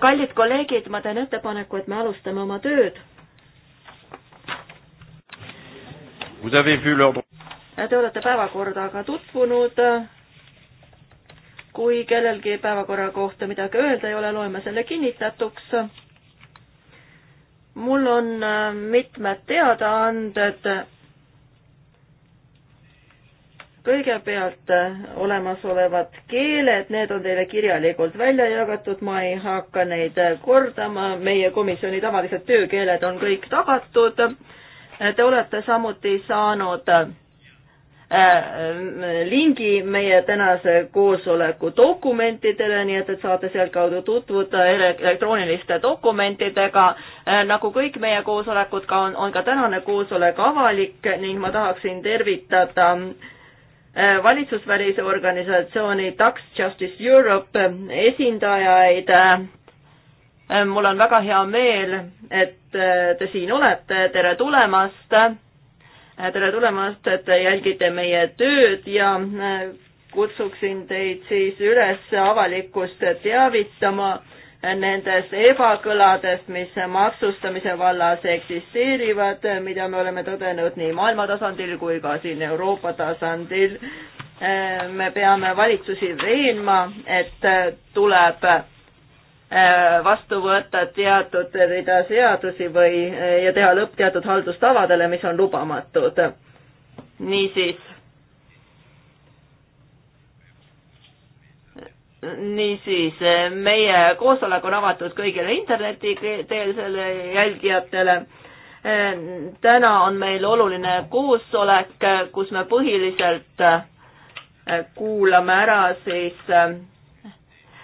kallid kolleegid, ma teen ettepaneku, et me alustame oma tööd. Te olete päevakordaga tutvunud. kui kellelgi päevakorra kohta midagi öelda ei ole, loeme selle kinnitatuks. mul on äh, mitmed teadaanded kõigepealt äh, olemasolevad keeled, need on teile kirjalikult välja jagatud, ma ei hakka neid äh, kordama, meie komisjoni tavalised töökeeled on kõik tagatud. Äh, te olete samuti saanud lingi meie tänase koosoleku dokumentidele, nii et, et saate sealtkaudu tutvuda elektrooniliste dokumentidega. nagu kõik meie koosolekud ka on, on ka tänane koosolek avalik ning ma tahaksin tervitada äh, Äh, valitsusvälise organisatsiooni Tax Justice Europe äh, esindajaid. Äh, mul on väga hea meel, et te siin olete, tere tulemast. tere tulemast, et te jälgite meie tööd ja kutsuksin teid siis üles avalikkust teavitama nendest ebakõladest, mis maksustamise vallas eksisteerivad, mida me oleme tõdenud nii maailma tasandil kui ka siin Euroopa tasandil. me peame valitsusi veenma, et tuleb äh, vastu võtta teatud rida seadusi või, ja teha lõpp teatud haldustavadele, mis on lubamatud. niisiis niisiis, eh, meie koosolek on avatud kõigile interneti teel selle jälgijatele. Eh, täna on meil oluline koosolek, eh, kus me põhiliselt kuulame ära siis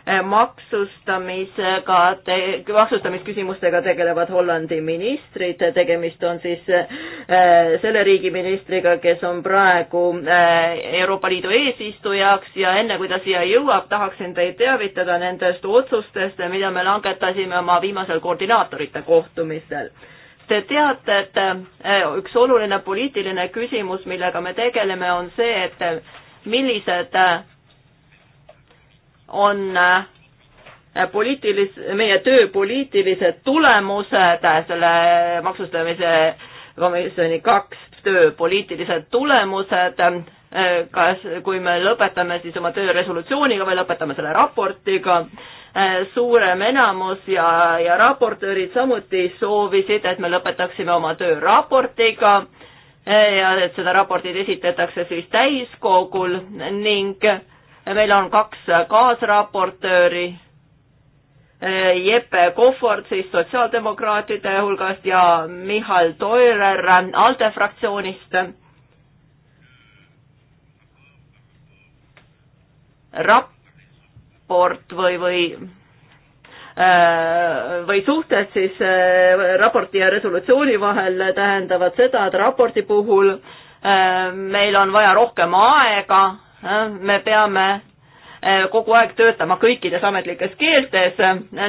Eh, maksustamisega, maksustamisküsimustega tegelevad Hollandi ministrid, tegemist on siis eh, selle riigi ministriga, kes on praegu eh, Euroopa Liidu eesistujaks ja enne, kui ta siia jõuab, tahaksin teid teavitada nendest otsustest, mida me langetasime oma viimasel koordinaatorite kohtumisel Te teate, et üks oluline poliitiline küsimus, millega me tegeleme, on see, et millised on äh, poliitilis-, meie töö poliitilised tulemused, äh, selle maksustamise komisjoni kaks töö poliitilised tulemused, äh, kas, kui me lõpetame siis oma töö resolutsiooniga või lõpetame selle raportiga, suurem enamus ja, ja raportöörid samuti soovisid, et me lõpetaksime oma töö raportiga ja et seda raportit esitletakse siis täiskogul ning äh, meil on kaks äh, kaasraportööri, äh, Jeppe Kohvord siis sotsiaaldemokraatide hulgast ja Michal Toirer äh, ALDE fraktsioonist. raport või, või või suhted siis raporti ja resolutsiooni vahel tähendavad seda, et raporti puhul meil on vaja rohkem aega me peame eh, kogu aeg töötama kõikides ametlikes keeltes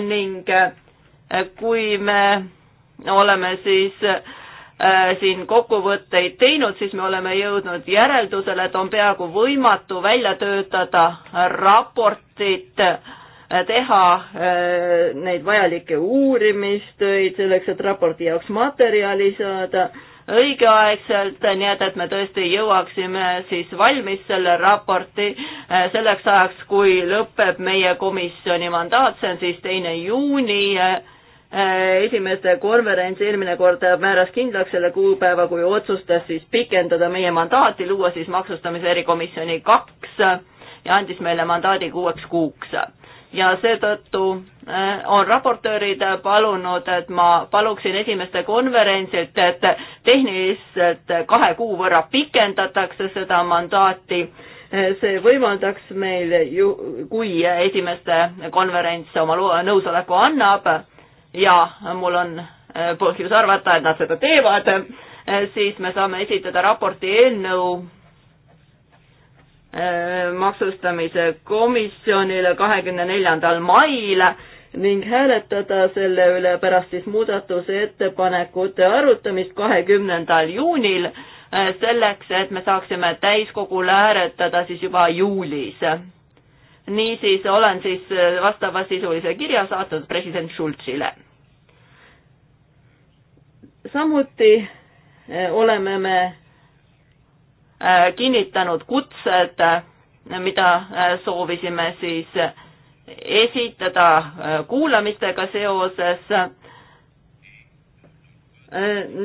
ning eh, kui me oleme siis eh, siin kokkuvõtteid teinud, siis me oleme jõudnud järeldusele, et on peaaegu võimatu välja töötada raportit, teha neid vajalikke uurimistöid selleks, et raporti jaoks materjali saada õigeaegselt, nii et, et me tõesti jõuaksime siis valmis selle raporti äh, selleks ajaks, kui lõpeb meie komisjoni mandaat, see on siis teine juuni äh, äh, esimeste konverents eelmine kord määras kindlaks selle kuupäeva, kui otsustas siis pikendada meie mandaati, luua siis maksustamise erikomisjoni kaks ja andis meile mandaadi kuueks kuuks ja seetõttu äh, on raportöörid palunud, et ma paluksin esimeste konverentsilt, et tehniliselt kahe kuu võrra pikendatakse seda mandaati. Äh, see võimaldaks meil ju, kui esimeste konverents oma nõusoleku annab ja mul on äh, põhjus arvata, et nad seda teevad, siis me saame esitada raporti eelnõu Äh, maksustamise komisjonile kahekümne neljandal mail ning hääletada selle üle pärast siis muudatusettepanekute arutamist kahekümnendal juunil, äh, selleks et me saaksime täiskogule hääletada siis juba juulis. niisiis olen siis äh, vastavasisulise kirja saatnud president Schulzile. samuti oleme me Äh, kinnitanud kutsed, äh, mida äh, soovisime siis esitada kuulamistega seoses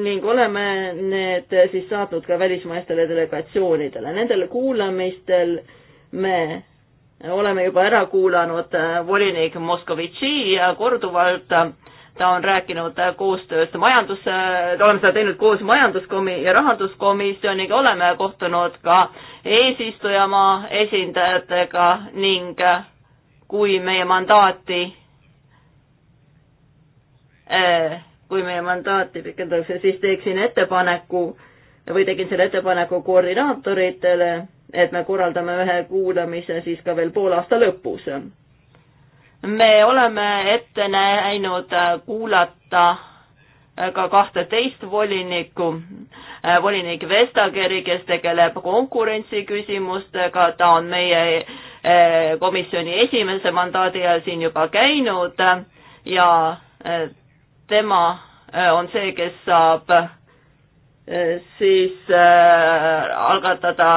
ning oleme need siis saatnud ka välismaistele delegatsioonidele. Nendel kuulamistel me oleme juba ära kuulanud volinik Moskovitši korduvalt ta on rääkinud äh, koostööst majandus, oleme seda teinud koos majanduskomi- ja rahanduskomisjoniga, oleme kohtunud ka eesistujamaa esindajatega ning äh, kui meie mandaati, äh, kui meie mandaati pikendatakse, siis teeksin ettepaneku või tegin selle ettepaneku koordinaatoritele, et me korraldame ühe kuulamise siis ka veel poolaasta lõpus me oleme ette näinud äh, kuulata äh, ka kahteteist volinikku, äh, volinik Vestageri, kes tegeleb konkurentsi küsimustega, ta on meie komisjoni esimese mandaadi ajal siin juba käinud ja tema on see, kes saab siis algatada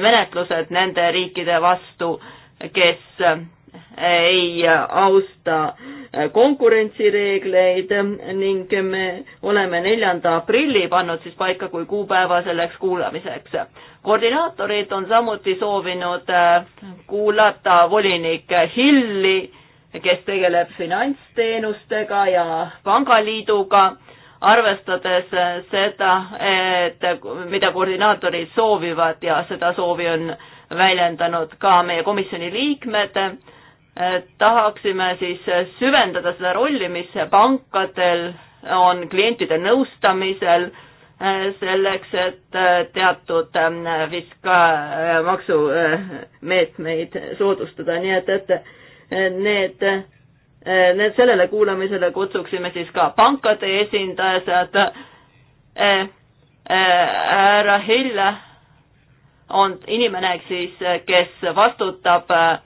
menetlused nende riikide vastu, kes ei austa konkurentsireegleid ning me oleme neljanda aprilli pannud siis paika kui kuupäeva selleks kuulamiseks. koordinaatorid on samuti soovinud äh, kuulata volinik Hilli, kes tegeleb finantsteenustega ja pangaliiduga arvestades äh, seda, et mida koordinaatorid soovivad ja seda soovi on väljendanud ka meie komisjoni liikmed Eh, tahaksime siis eh, süvendada seda rolli, mis pankadel on klientide nõustamisel, eh, selleks, et teatud fiska-, maksumeetmeid soodustada, nii et, et need, need sellele kuulamisele kutsuksime siis ka pankade esindajad, härra Hill on inimene siis, kes vastutab äh,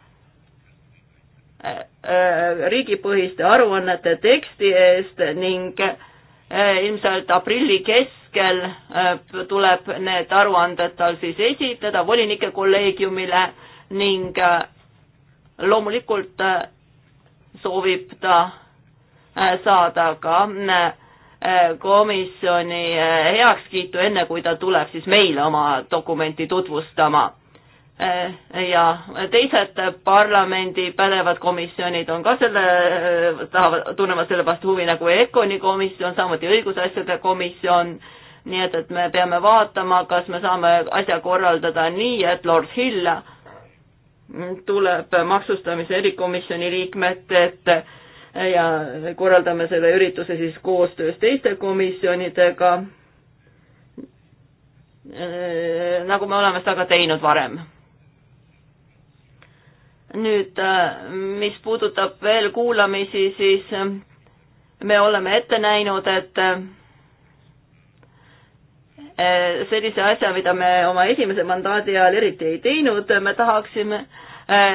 Äh, äh, riigipõhiste aruannete teksti eest ning äh, ilmselt aprilli keskel tuleb need aruanded tal siis esitada volinike kolleegiumile ning loomulikult soovib ta saada ka komisjoni heakskiitu, enne kui ta tuleb siis meile oma dokumenti tutvustama Äh, ja teised parlamendi pädevad komisjonid on ka selle, äh, tahavad, tunnevad selle vastu huvi nagu ECONi komisjon, samuti õigusasjade komisjon, nii et, et me peame vaatama, kas me saame asja korraldada nii, et Lord Hill tuleb maksustamise erikomisjoni liikmete ette äh, ja korraldame selle ürituse siis koostöös teiste komisjonidega, nagu me oleme seda ka teinud varem nüüd, äh, mis puudutab veel kuulamisi, siis äh, me oleme ette näinud, et äh, sellise asja, mida me oma esimese mandaadi ajal eriti ei teinud, me tahaksime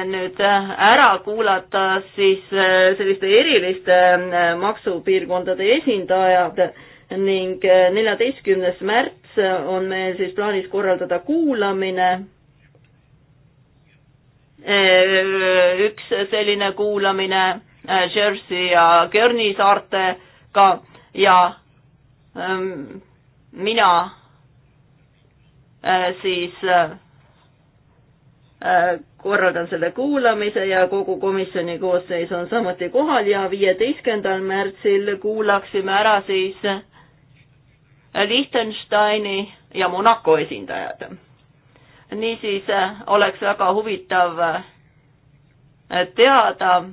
nüüd ära kuulata siis selliste eriliste maksupiirkondade esindajad ning neljateistkümnes märts on meil siis plaanis korraldada kuulamine Äh, üks selline kuulamine äh, Jersey ja Guernsey saartega ja ähm, mina äh, siis korraldan selle kuulamise ja kogu komisjoni koosseis on samuti kohal ja viieteistkümnendal märtsil kuulaksime ära siis Liechtensteini ja Monaco esindajad niisiis äh, oleks väga huvitav äh, teada,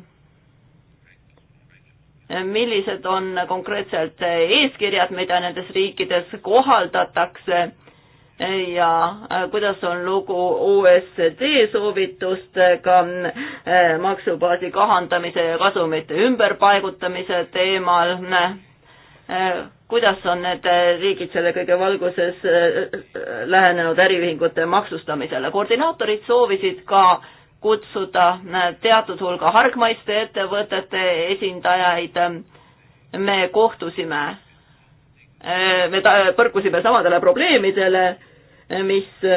äh, millised on konkreetselt eeskirjad, mida nendes riikides kohaldatakse ja kuidas on lugu OSCD soovitustega maksubaasi kahandamise ja kasumite ümberpaigutamise teemal kuidas on need äh, riigid selle kõige valguses äh, äh, lähenenud äriühingute maksustamisele. koordinaatorid soovisid ka kutsuda teatud hulga hargmaiste ettevõtete esindajaid. me kohtusime, me põrkusime samadele probleemidele, mis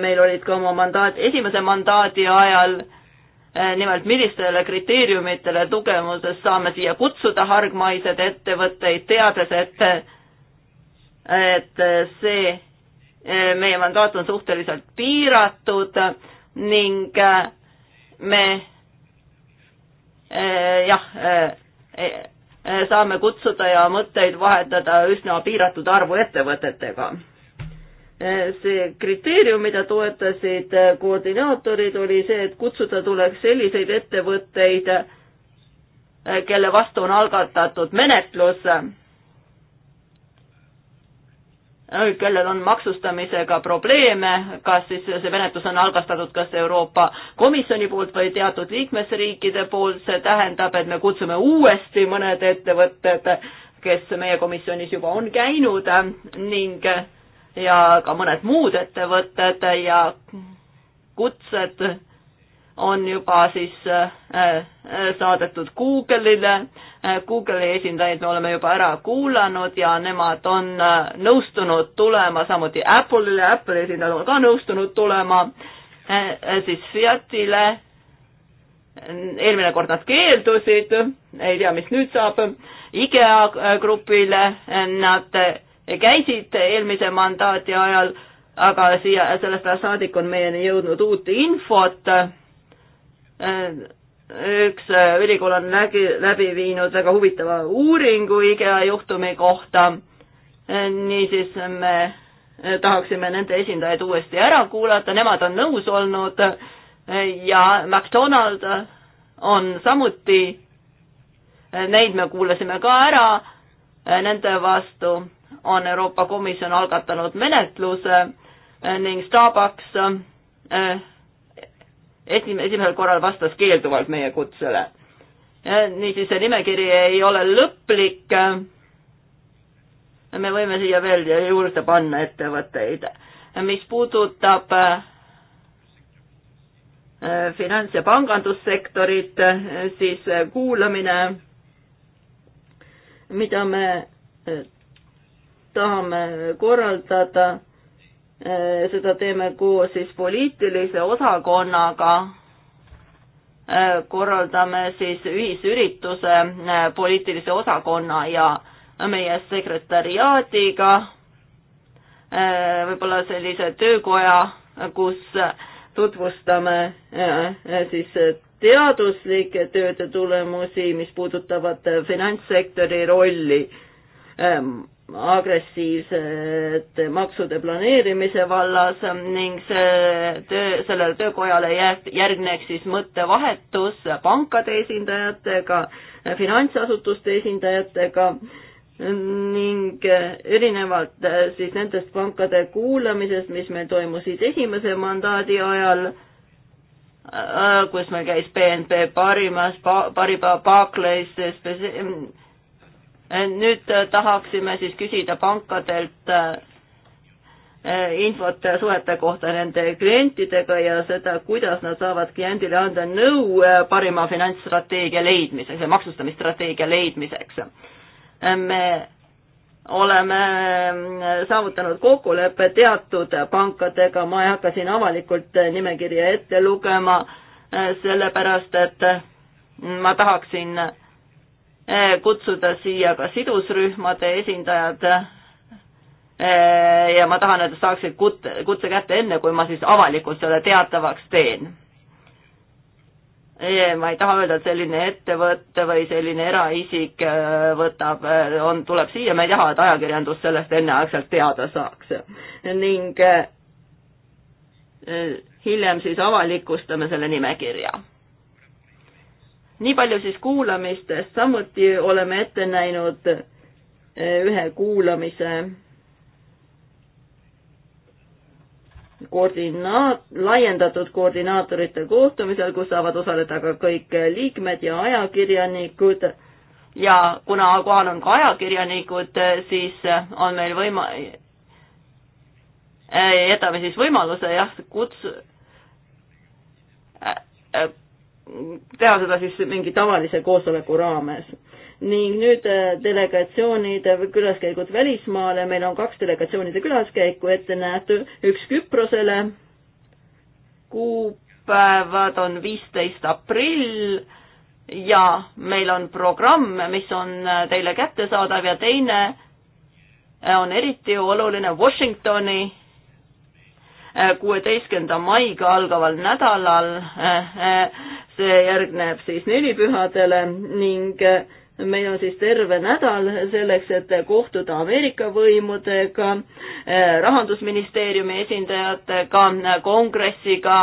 meil olid ka oma mandaat, esimese mandaadi ajal Äh, nimelt millistele kriteeriumitele tugevuses saame siia kutsuda hargmaised ettevõtteid, teades, et, et see, äh, meie mandaat on suhteliselt piiratud ning äh, me jah, saame kutsuda ja mõtteid vahetada üsna piiratud arvu ettevõtetega see kriteerium, mida toetasid koordinaatorid, oli see, et kutsuda tuleks selliseid ettevõtteid, kelle vastu on algatatud menetlus, kellel on maksustamisega probleeme, kas siis see menetlus on algatatud kas Euroopa Komisjoni poolt või teatud liikmesriikide poolt, see tähendab, et me kutsume uuesti mõned ettevõtted, kes meie komisjonis juba on käinud ning ja ka mõned muud ettevõtted ja kutsed on juba siis äh, saadetud Google'ile. Äh, Google'i esindajaid me oleme juba ära kuulanud ja nemad on äh, nõustunud tulema, samuti Apple'ile, Apple'i esindajad on ka nõustunud tulema, siis Fiatile. eelmine kord nad keeldusid, ei tea, mis nüüd saab. IKEA grupile nad käisid eelmise mandaati ajal, aga siia, sellest ajast saadik on meieni jõudnud uut infot. üks ülikool on läbi, läbi viinud väga huvitava uuringu IKEA juhtumi kohta. niisiis me tahaksime nende esindajaid uuesti ära kuulata, nemad on nõus olnud ja McDonald on samuti, neid me kuulasime ka ära nende vastu on Euroopa Komisjon algatanud menetluse eh, ning Starbucks eh, esim-, esimesel korral vastas keelduvalt meie kutsele. Eh, niisiis, see nimekiri ei ole lõplik. me võime siia veel juurde panna ettevõtteid. mis puudutab finants- ja pangandussektorit, siis kuulamine, mida me tahame korraldada. Eh, seda teeme koos siis poliitilise osakonnaga. Eh, korraldame siis ühisürituse eh, poliitilise osakonna ja meie sekretäriaadiga. võib-olla sellise töökoja, kus tutvustame siis teaduslike tööde tulemusi, mis puudutavad finantssektori rolli agressiivsete maksude planeerimise vallas ning see töö, sellele töökojale järgneks siis mõttevahetus pankade esindajatega, finantsasutuste esindajatega ning erinevalt siis nendest pankade kuulamisest, mis meil toimusid esimese mandaadi ajal, kus meil käis BNP Parimas, Pariba, Barclays, Eh, nüüd eh, tahaksime siis küsida pankadelt eh, infot suhete kohta nende klientidega ja seda, kuidas nad saavad kliendile anda nõu parima finantsstrateegia leidmiseks ja maksustamisstrateegia leidmiseks. me oleme mm, saavutanud kokkuleppe teatud pankadega, ma ei hakka siin avalikult nimekirja ette lugema, sellepärast et mm, ma tahaksin Eh, kutsuda siia ka sidusrühmade esindajad eh, ja ma tahan, et saaksid kutse, kutse kätte enne, kui ma siis avalikult selle teatavaks teen. Eh, ma ei taha öelda, et selline ettevõte või selline eraisik võtab, on, tuleb siia, ma ei taha, et ajakirjandus sellest enneaegselt teada saaks. ning hiljem siis avalikustame selle nimekirja nii palju siis kuulamistest, samuti oleme ette näinud eh, ühe kuulamise koordinaat, laiendatud koordinaatorite kohtumisel, kus saavad osaleda ka kõik liikmed ja ajakirjanikud ja kuna kohal on ka ajakirjanikud, siis on meil võima-, eh, jätame siis võimaluse jah, kuts-, eh, teha seda siis mingi tavalise koosoleku raames. ning nüüd äh, delegatsioonide külaskäigud välismaale, meil on kaks delegatsioonide külaskäiku ette nähtud, üks Küprosele, kuupäevad on viisteist aprill ja meil on programm, mis on äh, teile kättesaadav ja teine äh, on eriti oluline Washingtoni kuueteistkümnenda maiga algaval nädalal. Äh, äh, see järgneb siis nelipühadele ning äh, meil on siis terve nädal selleks, et kohtuda Ameerika võimudega, rahandusministeeriumi esindajatega, kongressiga,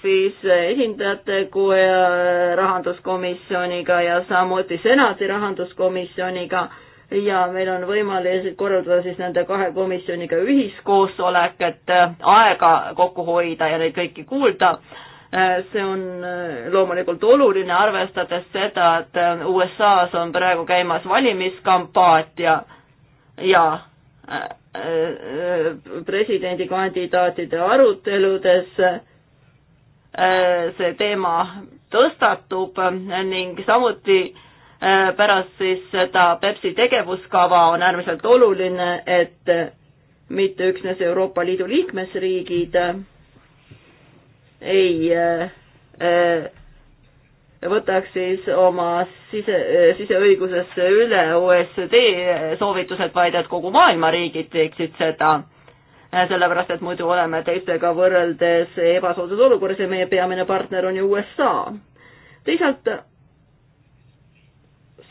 siis esindajatekoja rahanduskomisjoniga ja samuti senati rahanduskomisjoniga ja meil on võimalik korraldada siis nende kahe komisjoniga ühiskoosolek, et äh, aega kokku hoida ja neid kõiki kuulda. Äh, see on äh, loomulikult oluline, arvestades seda, et USA-s on praegu käimas valimiskampaatia ja presidendikandidaatide aruteludes see teema tõstatub ning samuti Äh, pärast siis seda Pepsi tegevuskava on äärmiselt oluline, et mitte üksnes Euroopa Liidu liikmesriigid ei äh, äh, võtaks siis oma sise, siseõigusesse üle OSCD soovitused, vaid et kogu maailma riigid teeksid seda. sellepärast, et muidu oleme teistega võrreldes ebasoodsas olukorras ja meie peamine partner on ju USA. teisalt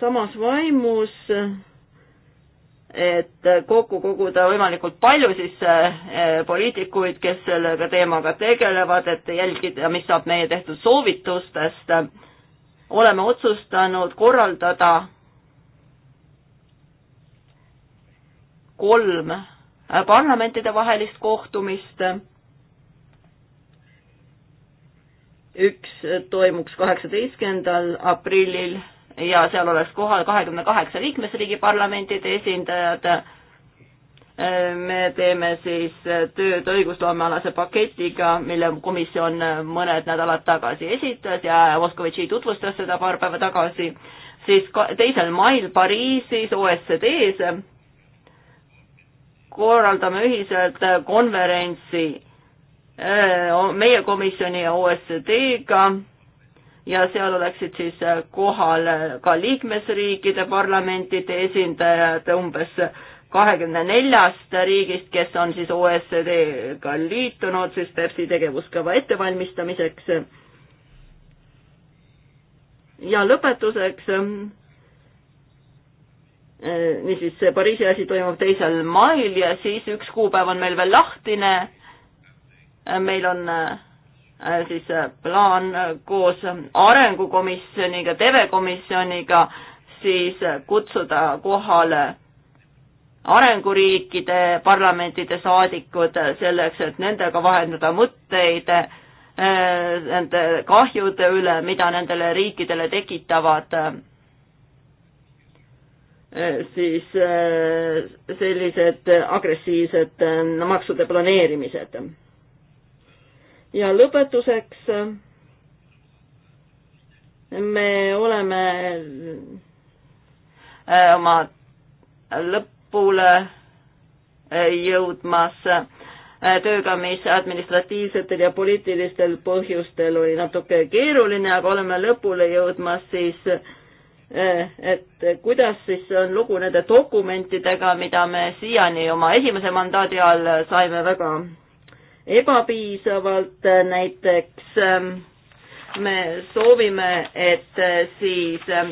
samas vaimus, et kokku koguda võimalikult palju siis eh, poliitikuid, kes sellega teemaga tegelevad, et jälgida, mis saab meie tehtud soovitustest. oleme otsustanud korraldada kolm parlamentide vahelist kohtumist. üks toimuks kaheksateistkümnendal aprillil ja seal oleks kohal kahekümne kaheksa liikmesriigi parlamentide esindajad. me teeme siis tööd õigusloomealase paketiga, mille komisjon mõned nädalad tagasi esitas ja Moskovitši tutvustas seda paar päeva tagasi, siis teisel mail Pariisis OSCD-s korraldame ühiselt konverentsi eh, meie komisjoni ja OSCD-ga ja seal oleksid siis äh, kohal äh, ka liikmesriikide parlamentide esindajad umbes kahekümne neljast riigist, kes on siis OECD-ga liitunud siis Pepsi tegevuskava ettevalmistamiseks. ja lõpetuseks äh, niisiis see Pariisi asi toimub teisel mail ja siis üks kuupäev on meil veel lahtine. meil on Äh, siis äh, plaan äh, koos arengukomisjoniga, telekomisjoniga siis kutsuda kohale arenguriikide parlamentide saadikud selleks, et nendega vahendada mõtteid nende kahjude üle, mida nendele riikidele tekitavad siis sellised agressiivsed maksude planeerimised ja lõpetuseks me oleme äh, oma lõpule äh, jõudmas äh, tööga, mis administratiivsetel ja poliitilistel põhjustel oli natuke keeruline, aga oleme lõpule jõudmas siis, et kuidas siis on lugu nende dokumentidega, mida me siiani oma esimese mandaadi all saime väga ebapiisavalt, näiteks ähm, me soovime, et äh, siis ähm,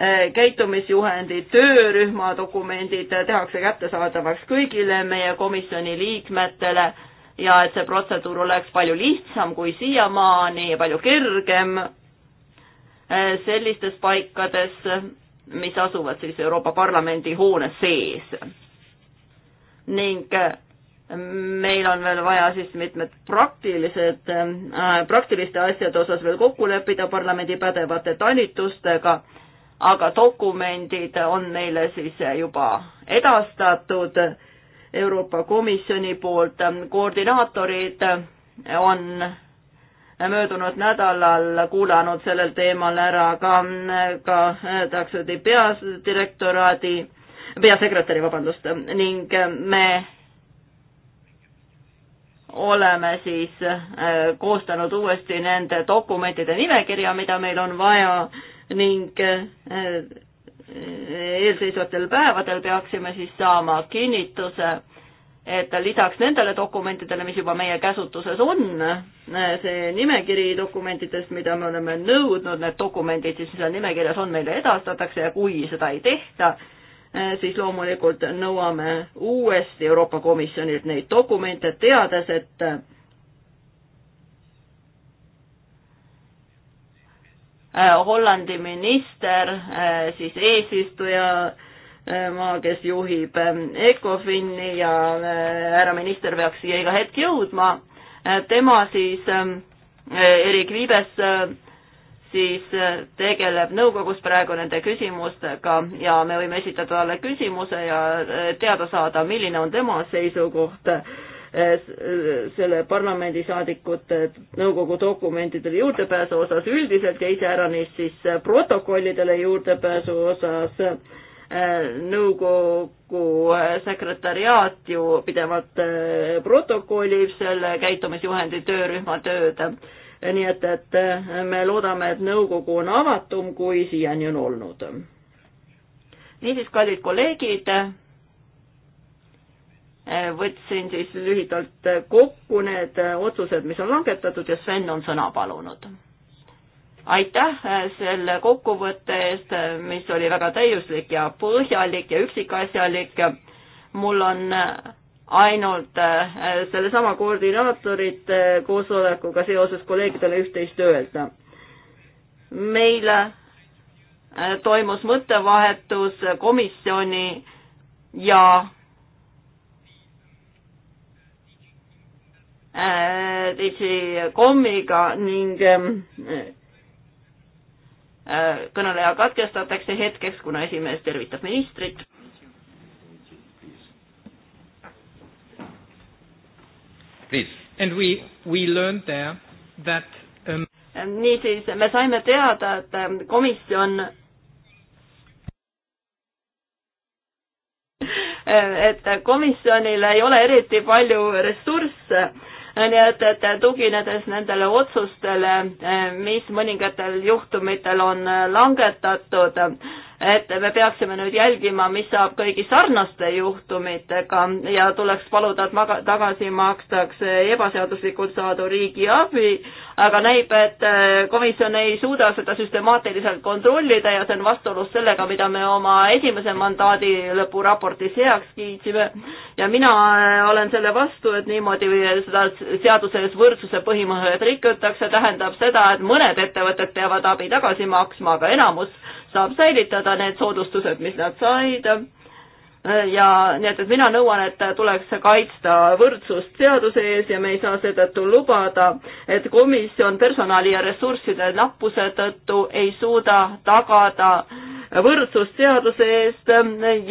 äh, käitumisjuhendi töörühma dokumendid tehakse kättesaadavaks kõigile meie komisjoni liikmetele ja et see protseduur oleks palju lihtsam kui siiamaani ja palju kergem äh, sellistes paikades, mis asuvad siis Euroopa Parlamendi hoone sees. ning meil on veel vaja siis mitmed praktilised, äh, praktiliste asjade osas veel kokku leppida parlamendi pädevate talitustega, aga dokumendid on meile siis juba edastatud Euroopa Komisjoni poolt. koordinaatorid on möödunud nädalal kuulanud sellel teemal ära ka, ka taksodi peadirektoraadi, peasekretäri, vabandust, ning me oleme siis äh, koostanud uuesti nende dokumentide nimekirja, mida meil on vaja ning äh, eelseisvatel päevadel peaksime siis saama kinnituse, et lisaks nendele dokumentidele, mis juba meie käsutuses on, äh, see nimekiri dokumentidest, mida me oleme nõudnud, need dokumendid siis, mis seal nimekirjas on, meile edastatakse ja kui seda ei tehta, Äh, siis loomulikult nõuame uuesti Euroopa Komisjonilt neid dokumente, teades, et äh, Hollandi minister, äh, siis eesistuja maa, kes juhib ähm, ECOFIN-i ja härra minister peaks siia iga hetk jõudma, tema siis ähm, Erik Viibes siis äh, tegeleb nõukogus praegu nende küsimustega ja me võime esitada talle küsimuse ja äh, teada saada, milline on tema seisukoht äh, selle parlamendisaadikute nõukogu dokumentidele juurdepääsu osas üldiselt ja iseäranis siis protokollidele juurdepääsu osas nõukogu sekretariaat ju pidevalt protokollib selle käitumisjuhendi töörühma tööd nii et, et eh, me loodame, et nõukogu on avatum, kui siiani on olnud. niisiis, kallid kolleegid, eh, võtsin siis lühidalt kokku need eh, otsused, mis on langetatud ja Sven on sõna palunud. aitäh selle kokkuvõtte eest, mis oli väga täiuslik ja põhjalik ja üksikasjalik. mul on ainult äh, sellesama koordinaatorite äh, koosolekuga seoses kolleegidele üht-teist öelda. meil äh, toimus mõttevahetus komisjoni ja DigiComiga ning ähm, kõneleja katkestatakse hetkeks, kuna esimees tervitab ministrit Please. And we, we learned there that um... Ähm, niisiis, me saime teada, et ähm, komisjon äh, et komisjonil ei ole eriti palju ressursse, nii et, et tuginedes nendele otsustele, äh, mis mõningatel juhtumitel on äh, langetatud, et me peaksime nüüd jälgima, mis saab kõigi sarnaste juhtumitega ja tuleks paluda, et maga-, tagasi makstakse ebaseaduslikult saadud riigiabi, aga näib, et äh, komisjon ei suuda seda süstemaatiliselt kontrollida ja see on vastuolus sellega, mida me oma esimese mandaadi lõpuraportis heaks kiitsime ja mina äh, olen selle vastu, et niimoodi seda seaduses võrdsuse põhimõtet rikutakse, tähendab seda, et mõned ettevõtted peavad abi tagasi maksma, aga enamus saab säilitada need soodustused, mis nad said ja nii et, et mina nõuan, et tuleks kaitsta võrdsust seaduse ees ja me ei saa seetõttu lubada, et komisjon personali ja ressursside nappuse tõttu ei suuda tagada võrdsust seaduse eest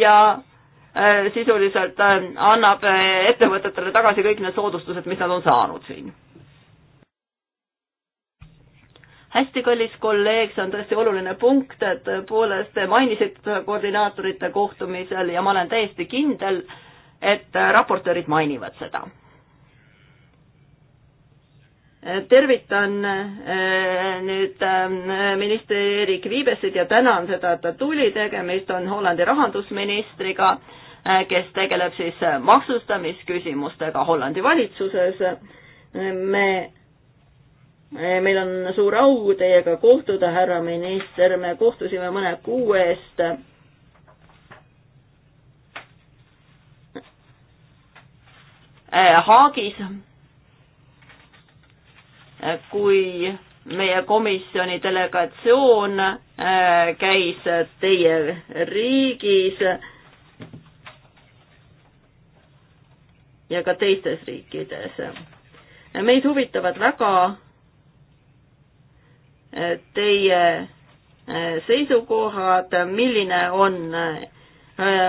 ja äh, sisuliselt äh, annab äh, ettevõtetele tagasi kõik need soodustused, mis nad on saanud siin hästi kallis kolleeg, see on tõesti oluline punkt, et tõepoolest te mainisite koordinaatorite kohtumisel ja ma olen täiesti kindel, et raportöörid mainivad seda. tervitan eh, nüüd eh, minister Erik Viibesit ja tänan seda, et ta tuli, tegemist on Hollandi rahandusministriga, eh, kes tegeleb siis maksustamisküsimustega Hollandi valitsuses. me Eh, meil on suur au teiega kohtuda, härra minister, me kohtusime mõne kuu eest. Eh, Haagis, eh, kui meie komisjoni delegatsioon käis teie riigis ja ka teistes riikides. meid huvitavad väga teie eh, seisukohad, milline on eh,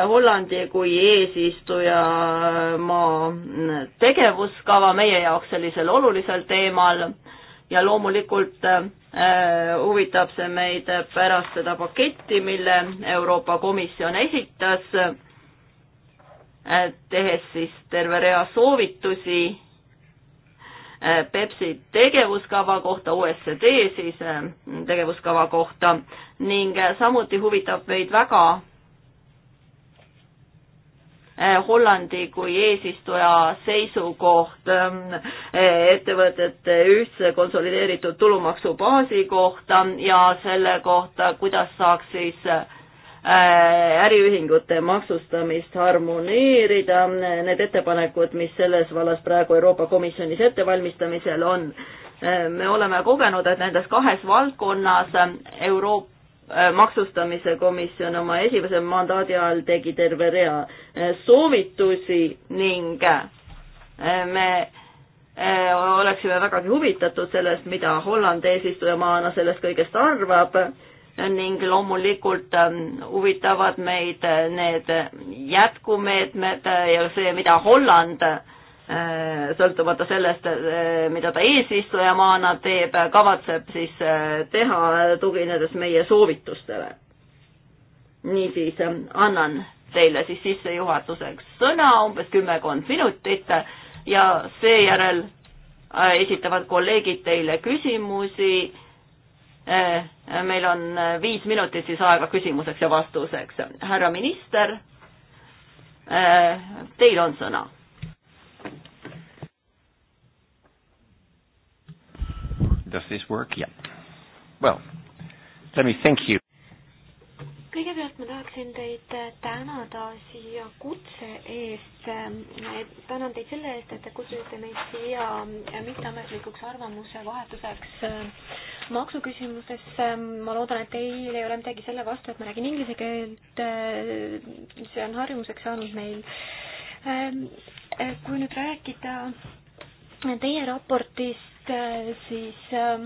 Hollandi kui eesistujamaa eh, mm, tegevuskava meie jaoks sellisel olulisel teemal ja loomulikult huvitab see meid pärast seda paketti, mille Euroopa Komisjon esitas, tehes siis terve rea soovitusi Äh, Pepsi tegevuskava kohta, OSCD siis äh, tegevuskava kohta ning äh, samuti huvitab meid väga Hollandi kui eesistuja seisukoht ettevõtete ühtse konsolideeritud tulumaksubaasi kohta ja selle kohta, kuidas saaks siis Äh, äriühingute maksustamist harmoneerida, need ettepanekud, mis selles vallas praegu Euroopa Komisjonis ettevalmistamisel on, äh, me oleme kogenud, et nendes kahes valdkonnas Euroopa äh, maksustamise komisjon oma esimese mandaadi ajal tegi terve rea soovitusi ning me oleksime vägagi huvitatud sellest, mida Holland eesistujamaana sellest kõigest arvab ning loomulikult ähm, huvitavad meid äh, need jätkumeetmed äh, ja see, mida Holland äh, sõltumata sellest, mida ta eesistujamaana teeb, kavatseb siis teha, tuginedes meie soovitustele. niisiis ähm, annan teile siis sissejuhatuseks sõna, umbes kümmekond minutit ja seejärel esitavad kolleegid teile küsimusi Eh, meil on eh, viis minutit siis aega küsimuseks ja vastuseks. härra minister, eh, teil on sõna. Does this work? Yeah. Well, let me thank you kõigepealt ma tahaksin teid äh, tänada siia kutse eest. Ähm, tänan teid selle eest, et te kutsusite meid siia äh, mitteametlikuks arvamuse vahetuseks äh, maksuküsimuses. Ähm, ma loodan, et teil ei ole midagi selle vastu, et ma räägin inglise keelt. see on harjumuseks saanud meil. Ähm, kui nüüd rääkida teie raportis Äh, siis ähm,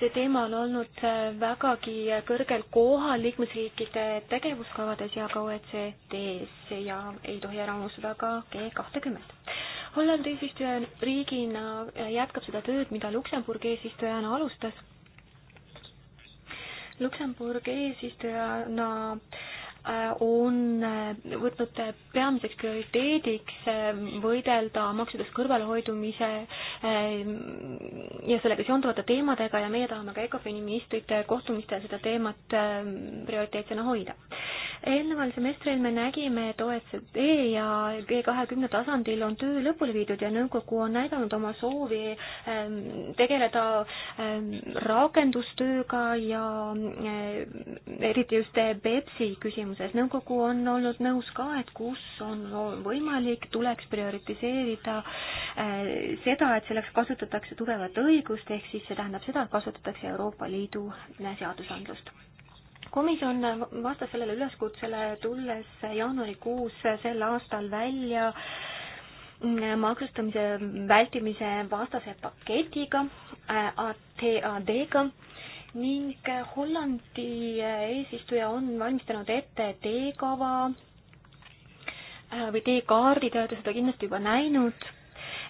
see teema on olnud äh, vägagi kõrgel kohal liikmesriikide tegevuskavades ja ka OECD-s ja ei tohi ära unustada ka G kahtekümmet. Holland eesistujariigina äh, jätkab seda tööd, mida Luksemburg eesistujana alustas Luksemburg eesistujana no, Äh, on äh, võtnud peamiseks prioriteediks äh, võidelda maksudest kõrvalehoidumise ja sellega seonduvate teemadega ja meie tahame ka ECOFIN-i ministrite kohtumistel seda teemat prioriteetsena hoida. eelneval semestril me nägime, et OECD ja G20 tasandil on töö lõpule viidud ja nõukogu on näidanud oma soovi ähm, tegeleda ähm, rakendustööga ja eriti just BEPS-i küsimusega küsimuses. nõukogu on olnud nõus ka, et kus on võimalik, tuleks prioritiseerida äh, seda, et selleks kasutatakse tugevat õigust, ehk siis see tähendab seda, et kasutatakse Euroopa Liidu äh, seadusandlust komisjon äh, vastas sellele üleskutsele, tulles jaanuarikuus sel aastal välja maksustamise vältimise vastase paketiga, ATAD-ga ning Hollandi eesistuja on valmistanud ette teekava äh, või teekaardid, olete seda kindlasti juba näinud.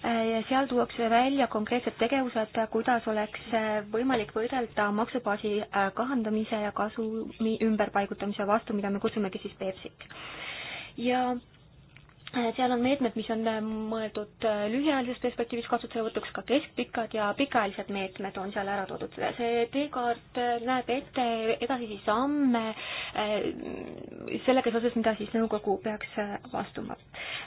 Äh, seal tuuakse välja konkreetsed tegevused, kuidas oleks äh, võimalik võidelda maksubaasi kahandamise ja kasumi ümberpaigutamise vastu, mida me kutsumegi siis BEPS-iks. ja seal on meetmed, mis on äh, mõeldud äh, lühiajalises perspektiivis kasutuselevõtuks, ka keskpikad ja pikaajalised meetmed on seal ära toodud. see teekaart äh, näeb ette edasisi samme sellega seoses, mida siis nõukogu peaks vastuma.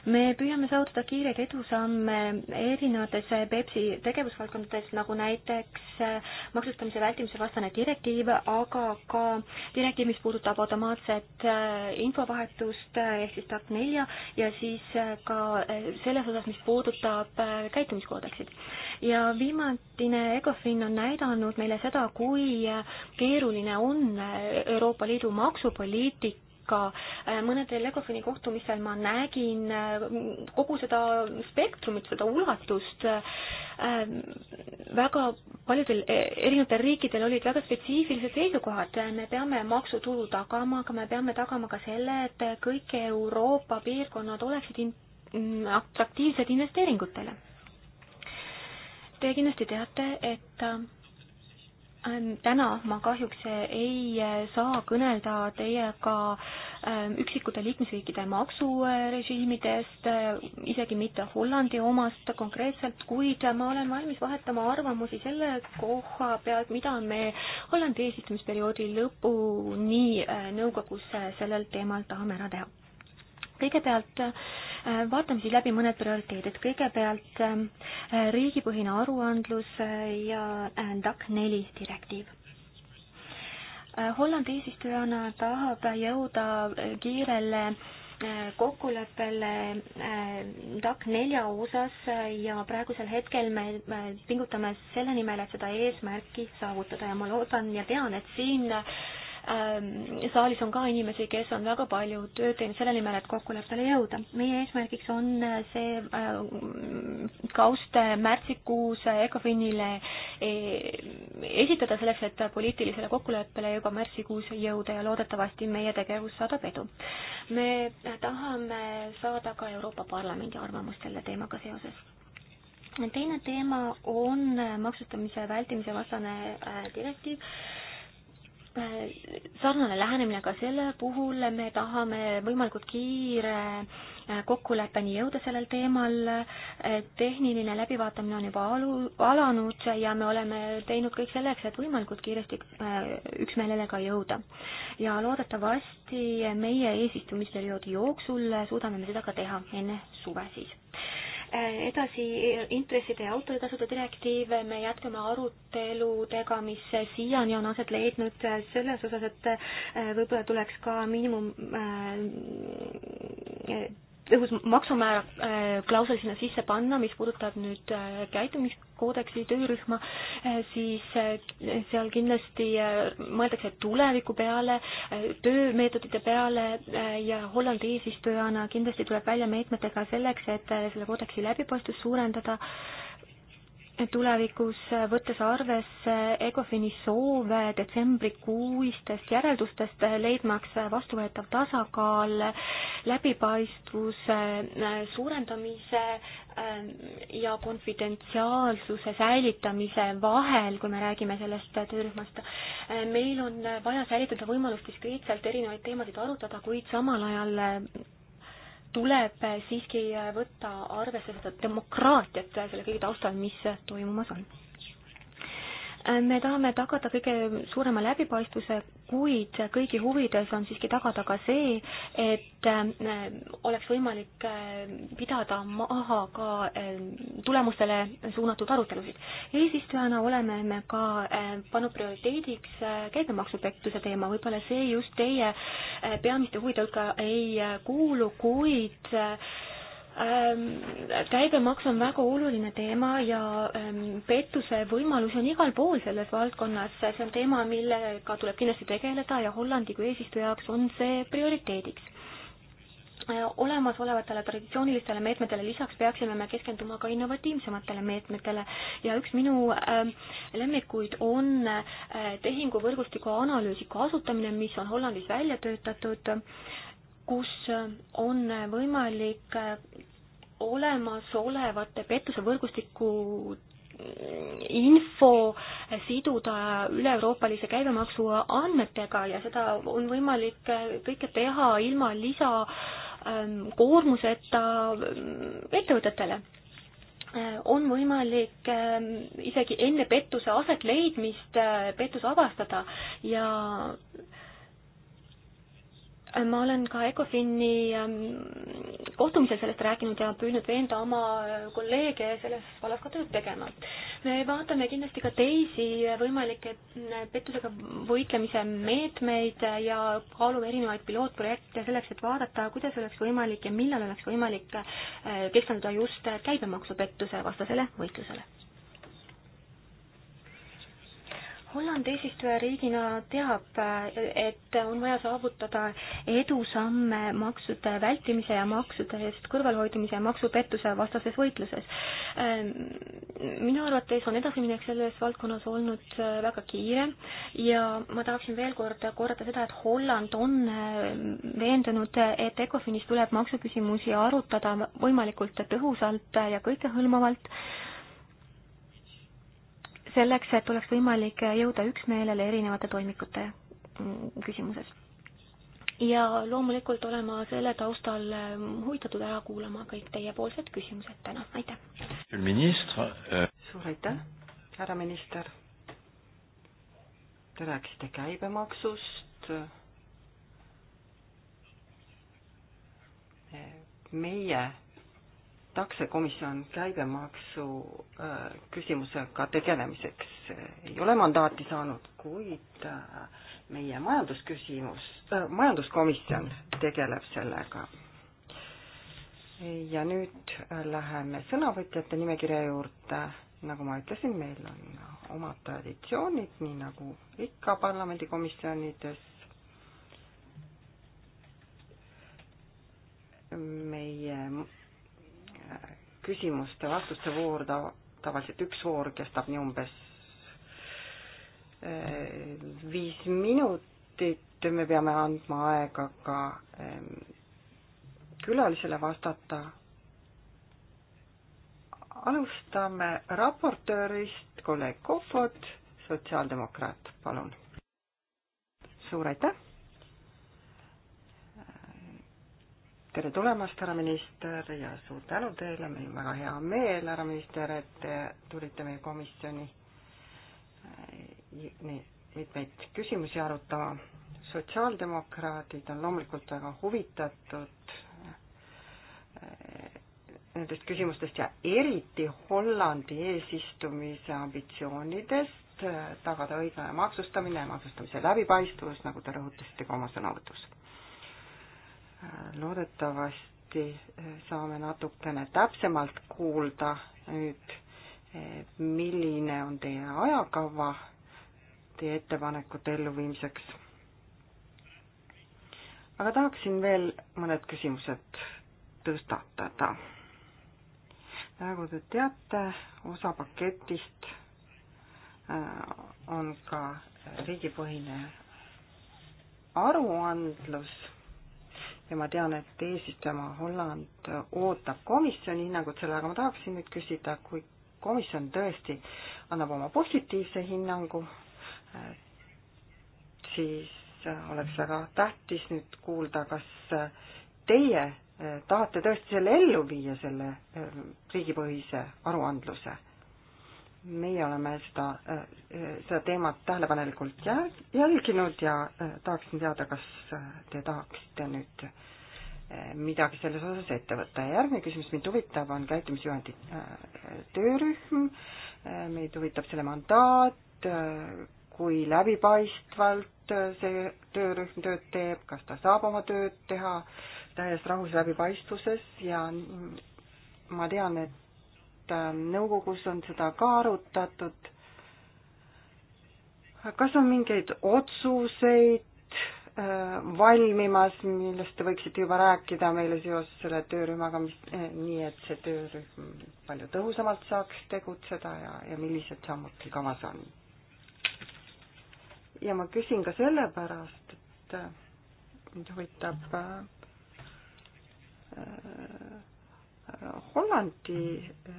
me püüame saavutada kiireid edusamme erinevates BEPS-i tegevusvaldkondades, nagu näiteks maksustamise vältimise vastane direktiiv, aga ka direktiiv, mis puudutab automaatset infovahetust ehk siis TAK4 ja siis siis äh, ka äh, selles osas, mis puudutab äh, käitumiskoodeksit. ja viimatine ECOFIN on näidanud meile seda, kui keeruline on Euroopa Liidu maksupoliitika ka äh, mõnedel Ecofini kohtumisel ma nägin äh, kogu seda spektrumit, seda ulatust. Äh, väga paljudel e, erinevatel riikidel olid väga spetsiifilised seisukohad, me peame maksutulu tagama, aga me peame tagama ka selle, et kõik Euroopa piirkonnad oleksid in mm, atraktiivsed investeeringutele. Te kindlasti teate, et Ähm, täna ma kahjuks äh, ei äh, saa kõnelda teiega ähm, üksikute liikmesriikide maksurežiimidest, äh, isegi mitte Hollandi omast konkreetselt, kuid ma olen valmis vahetama arvamusi selle koha pealt, mida me Hollandi eesistumisperioodi lõpuni nõukogus sellel teemal tahame ära teha kõigepealt äh, vaatame siis läbi mõned prioriteedid. kõigepealt äh, riigipõhine aruandlus äh, ja DAC neli direktiiv Holland eesistujana tahab jõuda kiirele kokkuleppele DAC nelja osas ja praegusel hetkel me pingutame selle nimel, et seda eesmärki saavutada ja ma loodan ja tean, et siin Ähm, saalis on ka inimesi, kes on väga palju tööd teinud selle nimel, et kokkuleppele jõuda. meie eesmärgiks on äh, see äh, kaust märtsikuus ECOFINile e, esitada selleks, et poliitilisele kokkuleppele juba märtsikuus jõuda ja loodetavasti meie tegevus saadab edu. me tahame saada ka Euroopa Parlamendi arvamust selle teemaga seoses teine teema on maksustamise vältimise vastane äh, direktiiv Äh, sarnane lähenemine ka selle puhul, me tahame võimalikult kiire äh, kokkuleppeni jõuda sellel teemal. Äh, tehniline läbivaatamine on juba alu, alanud ja me oleme teinud kõik selleks, et võimalikult kiiresti üksmeelele ka jõuda. ja loodetavasti meie eesistumisperioodi jooksul suudame me seda ka teha enne suve siis edasi intresside ja autoritasude direktiiv, me jätkame aruteludega, mis siiani on aset leidnud selles osas, et äh, võib-olla tuleks ka miinimum äh, tõhus maksumäära äh, klausel sinna sisse panna, mis puudutab nüüd äh, käitumiskoodeksi töörühma, äh, siis seal kindlasti mõeldakse tuleviku peale, töömeetodite peale ja Hollandi eesistujana kindlasti tuleb välja meetmetega selleks, et selle koodeksi läbipaistvust suurendada tulevikus, võttes arvesse ECOFIN-i soove detsembrikuistest järeldustest, leidmaks vastuvõetav tasakaal läbipaistvuse äh, suurendamise äh, ja konfidentsiaalsuse säilitamise vahel, kui me räägime sellest töörühmast. Äh, meil on vaja säilitada võimalus diskreetselt erinevaid teemasid arutada, kuid samal ajal tuleb siiski võtta arvesse seda demokraatiat selle kõige taustal, mis toimumas on me tahame tagada kõige suurema läbipaistvuse, kuid kõigi huvides on siiski tagada ka see, et äh, oleks võimalik äh, pidada maha ka äh, tulemustele suunatud arutelusid. eesistujana oleme me ka pannud prioriteediks käibemaksupettuse teema, võib-olla see just teie peamiste huvide hulka ei kuulu, kuid Ähm, käibemaks on väga oluline teema ja ähm, pettuse võimalusi on igal pool selles valdkonnas. see on teema, millega tuleb kindlasti tegeleda ja Hollandi kui eesistuja jaoks on see prioriteediks. Äh, olemasolevatele traditsioonilistele meetmetele lisaks peaksime me keskenduma ka innovatiivsematele meetmetele ja üks minu ähm, lemmikuid on äh, tehinguvõrgustiku analüüsi kasutamine, mis on Hollandis välja töötatud kus on võimalik olemasolevate pettusevõrgustiku info siduda üle-euroopalise käibemaksu andmetega ja seda on võimalik kõike teha ilma lisakoormuseta ähm, ähm, ettevõtetele. Äh, on võimalik ähm, isegi enne pettuse aset leidmist äh, pettus avastada ja ma olen ka ECOFIN-i ähm, kohtumisel sellest rääkinud ja püüdnud veenda oma äh, kolleege selles vallas ka tööd tegema. me vaatame kindlasti ka teisi võimalikke äh, pettusega võitlemise meetmeid ja kaalume erinevaid pilootprojekte selleks, et vaadata, kuidas oleks võimalik ja millal oleks võimalik äh, keskenduda just käibemaksupettuse vastasele võitlusele Holland eesistujariigina teab, et on vaja saavutada edusamme maksude vältimise ja maksude eest kõrvalhoidmise ja maksupettuse vastases võitluses. Ähm, minu arvates on edasiminek selles valdkonnas olnud äh, väga kiire ja ma tahaksin veel kord korrata seda, et Holland on äh, veendunud, et ECOFINis tuleb maksuküsimusi arutada võimalikult tõhusalt ja kõikehõlmavalt selleks, et oleks võimalik jõuda üksmeelele erinevate toimikute mm, küsimuses. ja loomulikult olen ma selle taustal mm, huvitatud ära kuulama kõik teiepoolsed küsimused täna, aitäh! Euh, suur aitäh, härra minister! Te rääkisite käibemaksust, meie taksekomisjon käibemaksu äh, küsimusega tegelemiseks äh, ei ole mandaati saanud, kuid äh, meie majandusküsimus äh,, majanduskomisjon tegeleb sellega. ja nüüd läheme sõnavõtjate nimekirja juurde. nagu ma ütlesin, meil on omad traditsioonid, nii nagu ikka parlamendikomisjonides. meie küsimuste-vastuste voor ta-, tavaliselt üks voor kestab nii umbes eh, viis minutit, me peame andma aega ka eh, külalisele vastata. alustame raportöörist, kolleeg Kofod, sotsiaaldemokraat, palun. suur aitäh! tere tulemast, härra minister ja suur tänu teile, meil on väga hea meel, härra minister, et te tulite meie komisjoni äh, mitmeid küsimusi arutama. sotsiaaldemokraadid on loomulikult väga huvitatud äh, nendest küsimustest ja eriti Hollandi eesistumise ambitsioonidest äh, tagada õiglane maksustamine ja maksustamise läbipaistvus, nagu te rõhutasite ka oma sõnavõtus loodetavasti eh, saame natukene täpsemalt kuulda nüüd, eh, milline on teie ajakava teie ettepanekute elluviimiseks. aga tahaksin veel mõned küsimused tõstatada. nagu te teate, osa paketist eh, on ka riigipõhine aruandlus ja ma tean, et eesistujamaa Holland ootab komisjoni hinnangut sellele, aga ma tahaksin nüüd küsida, kui komisjon tõesti annab oma positiivse hinnangu, siis oleks väga tähtis nüüd kuulda, kas teie eh, tahate tõesti selle ellu viia, selle eh, riigipõhise aruandluse meie oleme seda, äh, äh, seda teemat tähelepanelikult jälginud ja äh, tahaksin teada, kas te tahaksite nüüd midagi selles osas ette võtta. ja järgmine küsimus mind huvitab, on käitumisjuhendi töörühm. meid huvitab selle mandaat, kui läbipaistvalt see töörühm tööd teeb, kas ta saab oma tööd teha täies rahus läbipaistvuses ja ma tean, et Äh, nõukogus on seda ka arutatud. kas on mingeid otsuseid äh, valmimas, millest te võiksite juba rääkida meile seoses selle töörühmaga, mis eh,, nii et see töörühm palju tõhusamalt saaks tegutseda ja, ja millised sammud teil kavas on? ja ma küsin ka sellepärast, et äh, mind huvitab äh, Hollandi äh,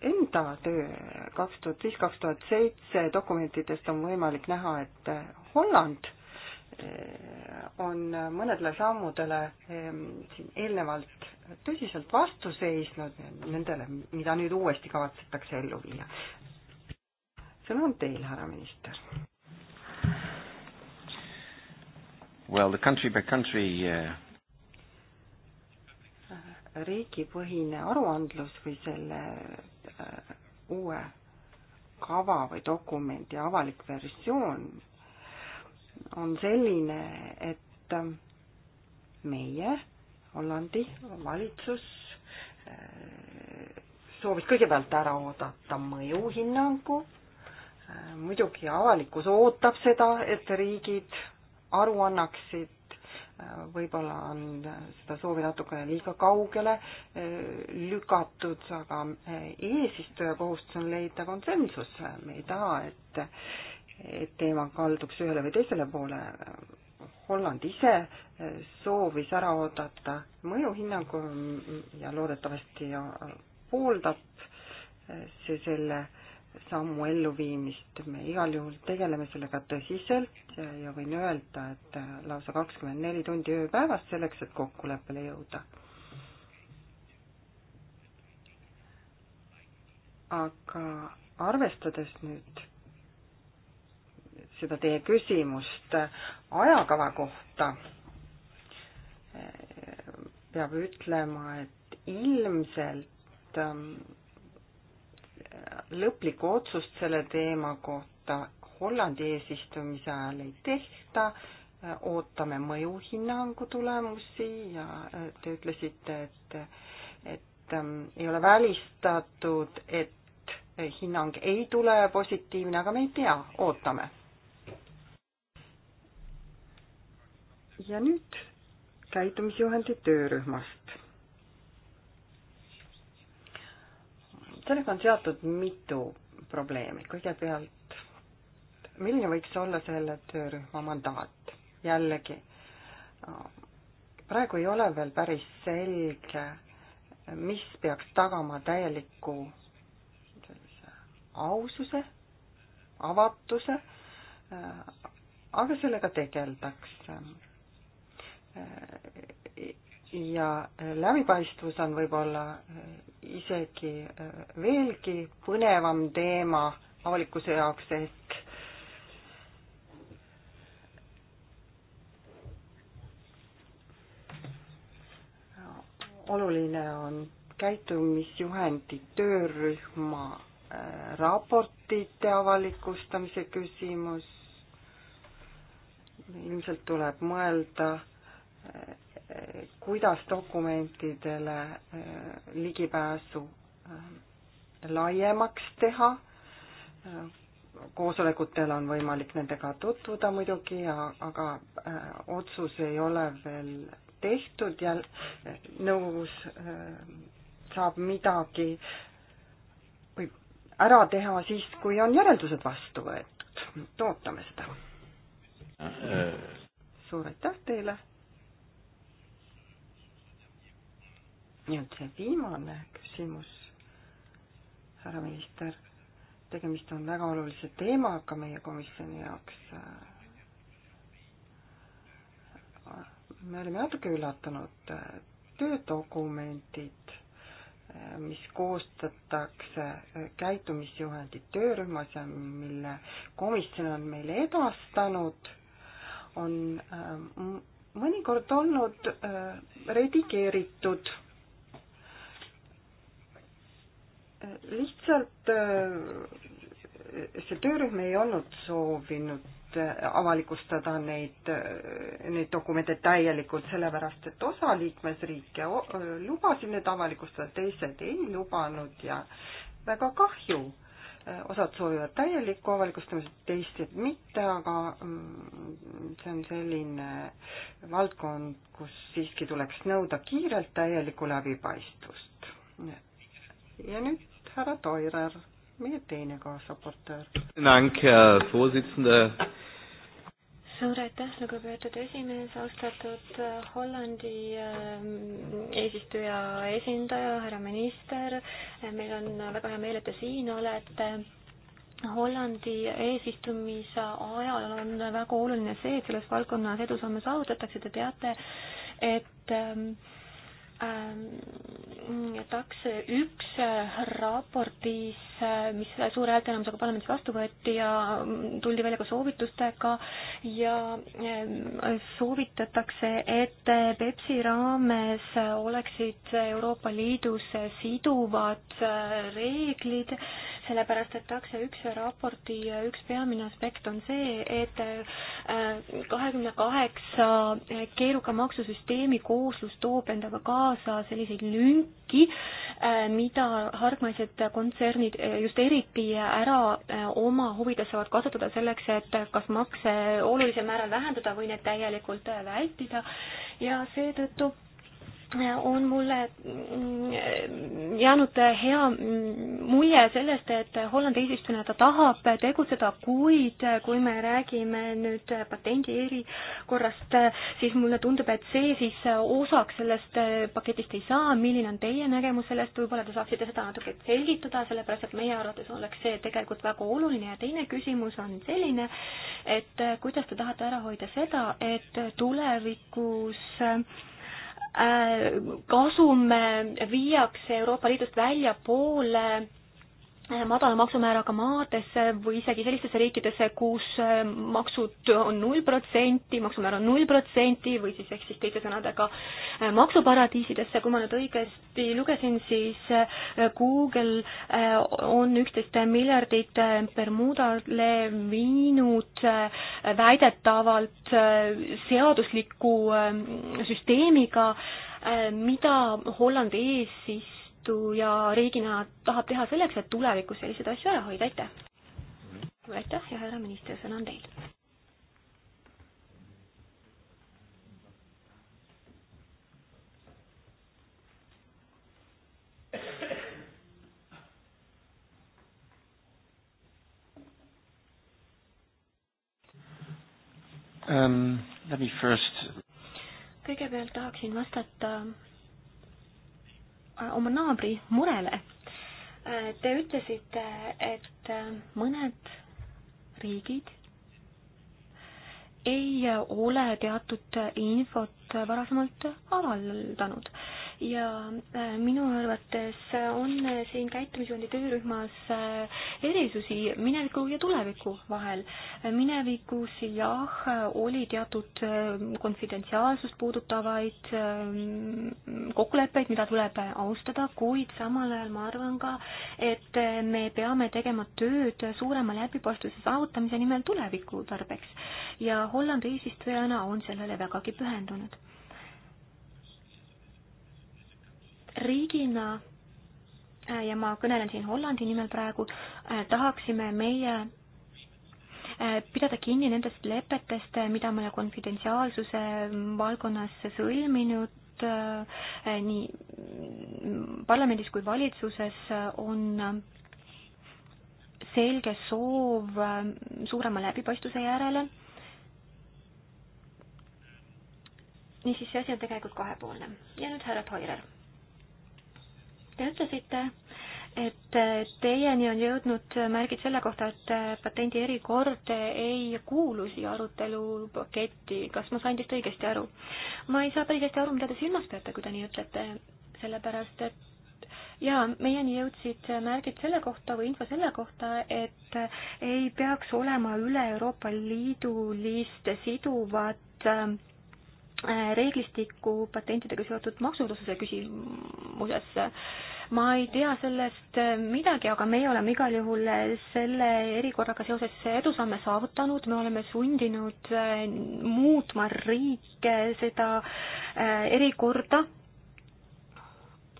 enda töö kaks tuhat viis, kaks tuhat seitse dokumentidest on võimalik näha, et äh, Holland äh, on mõnedele sammudele ähm, siin eelnevalt tõsiselt vastu seisnud nendele, mida nüüd uuesti kavatsetakse ellu viia. sõna on teil, härra minister. Well the country by country uh riigipõhine aruandlus või selle äh, uue kava või dokumendi avalik versioon on selline, et äh, meie, Hollandi valitsus äh, soovis kõigepealt ära oodata mõjuhinnangu, muidugi avalikkus ootab seda, et riigid aru annaksid võib-olla on seda soovi natukene liiga kaugele eh, lükatud, aga eh, eesistuja kohustus on leida konsensus, me ei taha, et, et teema kalduks ühele või teisele poole. Holland ise eh, soovis ära oodata mõjuhinnangu ja loodetavasti pooldab see selle äh, sammu elluviimist, me igal juhul tegeleme sellega tõsiselt ja, ja võin öelda, et äh, lausa kakskümmend neli tundi ööpäevas selleks, et kokkuleppele jõuda. aga arvestades nüüd seda teie küsimust äh, ajakava kohta, äh, peab ütlema, et ilmselt ähm, lõplikku otsust selle teema kohta Hollandi eesistumise ajal ei tehta, ootame mõjuhinnangu tulemusi ja äh, te ütlesite, et, et ähm, ei ole välistatud, et äh, hinnang ei tule positiivne, aga me ei tea, ootame. ja nüüd käitumisjuhendi töörühmast. sellega on seotud mitu probleemi. kõigepealt, milline võiks olla selle töörühma mandaat? jällegi, praegu ei ole veel päris selge, mis peaks tagama täieliku sellise aususe, avatuse, aga sellega tegeldakse ja läbipaistvus on võib-olla äh, isegi äh, veelgi põnevam teema avalikkuse jaoks, ehk oluline on käitumisjuhendi töörühma äh, raportite avalikustamise küsimus. ilmselt tuleb mõelda kuidas dokumentidele eh, ligipääsu eh, laiemaks teha. Eh, koosolekutel on võimalik nendega tutvuda muidugi, aga otsus ei ole veel tehtud ja nõukogus saab midagi või ära teha siis, kui on järeldused vastu võetud. ootame seda. Äh, äh. suur aitäh teile nüüd see viimane küsimus, härra minister, tegemist on väga olulise teemaga meie komisjoni jaoks. me olime natuke üllatunud, töödokumendid, mis koostatakse käitumisjuhendi töörühmas ja mille komisjon on meile edastanud, on äh, mõnikord olnud äh, redigeeritud lihtsalt äh, see töörühm ei olnud soovinud äh, avalikustada neid, äh, neid dokumente täielikult, sellepärast et osa liikmesriike lubasid need avalikustada, teised ei lubanud ja väga kahju. osad soovivad täielikku avalikustamist, teised mitte, aga mm, see on selline valdkond, kus siiski tuleks nõuda kiirelt täielikku läbipaistvust. ja nüüd härra Toirer, meie teine kaasraportöör. suur aitäh, lugupeetud esimees, austatud äh, Hollandi äh, eesistuja esindaja, härra minister, meil on väga hea meel, et te siin olete Hollandi eesistumise ajal on väga oluline see, et selles valdkonnas edusamme saavutatakse, te teate, et ähm, Ähm, TAKS üks raportis, äh, mis suure häälteenamusega parlamendis vastu võeti ja mm, tuldi välja ka soovitustega ja ähm, soovitatakse, et Pepsi raames oleksid Euroopa Liidus siduvad äh, reeglid sellepärast et takse üks raporti üks peamine aspekt on see, et äh, kahekümne kaheksa keeruka maksusüsteemi kooslus toob endaga kaasa selliseid lünki, äh, mida hargmaised kontsernid äh, just eriti ära oma huvides saavad kasutada selleks, et kas makse olulisel määral vähendada või need täielikult vältida ja seetõttu on mulle mm, jäänud hea mulje sellest, et Hollandi eesistujana ta tahab tegutseda, kuid kui me räägime nüüd patendi erikorrast, siis mulle tundub, et see siis osaks sellest paketist ei saa. milline on teie nägemus sellest, võib-olla te saaksite seda natuke selgitada, sellepärast et meie arvates oleks see tegelikult väga oluline ja teine küsimus on selline, et kuidas te tahate ära hoida seda, et tulevikus äh, Äh, kasum viiakse Euroopa Liidust väljapoole madala maksumääraga maadesse või isegi sellistesse riikidesse, kus äh, maksud on null protsenti, maksumäär on null protsenti või siis ehk siis teiste sõnadega äh, maksuparadiisidesse, kui ma nüüd õigesti lugesin, siis äh, Google on üksteist miljardit Bermudale viinud väidetavalt seadusliku süsteemiga, mida Holland ees siis eesistuja riigina tahab teha selleks, et tulevikus selliseid asju ära hoida, aitäh! aitäh ja härra minister, sõna on teil. Um, let me first kõigepealt tahaksin vastata oma naabri murele. Äh, te ütlesite, et äh, mõned riigid ei ole teatud infot varasemalt avaldanud ja äh, minu arvates on siin käitumisjuhendi töörühmas äh, erisusi mineviku ja tuleviku vahel. minevikus jah, oli teatud äh, konfidentsiaalsust puudutavaid ähm, kokkuleppeid, mida tuleb austada, kuid samal ajal ma arvan ka, et me peame tegema tööd suurema läbipaistvuse saavutamise nimel tuleviku tarbeks ja Holland eesistujana on sellele vägagi pühendunud riigina äh, ja ma kõnelen siin Hollandi nimel praegu, äh, tahaksime meie äh, pidada kinni nendest lepetest, mida me konfidentsiaalsuse valdkonnas sõlminud, nii mm, parlamendis kui valitsuses on selge soov suurema läbipaistvuse järele. niisiis, see asi on tegelikult kahepoolne ja nüüd härra Toiler Te ütlesite, et teieni on jõudnud märgid selle kohta, et patendi erikord ei kuulu siia arutelupaketti. kas ma sain teist õigesti aru? ma ei saa päris hästi aru, mida te silmas peate, kui te nii ütlete, sellepärast et jaa, meieni jõudsid märgid selle kohta või info selle kohta, et ei peaks olema üle Euroopa Liidulist siduvat äh, Äh, reeglistiku patentidega seotud maksutõususe küsimuses. ma ei tea sellest äh, midagi, aga meie oleme igal juhul äh, selle erikorraga seoses edusamme saavutanud, me oleme sundinud muutma riike seda erikorda,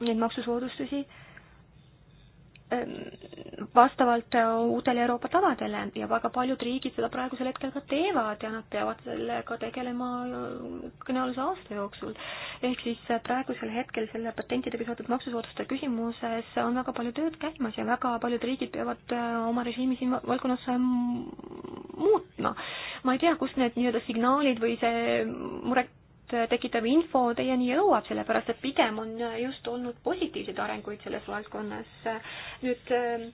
neid maksusoodustusi Ehm, vastavalt äh, uutele Euroopa tavadele ja väga paljud riigid seda praegusel hetkel ka teevad ja nad peavad sellega tegelema äh, kõnealuse aasta jooksul. ehk siis äh, praegusel hetkel selle patentidega seotud maksusooduste küsimuses on väga palju tööd käimas ja väga paljud riigid peavad oma režiimi siin valdkonnas muutma. ma ei tea, kust need nii-öelda signaalid või see muret tekitav info teieni jõuab, sellepärast et pigem on just olnud positiivseid arenguid selles valdkonnas. nüüd äh,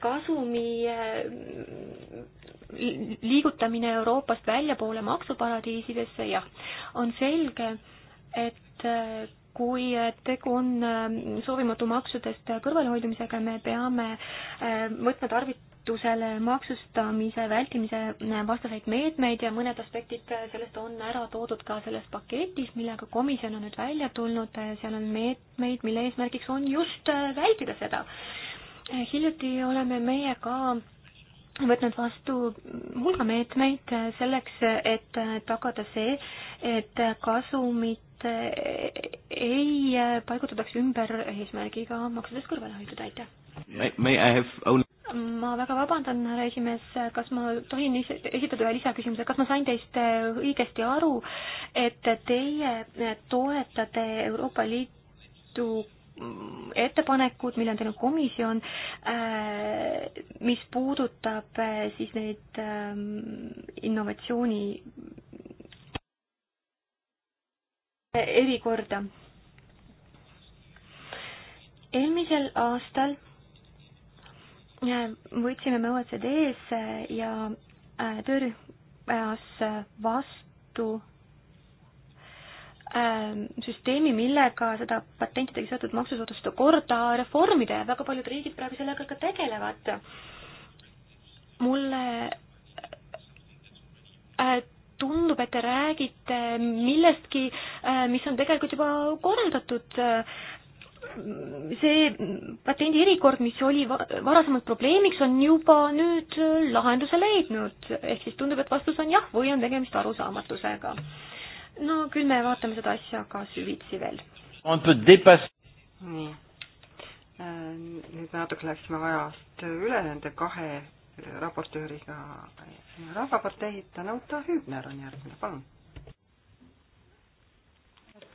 kasumi äh, liigutamine Euroopast väljapoole maksuparadiisidesse, jah, on selge, et äh, kui tegu on soovimatu maksudest kõrvalehoidumisega, me peame võtma tarvit-, pettusele maksustamise vältimise vastaseid meetmeid ja mõned aspektid sellest on ära toodud ka selles paketis, millega komisjon on nüüd välja tulnud, seal on meetmeid, mille eesmärgiks on just vältida seda. hiljuti oleme meie ka võtnud vastu hulga meetmeid selleks, et tagada see, et kasumit ei paigutataks ümber eesmärgiga maksudest kõrvale hoiduda, aitäh. May I have only ma väga vabandan, härra esimees, kas ma tohin esitada ühe lisaküsimuse, kas ma sain teist äh, õigesti aru, et teie toetate Euroopa Liidu mm, ettepanekud, mille on teinud komisjon, äh, mis puudutab äh, siis neid ähm, innovatsiooni erikorda. eelmisel aastal võtsime me OECD-s äh, ja äh, töörühmas äh, vastu ähm, süsteemi, millega seda patentidega seotud maksusoodustuste korda reformida ja väga paljud riigid praegu sellega ka tegelevad. mulle tundub, et te räägite millestki, mis on tegelikult juba korraldatud see patendi erikord, mis oli varasemalt probleemiks, on juba nüüd äh, lahenduse leidnud, ehk siis tundub, et vastus on jah või on tegemist arusaamatusega. no küll me vaatame seda asja ka süvitsi veel. nii, äh, nüüd me natuke läksime ajast üle nende kahe raportööriga Rahvapartei, Danuta Hübner on järgmine, palun.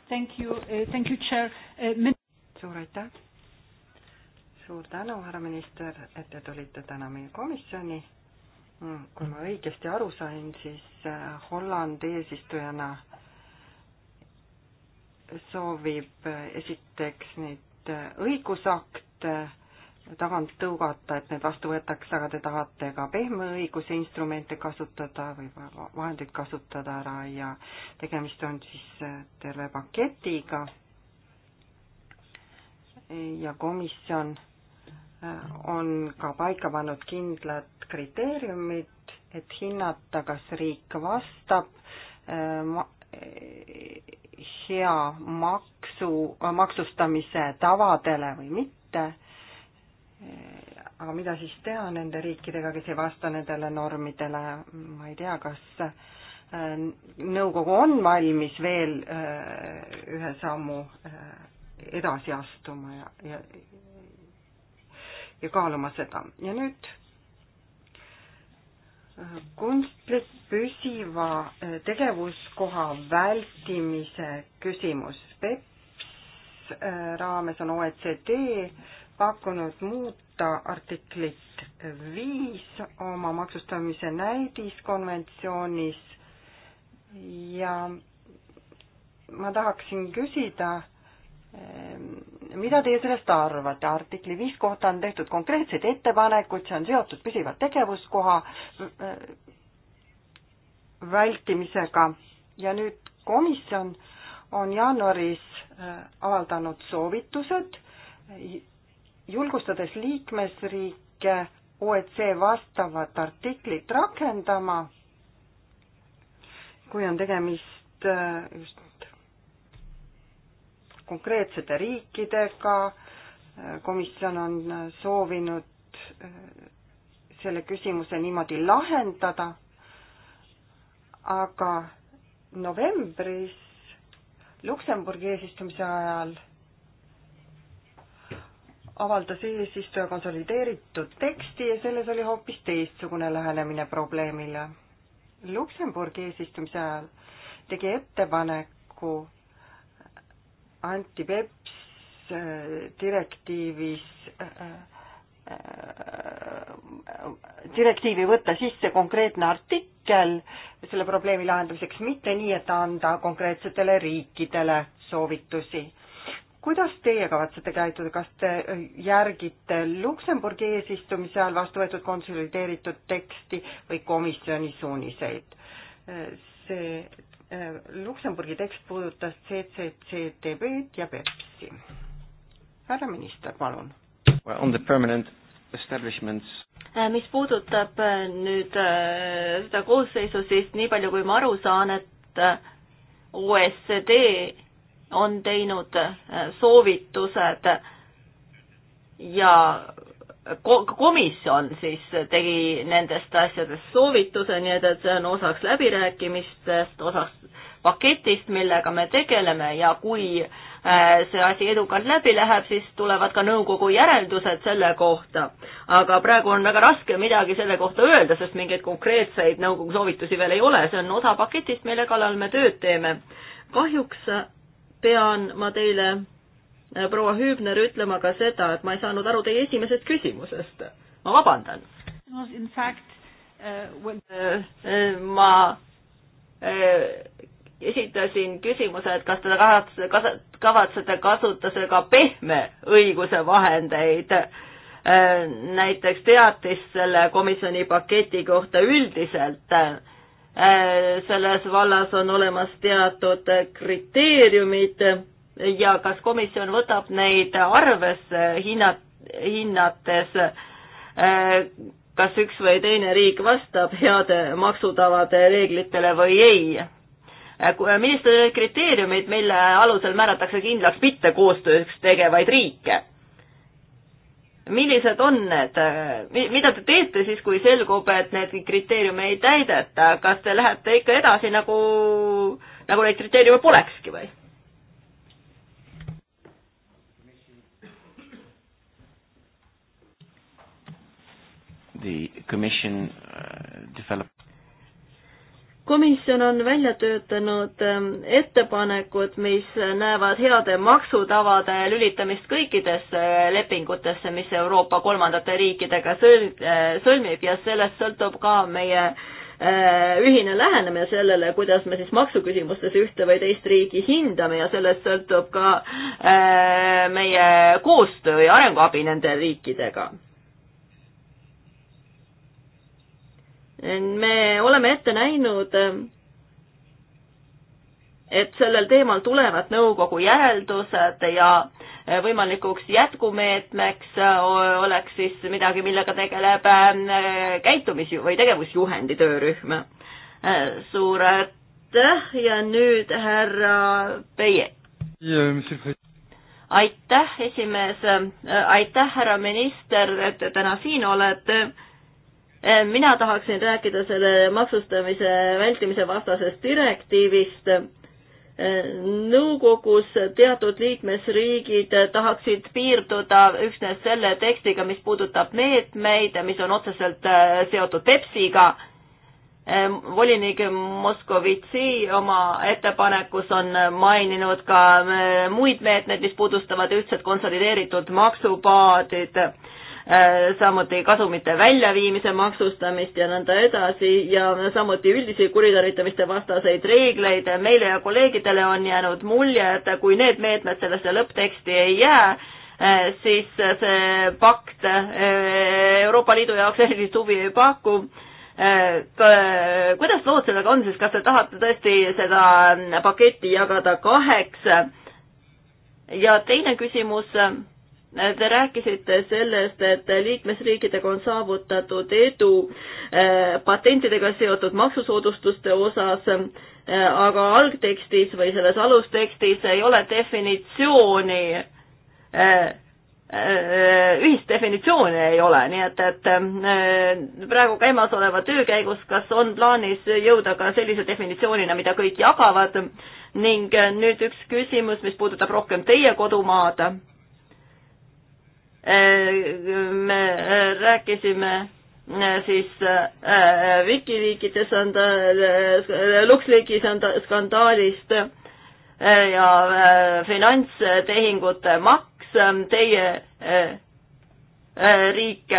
Thank you, äh, thank you, chair suur aitäh! suur tänu, härra minister, et te tulite täna meie komisjoni. Mm, kui ma õigesti aru sain, siis äh, Holland eesistujana soovib äh, esiteks neid äh, õigusakte tagant tõugata, et need vastu võetakse, aga te tahate ka pehme õiguse instrumente kasutada või vahendeid kasutada ära ja tegemist on siis terve paketiga ja komisjon äh, on ka paika pannud kindlad kriteeriumid, et hinnata, kas riik vastab äh, äh, hea maksu, maksustamise tavadele või mitte. aga mida siis teha nende riikidega, kes ei vasta nendele normidele, ma ei tea, kas nõukogu on valmis veel ühe sammu edasi astuma ja, ja, ja kaaluma seda. ja nüüd äh, kunstlik püsiva äh, tegevuskoha vältimise küsimus. PEPS äh, raames on OECD pakkunud muuta artiklit viis oma maksustamise näidiskonventsioonis ja ma tahaksin küsida, Ehm, mida teie sellest arvate? artikli viis kohta on tehtud konkreetseid ettepanekuid, see on seotud püsiva tegevuskoha äh, vältimisega ja nüüd komisjon on jaanuaris äh, avaldanud soovitused, äh, julgustades liikmesriike OEC vastavat artiklit rakendama, kui on tegemist just konkreetsete riikidega, komisjon on soovinud äh, selle küsimuse niimoodi lahendada, aga novembris Luksemburgi eesistumise ajal avaldas eesistuja konsolideeritud teksti ja selles oli hoopis teistsugune lähenemine probleemile. Luksemburgi eesistumise ajal tegi ettepaneku anti PEPS äh, direktiivis äh, äh, direktiivi võtta sisse konkreetne artikkel selle probleemi lahendamiseks, mitte nii, et anda konkreetsetele riikidele soovitusi kuidas teie kavatsete käituda, kas te järgite Luksemburgi eesistumise ajal vastu võetud konsolideeritud teksti või komisjoni suuniseid? see Äh, Luksemburgi tekst puudutas CCCTB-d ja Pepsi. härra minister, palun well,. On the permanent establishments äh, mis puudutab äh, nüüd seda koosseisu, siis nii palju, kui ma aru saan, et OSCD on teinud soovitused ja komisjon siis tegi nendest asjadest soovituse, nii et, et see on osaks läbirääkimistest, osaks paketist, millega me tegeleme ja kui äh, see asi edukalt läbi läheb, siis tulevad ka nõukogu järeldused selle kohta. aga praegu on väga raske midagi selle kohta öelda, sest mingeid konkreetseid nõukogu soovitusi veel ei ole, see on osa paketist, mille kallal me tööd teeme. kahjuks pean ma teile proua Hüübner ütlema ka seda, et ma ei saanud aru teie esimesest küsimusest. ma vabandan. Uh, äh, ma äh, esitasin küsimuse, et kas te kavatsete, kavatsete kasutada ka pehme õiguse vahendeid, äh, näiteks teatis selle komisjoni paketi kohta üldiselt selles vallas on olemas teatud kriteeriumid ja kas komisjon võtab neid arvesse hinnat-, hinnates, kas üks või teine riik vastab heade maksutavade reeglitele või ei? millised on need kriteeriumid, mille alusel määratakse kindlaks mitte koostööks tegevaid riike? millised on need, mida te teete siis, kui selgub, et need kriteeriume ei täideta, kas te lähete ikka edasi nagu, nagu neid kriteeriume polekski või? the Commission uh, develop komisjon on välja töötanud ähm, ettepanekud, mis näevad heade maksutavade lülitamist kõikidesse lepingutesse, mis Euroopa kolmandate riikidega äh, sõlmib ja sellest sõltub ka meie äh, ühine lähenemine sellele, kuidas me siis maksuküsimustes ühte või teist riigi hindame ja sellest sõltub ka äh, meie koostöö ja arenguabi nende riikidega me oleme ette näinud, et sellel teemal tulevad nõukogu järeldused ja võimalikuks jätkumeetmeks oleks siis midagi, millega tegeleb äh, käitumis- või tegevusjuhendi töörühm. Äh, suur aitäh ja nüüd härra Peie. aitäh, esimees, äh, aitäh, härra minister, et te täna siin olete Äh, mina tahaksin rääkida selle maksustamise vältimise vastasest direktiivist. Äh, nõukogus teatud liikmesriigid tahaksid piirduda üksnes selle tekstiga, mis puudutab meetmeid, mis on otseselt äh, seotud Pepsiga volinik Moskovitsi oma ettepanekus on maininud ka muid meetmeid, mis puudustavad ühtset konsolideeritud maksubaadid. Äh, samuti kasumite väljaviimise maksustamist ja nõnda edasi ja samuti üldisi kuritarvitamiste vastaseid reegleid. meile ja kolleegidele on jäänud mulje, et kui need meetmed sellesse lõppteksti ei jää, äh, siis see pakt äh, Euroopa Liidu jaoks erilist huvi ei paku. kuidas lood sellega on siis, kas te tahate tõesti seda paketti jagada kaheks? ja teine küsimus Te rääkisite sellest, et liikmesriikidega on saavutatud edu eh, patentidega seotud maksusoodustuste osas, eh, aga algtekstis või selles alustekstis ei ole definitsiooni, eh, ühist definitsiooni ei ole, nii et, et praegu käimasoleva töö käigus, kas on plaanis jõuda ka sellise definitsioonina, mida kõik jagavad ning nüüd üks küsimus, mis puudutab rohkem teie kodumaad me eh, rääkisime eh, siis eh, Wikileakide Luxleaki skandaalist ja finantstehingute maks, teie riik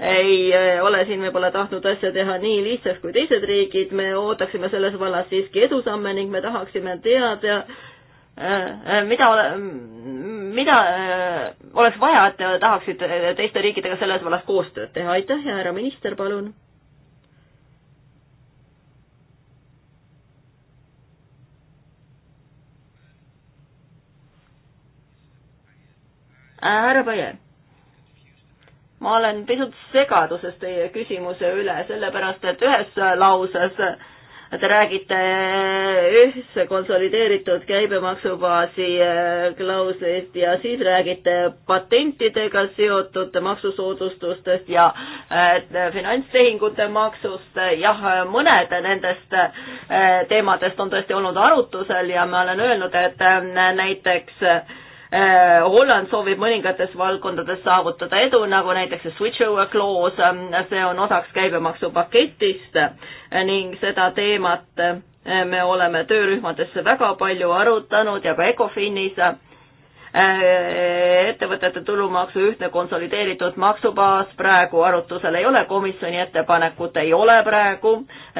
ei ole siin võib-olla tahtnud asja teha nii lihtsaks kui teised riigid, me ootaksime selles vallas siiski edusamme ning me tahaksime teada, Äh, äh, mida, mida äh, oleks vaja, et te tahaksite teiste riikidega selles vallas koostööd teha, aitäh ja härra minister, palun. härra Paier, ma olen pisut segaduses teie küsimuse üle, sellepärast et ühes lauses äh, Te räägite eh, ühtse konsolideeritud käibemaksubaasi eh, klauslist ja siis räägite patentidega seotud maksusoodustustest ja eh, finantstehingute maksust. jah, mõned nendest teemadest on tõesti olnud arutusel ja ma olen öelnud, et näiteks Äh, Holland soovib mõningates valdkondades saavutada edu, nagu näiteks see switchover clause, äh, see on osaks käibemaksupaketist äh, ning seda teemat me oleme töörühmadesse väga palju arutanud ja ka ECOFINis ettevõtete tulumaksu ühtne konsolideeritud maksubaas praegu arutusel ei ole, komisjoni ettepanekut ei ole praegu,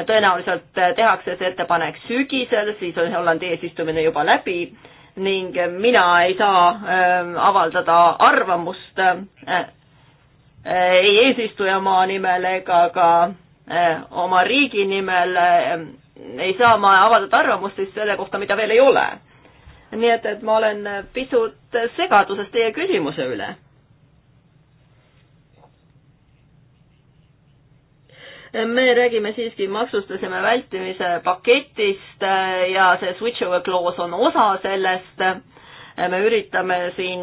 tõenäoliselt tehakse see ettepanek sügisel, siis on Hollandi eesistumine juba läbi ning mina ei saa ähm, avaldada arvamust äh, ei eesistujamaa nimel ega ka äh, oma riigi nimel äh, ei saa ma avaldada arvamust siis selle kohta, mida veel ei ole. nii et, et ma olen pisut segaduses teie küsimuse üle me räägime siiski maksustasime vältimise paketist äh, ja see switch over clause on osa sellest. Äh, me üritame siin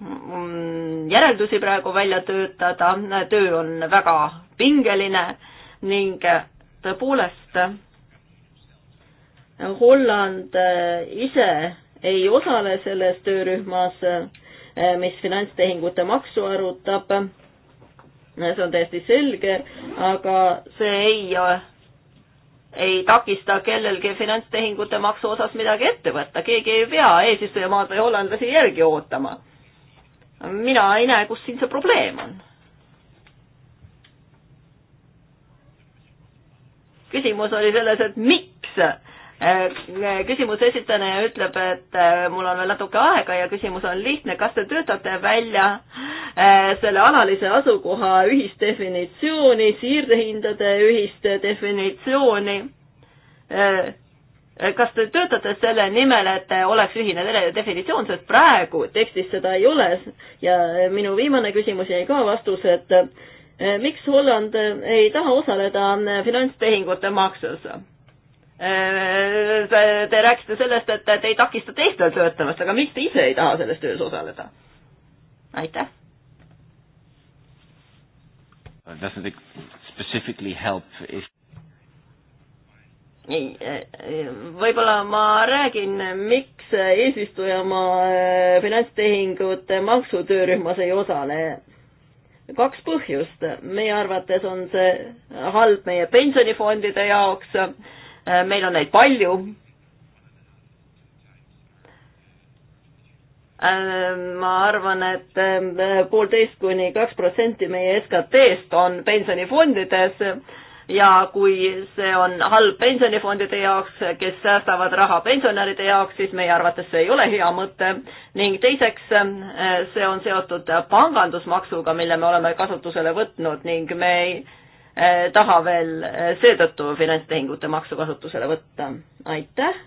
mm, järeldusi praegu välja töötada, äh, töö on väga pingeline ning tõepoolest Holland ise ei osale selles töörühmas, mis finantstehingute maksu arutab see on täiesti selge, aga see ei, ei takista kellelgi finantstehingute maksu osas midagi ette võtta, keegi ei pea eesistujamaad või hollandlasi järgi ootama. mina ei näe, kus siin see probleem on. küsimus oli selles, et miks Äh, äh, küsimuse esitaja ütleb, et äh, mul on veel natuke aega ja küsimus on lihtne, kas te töötate välja selle alalise asukoha ühisdefinitsiooni, siirdehindade ühist definitsiooni? kas te töötate selle nimel, et oleks ühine definitsioon, sest praegu tekstis seda ei ole ja minu viimane küsimus jäi ka vastuseta. miks Holland ei taha osaleda finantstehingute maksus? Äh, te rääkisite sellest, et te ei takista teistel töötamast, aga miks te ise ei taha selles töös osaleda? aitäh. Uh, doesn't it specifically help if e, e, võib-olla ma räägin, miks eesistujamaa e, finantstehingute maksutöörühmas ei osale. kaks põhjust, meie arvates on see halb meie pensionifondide jaoks Äh, meil on neid palju. Ähm, ma arvan, et ähm, poolteist kuni kaks protsenti meie SKT-st on pensionifondides ja kui see on halb pensionifondide jaoks, kes säästavad raha pensionäride jaoks, siis meie arvates see ei ole hea mõte ning teiseks, ähm, see on seotud pangandusmaksuga, mille me oleme kasutusele võtnud ning me ei Eh, taha veel eh, seetõttu finantstehingute maksu kasutusele võtta. aitäh!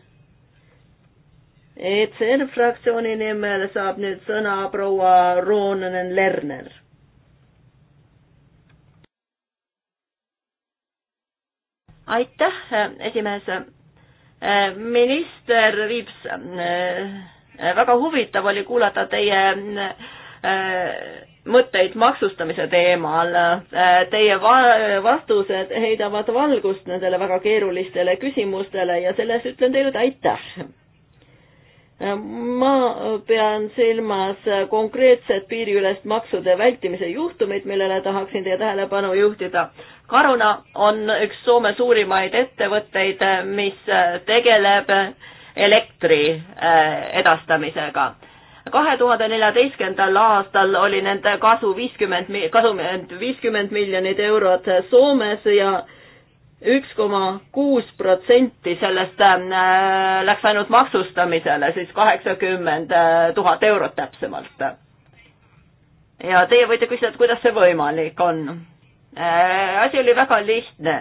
ECR fraktsiooni nimel saab nüüd sõna proua Roonen Lerner. aitäh, esimees. Eh, minister Viips, väga huvitav oli kuulata teie mõtteid maksustamise teemal. Äh, teie va-, vastused heidavad valgust nendele väga keerulistele küsimustele ja selles ütlen teile aitäh. Äh, ma pean silmas konkreetset piiriülest maksude vältimise juhtumit, millele tahaksin teie tähelepanu juhtida. Karuna on üks Soome suurimaid ettevõtteid, mis tegeleb elektri äh, edastamisega kahe tuhande neljateistkümnendal aastal oli nende kasu viiskümmend, kasum viiskümmend miljonit eurot Soomes ja üks koma kuus protsenti sellest äh, läks ainult maksustamisele, siis kaheksakümmend äh, tuhat eurot täpsemalt. ja teie võite küsida, et kuidas see võimalik on. Äh, asi oli väga lihtne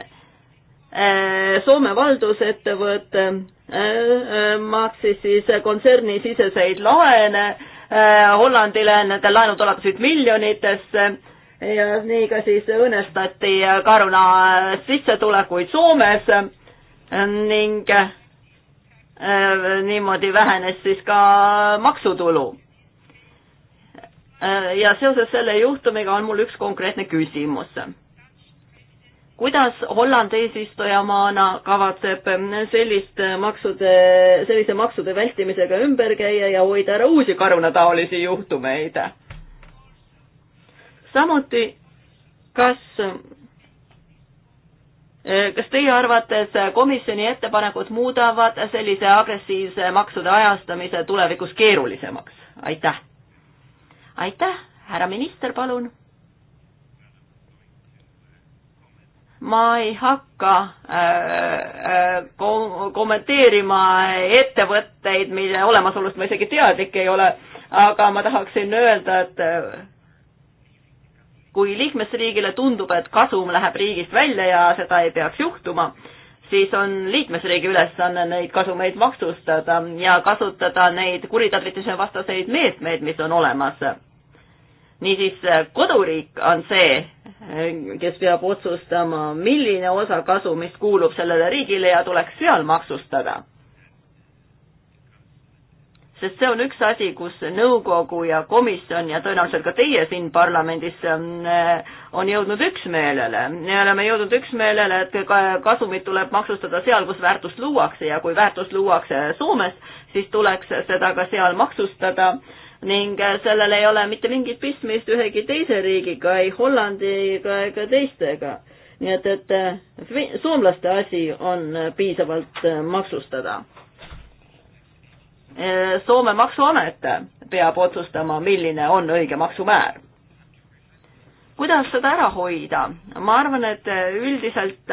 Äh, Soome valdusettevõte äh, äh, maksis siis kontsernisiseseid laene Hollandile, nende laenud ulatusid miljonitesse ja nii ka siis õõnestati karuna sissetulekuid Soomes ning niimoodi vähenes siis ka maksutulu. ja seoses selle juhtumiga on mul üks konkreetne küsimus kuidas Holland eesistujamaana kavatseb sellist maksude, sellise maksude vältimisega ümber käia ja hoida ära uusi karunataolisi juhtumeid? samuti, kas, kas teie arvates komisjoni ettepanekud muudavad sellise agressiivse maksude ajastamise tulevikus keerulisemaks? aitäh! aitäh, härra minister, palun! ma ei hakka äh, äh, kom kommenteerima ettevõtteid, mille olemasolust ma isegi teadlik ei ole, aga ma tahaksin öelda, et äh, kui liikmesriigile tundub, et kasum läheb riigist välja ja seda ei peaks juhtuma, siis on liikmesriigi ülesanne neid kasumeid maksustada ja kasutada neid kuritarvituse vastaseid meetmeid, mis on olemas niisiis äh, koduriik on see, äh, kes peab otsustama, milline osa kasumist kuulub sellele riigile ja tuleks seal maksustada. sest see on üks asi, kus nõukogu ja komisjon ja tõenäoliselt ka teie siin parlamendis on äh, jõudnud üksmeelele. me oleme jõudnud üksmeelele, et kasumit tuleb maksustada seal, kus väärtust luuakse ja kui väärtust luuakse Soomes, siis tuleks seda ka seal maksustada ning äh, sellel ei ole mitte mingit pistmist ühegi teise riigiga, ei Hollandiga ega teistega. nii et, et äh, soomlaste asi on äh, piisavalt maksustada. Soome maksuamet peab otsustama, milline on õige maksumäär. kuidas seda ära hoida? ma arvan, et üldiselt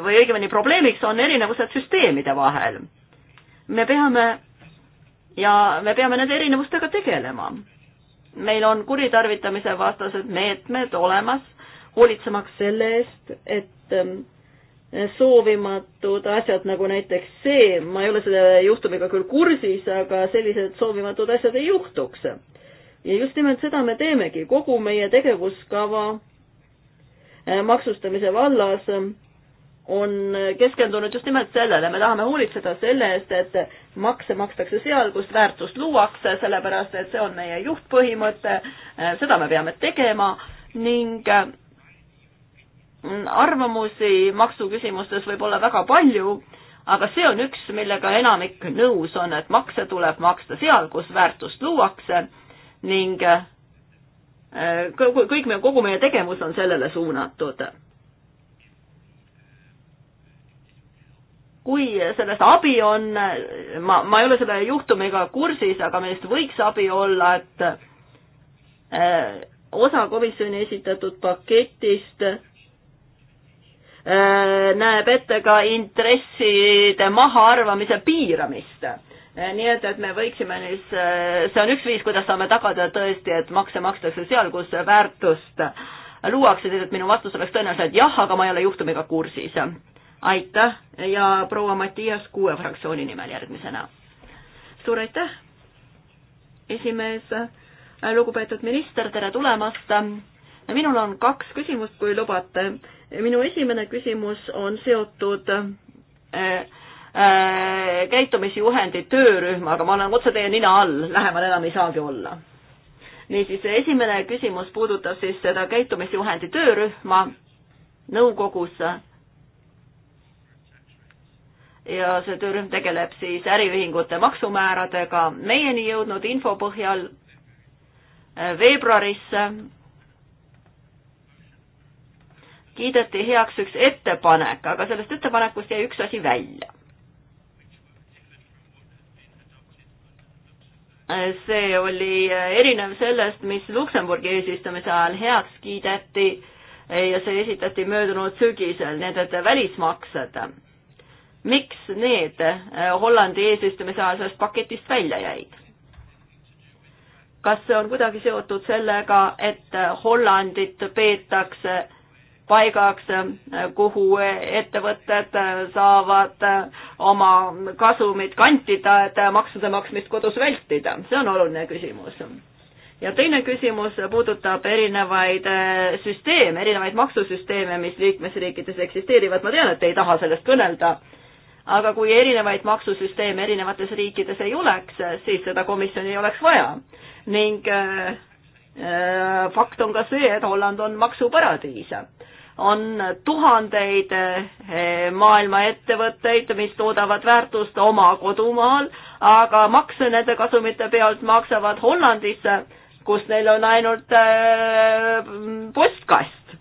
või õigemini probleemiks on erinevused süsteemide vahel me peame ja me peame nende erinevustega tegelema. meil on kuritarvitamise vastased meetmed olemas, hoolitsemaks selle eest, et ähm, soovimatud asjad, nagu näiteks see, ma ei ole selle juhtumiga küll kursis, aga sellised soovimatud asjad ei juhtuks. ja just nimelt seda me teemegi, kogu meie tegevuskava äh, maksustamise vallas on keskendunud just nimelt sellele, me tahame hoolitseda selle eest, et makse makstakse seal, kus väärtust luuakse, sellepärast et see on meie juhtpõhimõte, seda me peame tegema ning mm, arvamusi maksuküsimustes võib olla väga palju, aga see on üks, millega enamik nõus on, et makse tuleb maksta seal, kus väärtust luuakse ning eh, kõik, kõik meie, kogu meie tegevus on sellele suunatud kui sellest abi on, ma, ma ei ole selle juhtumiga kursis, aga millest võiks abi olla, et äh, osa komisjoni esitatud paketist äh, näeb ette ka intresside mahaarvamise piiramist. Äh, nii et, et me võiksime siis, see on üks viis, kuidas saame tagada tõesti, et makse makstakse seal, kus väärtust luuakse, nii et minu vastus oleks tõenäoliselt jah, aga ma ei ole juhtumiga kursis aitäh ja proua Mattias kuue fraktsiooni nimel järgmisena. suur aitäh, esimees, lugupeetud minister, tere tulemast. minul on kaks küsimust, kui lubate. minu esimene küsimus on seotud äh, äh, käitumisjuhendi töörühmaga, ma olen otse teie nina all, lähemal enam ei saagi olla. niisiis, esimene küsimus puudutab siis seda käitumisjuhendi töörühma nõukogus ja see töörühm tegeleb siis äriühingute maksumääradega. meieni jõudnud info põhjal äh, veebruarisse kiideti heaks üks ettepanek, aga sellest ettepanekust jäi üks asi välja. Äh, see oli äh, erinev sellest, mis Luksemburgi eesistumise ajal heaks kiideti ja see esitati möödunud sügisel, need välismaksed miks need äh, Hollandi eesistumise ajal sellest paketist välja jäid? kas see on kuidagi seotud sellega, et äh, Hollandit peetakse paigaks, äh, kuhu ettevõtted saavad oma kasumit kantida, et maksude maksmist kodus vältida, see on oluline küsimus ja teine küsimus puudutab erinevaid süsteeme, erinevaid maksusüsteeme, mis liikmesriikides eksisteerivad, ma tean, et te ei taha sellest kõnelda, aga kui erinevaid maksusüsteeme erinevates riikides ei oleks, siis seda komisjoni ei oleks vaja. ning äh, äh fakt on ka see, et Holland on maksuparadiis. on tuhandeid äh, maailma ettevõtteid, mis toodavad väärtust oma kodumaal, aga makse nende kasumite pealt maksavad Hollandisse, kus neil on ainult äh, postkast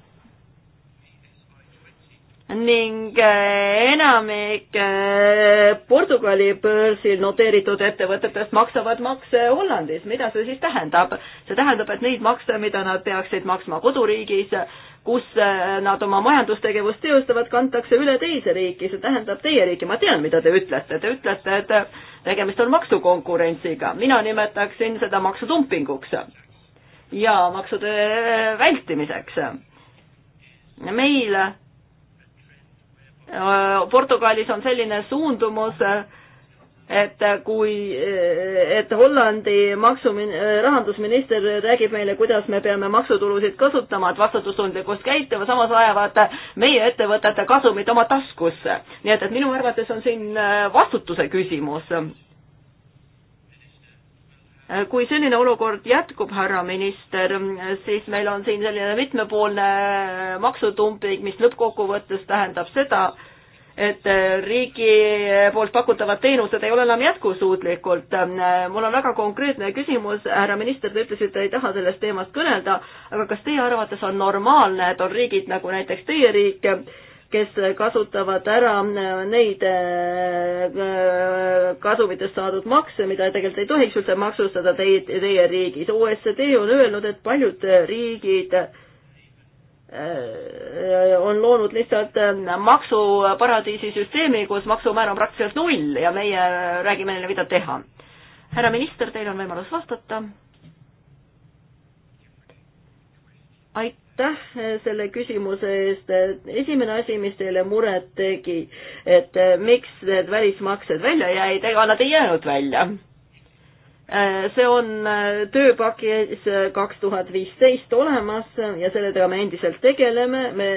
ning eh, enamik eh, Portugali börsil noteeritud ettevõtetest maksavad makse Hollandis. mida see siis tähendab? see tähendab, et neid makse, mida nad peaksid maksma koduriigis, kus eh, nad oma majandustegevust teostavad, kantakse üle teise riiki, see tähendab teie riiki. ma tean, mida te ütlete, te ütlete, et tegemist on maksukonkurentsiga. mina nimetaksin seda maksutumpinguks ja maksude vältimiseks. meil Äh, Portugalis on selline suundumus, et kui, et Hollandi maksu, rahandusminister räägib meile, kuidas me peame maksutulusid kasutama, et vastutustundlikkust käituma, samas ajavad meie ettevõtete kasumid oma taskusse. nii et, et minu arvates on siin äh, vastutuse küsimus kui selline olukord jätkub, härra minister, siis meil on siin selline mitmepoolne maksutumping, mis lõppkokkuvõttes tähendab seda, et riigi poolt pakutavad teenused ei ole enam jätkusuutlikult. mul on väga konkreetne küsimus, härra minister, te ütlesite, ei taha sellest teemast kõnelda, aga kas teie arvates on normaalne, et on riigid nagu näiteks teie riik, kes kasutavad ära neid äh, kasumitest saadud makse, mida tegelikult ei tohiks üldse maksustada teie, teie riigis. OECD on öelnud, et paljud riigid äh, on loonud lihtsalt äh, maksuparadiisi süsteemi, kus maksumäär on praktiliselt null ja meie räägime neile, mida teha. härra minister, teil on võimalus vastata. aitäh aitäh eh, selle küsimuse eest. Eh, esimene asi, mis teile muret tegi, et eh, miks need välismaksed välja jäid, ega nad ei jäänud välja. see on tööpakis kaks tuhat viisteist olemas ja sellega me endiselt tegeleme, me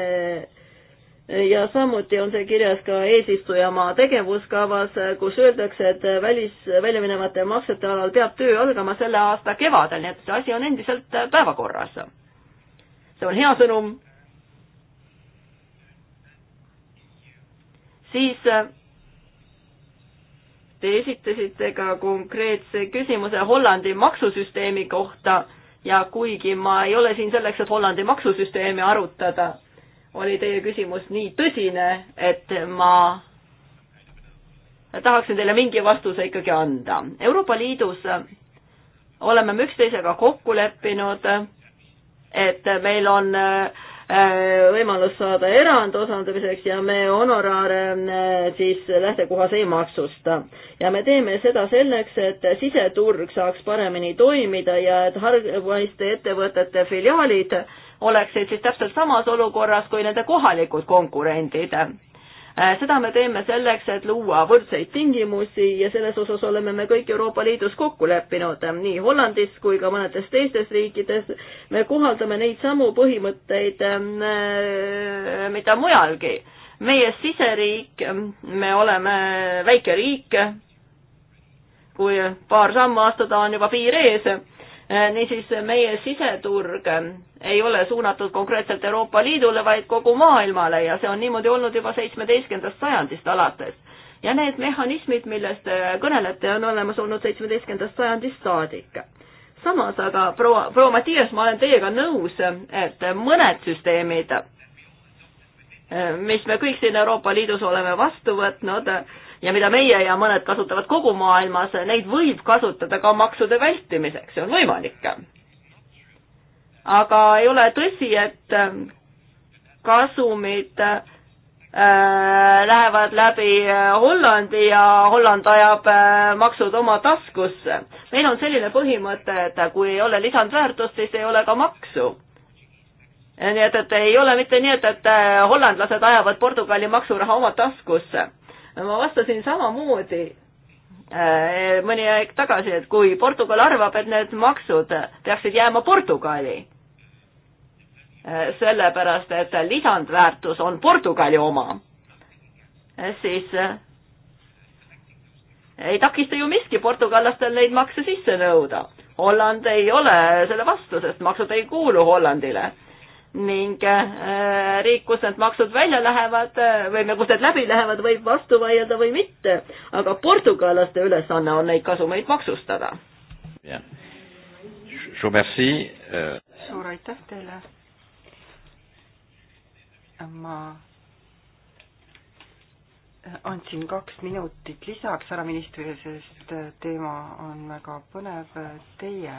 ja samuti on see kirjas ka eesistujamaa tegevuskavas, kus öeldakse, et välis, väljaminevate maksete alal peab töö algama selle aasta kevadel, nii et see asi on endiselt päevakorras see on hea sõnum. siis äh, te esitasite ka konkreetse küsimuse Hollandi maksusüsteemi kohta ja kuigi ma ei ole siin selleks, et Hollandi maksusüsteemi arutada, oli teie küsimus nii tõsine, et ma tahaksin teile mingi vastuse ikkagi anda. Euroopa Liidus oleme me üksteisega kokku leppinud et meil on äh, võimalus saada erand osalemiseks ja me honoraare äh, siis lähtekohas ei maksusta. ja me teeme seda selleks, et siseturg saaks paremini toimida ja et hargmaiste ettevõtete filiaalid oleksid siis täpselt samas olukorras kui nende kohalikud konkurendid Äh, seda me teeme selleks, et luua võrdseid tingimusi ja selles osas oleme me kõik Euroopa Liidus kokku leppinud, nii Hollandis kui ka mõnedes teistes riikides. me kohaldame neid samu põhimõtteid ähm, äh, mida mujalgi. meie siseriik, ähm, me oleme väike riik, kui paar sammu astuda on juba piir ees Äh, niisiis meie siseturg äh, ei ole suunatud konkreetselt Euroopa Liidule, vaid kogu maailmale ja see on niimoodi olnud juba seitsmeteistkümnendast sajandist alates. ja need mehhanismid, millest te äh, kõnelete, on olemas olnud seitsmeteistkümnendast sajandist saadik. samas aga proua, proua Mattias, ma olen teiega nõus, et mõned süsteemid, mis me kõik siin Euroopa Liidus oleme vastu võtnud, ja mida meie ja mõned kasutavad kogu maailmas, neid võib kasutada ka maksude vältimiseks, see on võimalik. aga ei ole tõsi, et ähm, kasumid äh, lähevad läbi äh, Hollandi ja Holland ajab äh, maksud oma taskusse. meil on selline põhimõte, et kui ei ole lisandväärtust, siis ei ole ka maksu. nii et, et ei ole mitte nii, et, et hollandlased ajavad Portugali maksuraha oma taskusse ma vastasin samamoodi äh, mõni aeg tagasi, et kui Portugal arvab, et need maksud peaksid jääma Portugali, äh, sellepärast et lisandväärtus on Portugali oma, äh, siis ei takista ju miski portugallastel neid makse sisse nõuda. Holland ei ole selle vastu, sest maksud ei kuulu Hollandile ning äh, riik, kus need maksud välja lähevad äh, või kus need läbi lähevad, võib vastu vaielda või mitte. aga portugallaste ülesanne on neid kasumeid maksustada. Euh. suur aitäh teile. ma andsin kaks minutit lisaks härra ministrile, sest teema on väga põnev. Teie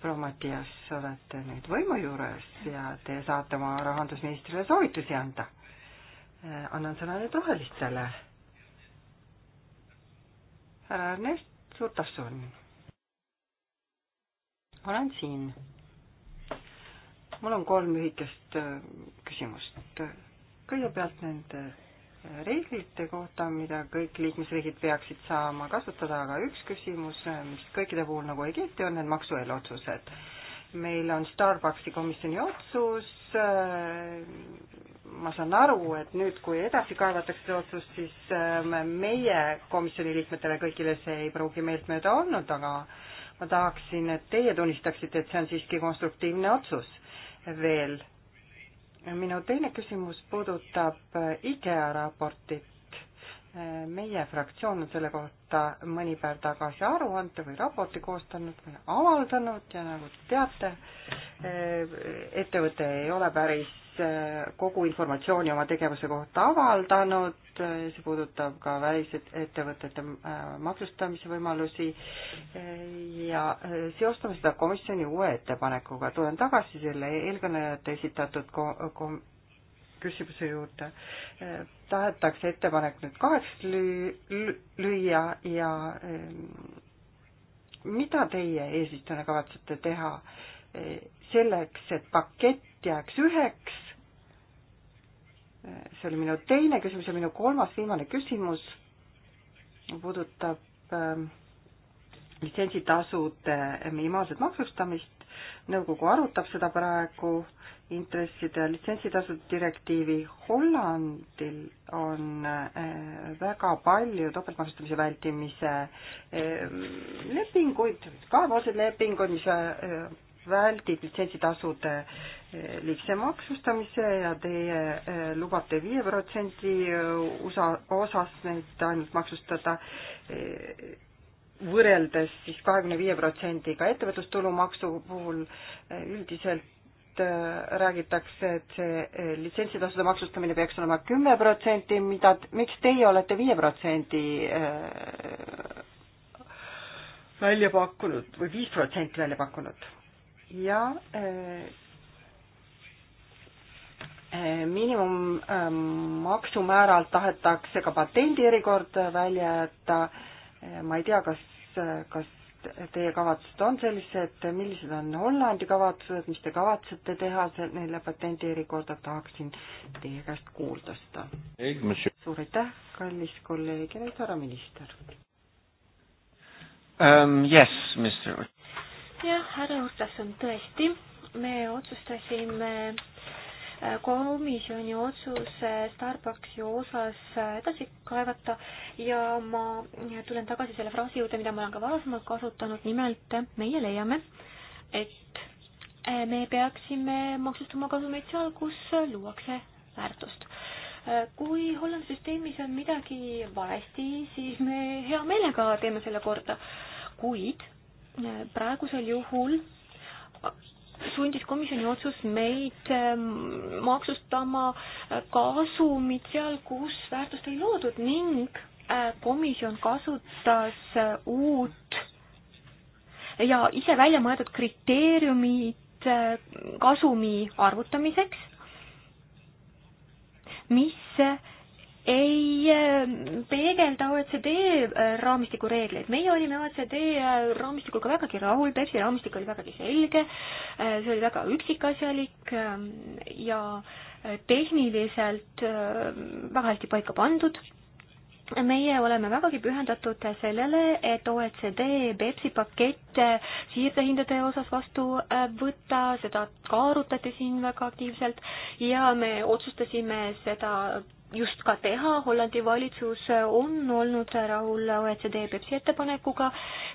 proua Matias, olete nüüd võimu juures ja te saate oma rahandusministrile soovitusi anda. Äh, annan sõna nüüd rohelistele. härra Ernest Surtasson. olen siin. mul on kolm lühikest äh, küsimust. kõigepealt nende reeglite kohta, mida kõik liikmesriigid peaksid saama kasutada, aga üks küsimus, mis kõikide puhul nagu ei kehti, on need maksueelotsused. meil on Starbucksi komisjoni otsus, ma saan aru, et nüüd, kui edasi kaevatakse see otsus, siis meie komisjoni liikmetele kõigile see ei pruugi meeltmööda olnud, aga ma tahaksin, et teie tunnistaksite, et see on siiski konstruktiivne otsus veel minu teine küsimus puudutab IKEA raportit. meie fraktsioon on selle kohta mõni päev tagasi aruande või raporti koostanud või avaldanud ja nagu te teate, ettevõte ei ole päris kogu informatsiooni oma tegevuse kohta avaldanud, see puudutab ka välisettevõtete äh, maksustamise võimalusi ja äh, seostame seda komisjoni uue ettepanekuga. tulen tagasi selle eelkõnelejate esitatud kom-, küsimuse juurde. Äh, tahetakse ettepanek nüüd kaheks lüü-, lüüa ja mida teie eesistujana kavatsete teha selleks, et pakett jääks üheks see oli minu teine küsimus ja minu kolmas viimane küsimus puudutab ähm, litsentsitasude äh, minimaalset maksustamist. nõukogu arutab seda praegu intresside ja litsentsitasude direktiivi. Hollandil on äh, väga palju topeltmaksustamise vältimise äh, lepinguid, kahepoolseid lepinguid, mis väldib litsentsitasude eh, liigse maksustamise ja teie eh, lubate viie protsendi eh, USA osas neid ainult maksustada võrreldes siis kahekümne viie protsendiga ettevõtlustulumaksu puhul üldiselt räägitakse, et see litsentsitasude maksustamine peaks olema kümme protsenti, mida, miks teie olete viie protsendi välja pakkunud või viis protsenti välja pakkunud? ja e, e, miinimummaksumääralt e, tahetakse ka patendi erikord välja jätta. ma ei tea, kas, kas teie kavatsused on sellised, millised on Hollandi kavatsused, mis te kavatsete teha neile patendi erikorda, tahaksin teie käest kuulda seda. suur aitäh, kallis kolleeg ja nüüd härra minister um,. Yes, Mr jah, härra Urtasson, tõesti, me otsustasime äh, komisjoni otsuse Starbucksi osas äh, edasi kaevata ja ma äh, tulen tagasi selle fraasi juurde, mida ma olen ka varasemalt kasutanud, nimelt meie leiame, et me peaksime maksustama kasumeid seal, kus luuakse väärtust. kui Hollandi süsteemis on midagi valesti, siis me hea meelega teeme selle korda, kuid praegusel juhul sundis komisjoni otsus meid ähm, maksustama äh, kasumit seal, kus väärtust ei loodud ning äh, komisjon kasutas äh, uut ja ise välja mõeldud kriteeriumid kasumi arvutamiseks, mis ei ehm, peegelda OECD ehm, raamistiku reegleid. meie olime OECD ehm, raamistikuga vägagi rahul, Pepsi raamistik oli vägagi selge, see oli väga üksikasjalik ja tehniliselt väga hästi paika pandud meie oleme vägagi pühendatud sellele, et OECD Pepsi pakett siirdehindade osas vastu võtta, seda ka arutati siin väga aktiivselt ja me otsustasime seda just ka teha, Hollandi valitsus on olnud rahul OECD Pepsi ettepanekuga,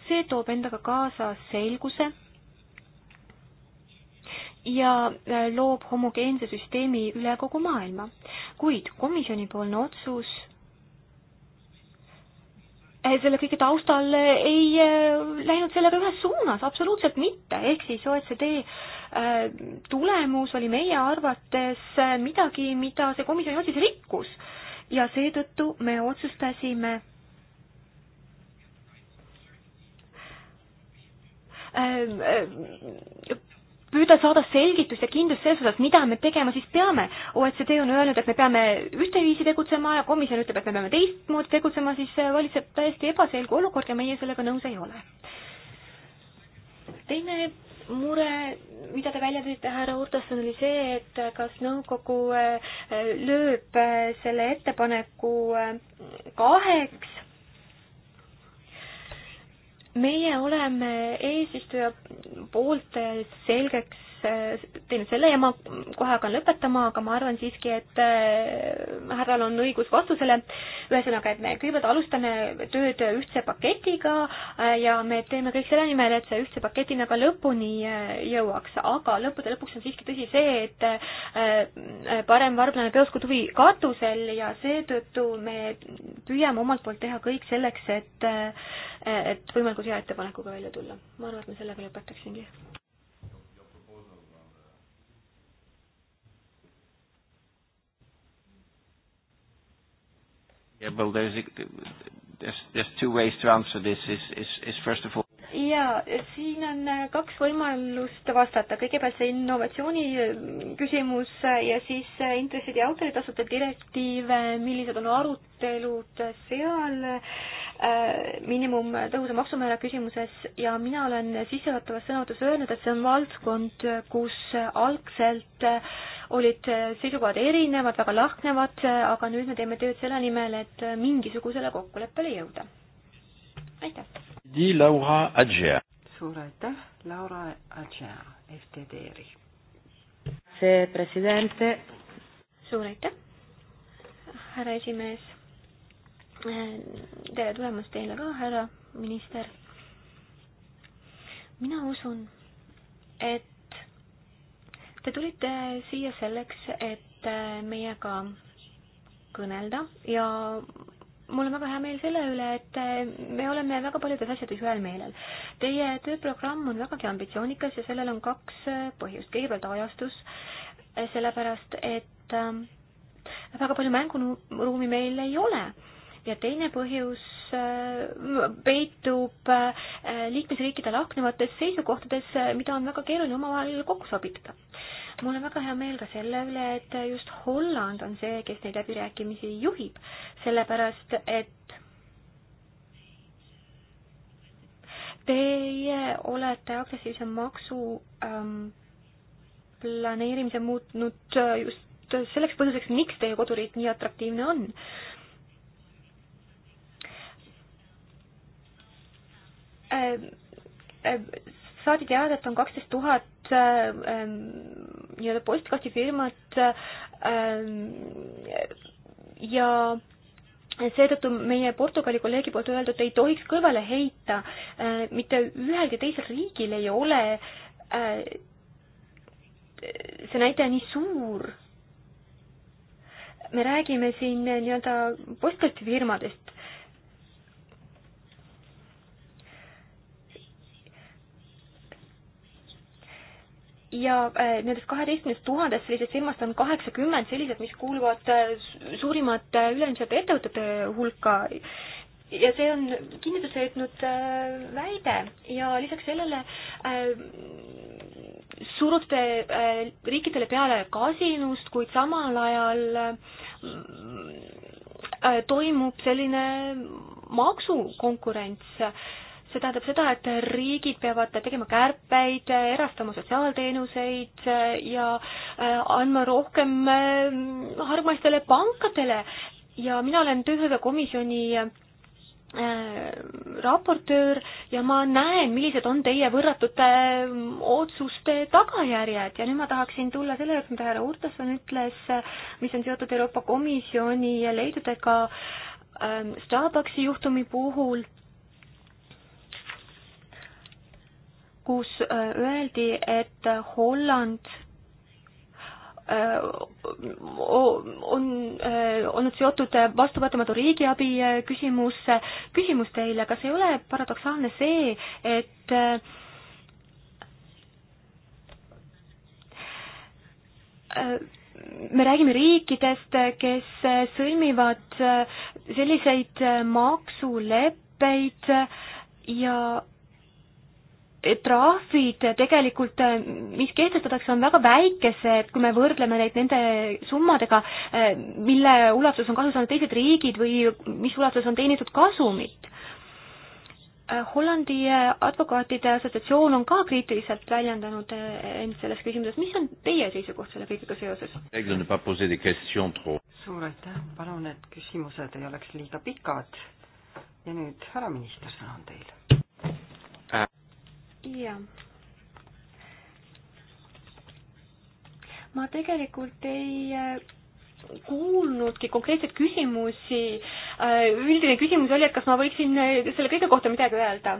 see toob endaga kaasa selguse ja äh, loob homogeense süsteemi üle kogu maailma. kuid komisjonipoolne otsus Äh, selle kõige taustal äh, ei äh, läinud sellega ühes suunas, absoluutselt mitte, ehk siis OECD tulemus oli meie arvates midagi, mida see komisjoni otsus rikkus ja seetõttu me otsustasime püüda saada selgitust ja kindlust selles osas, mida me tegema siis peame. OECD on öelnud, et me peame ühteviisi tegutsema ja komisjon ütleb, et me peame teistmoodi tegutsema, siis äh, valitseb täiesti ebaselge olukord ja meie sellega nõus ei ole. teine mure, mida te välja tõite, härra Urtasson, oli see, et äh, kas nõukogu äh, lööb selle ettepaneku kaheks meie oleme eesistuja poolt selgeks teinud selle ja ma kohe hakkan lõpetama, aga ma arvan siiski, et äh, härral on õigus vastusele. ühesõnaga, et me kõigepealt alustame tööd ühtse paketiga äh, ja me teeme kõik selle nimel, et see ühtse paketina ka lõpuni äh, jõuaks, aga lõppude lõpuks on siiski tõsi see, et parem varblane peos kui tuvi katusel ja seetõttu me püüame omalt poolt teha kõik selleks, et et võimalikult hea ettepanekuga välja tulla. ma arvan, et ma sellega lõpetaksingi. Yeah, well, there's, there's, there's two ways to answer this. Is, is, is first of all ja siin on äh, kaks võimalust vastata, kõigepealt see innovatsiooni äh, küsimus äh, ja siis intressid ja autoritasude direktiiv, millised on arutelud seal miinimum tõhusa maksumäära küsimuses ja mina olen sissejuhatavas sõnavõtus öelnud, et see on valdkond, kus algselt olid seisukohad erinevad, väga lahknevad, aga nüüd me teeme tööd selle nimel, et mingisugusele kokkuleppele jõuda. aitäh! Di Laura Adžea. suur aitäh, Laura Adžea, FTD-ri. see president. suur aitäh, härra esimees. Äh, tere tulemast teile ka, härra minister. mina usun, et te tulite siia selleks, et äh, meiega kõnelda ja mul on väga hea meel selle üle, et eh, me oleme väga paljudes asjades ühel meelel. Teie tööprogramm on vägagi ambitsioonikas ja sellel on kaks eh, põhjust. kõigepealt ajastus, eh, sellepärast et väga palju mänguruumi meil ei ole ja teine põhjus peitub liikmesriikide lahknevates seisukohtades, mida on väga keeruline omavahel kokku sobitada mul on väga hea meel ka selle üle, et just Holland on see, kes neid läbirääkimisi juhib, sellepärast et teie olete agressiivse maksu ähm, planeerimise muutnud äh, just selleks põhjuseks, miks teie koduriik nii atraktiivne on ähm, ähm saadi teada, et on kaksteist tuhat äh, ähm, nii-öelda postkastifirmad ähm, ja seetõttu meie Portugali kolleegi poolt öeldud ei tohiks kõrvale heita, äh, mitte ühelgi teisel riigil ei ole äh, see näitaja nii suur. me räägime siin nii-öelda postkastifirmadest ja äh, nendest kaheteistkümnest tuhandest sellisest firmast on kaheksakümmend sellised, mis kuuluvad äh, suurimate äh, üleilmsete ettevõtete hulka. ja see on kinnituse leidnud väide ja lisaks sellele surub te riikidele peale kasinust, kuid samal ajal toimub selline maksukonkurents see tähendab seda, et riigid peavad tegema kärpeid, erastama sotsiaalteenuseid ja äh, andma rohkem äh, hargmaistele pankadele ja mina olen tööhõivekomisjoni äh, raportöör ja ma näen, millised on teie võrratute otsuste tagajärjed ja nüüd ma tahaksin tulla selle juurde, mida härra Urtasson ütles, mis on seotud Euroopa Komisjoni leidudega Starbucksi juhtumi puhul kus äh, öeldi, et Holland äh, on äh, olnud seotud vastuvõetamatu riigiabi küsimus, küsimus teile, kas ei ole paradoksaalne see, et me räägime riikidest, kes sõlmivad selliseid maksuleppeid ja trahvid tegelikult, äh, mis kehtestatakse, on väga väikesed, kui me võrdleme neid nende summadega, äh, mille ulatuses on kasu saanud teised riigid või mis ulatuses on teenitud kasumit. Äh, Hollandi advokaatide assotsiatsioon on ka kriitiliselt väljendanud end selles küsimuses, mis on teie seisukoht selle kõigega seoses? suur aitäh, palun, et küsimused ei oleks liiga pikad ja nüüd härra minister, sõna on teil ja ma tegelikult ei äh, kuulnudki konkreetseid küsimusi. Äh, üldine küsimus oli, et kas ma võiksin äh, selle kõige kohta midagi öelda.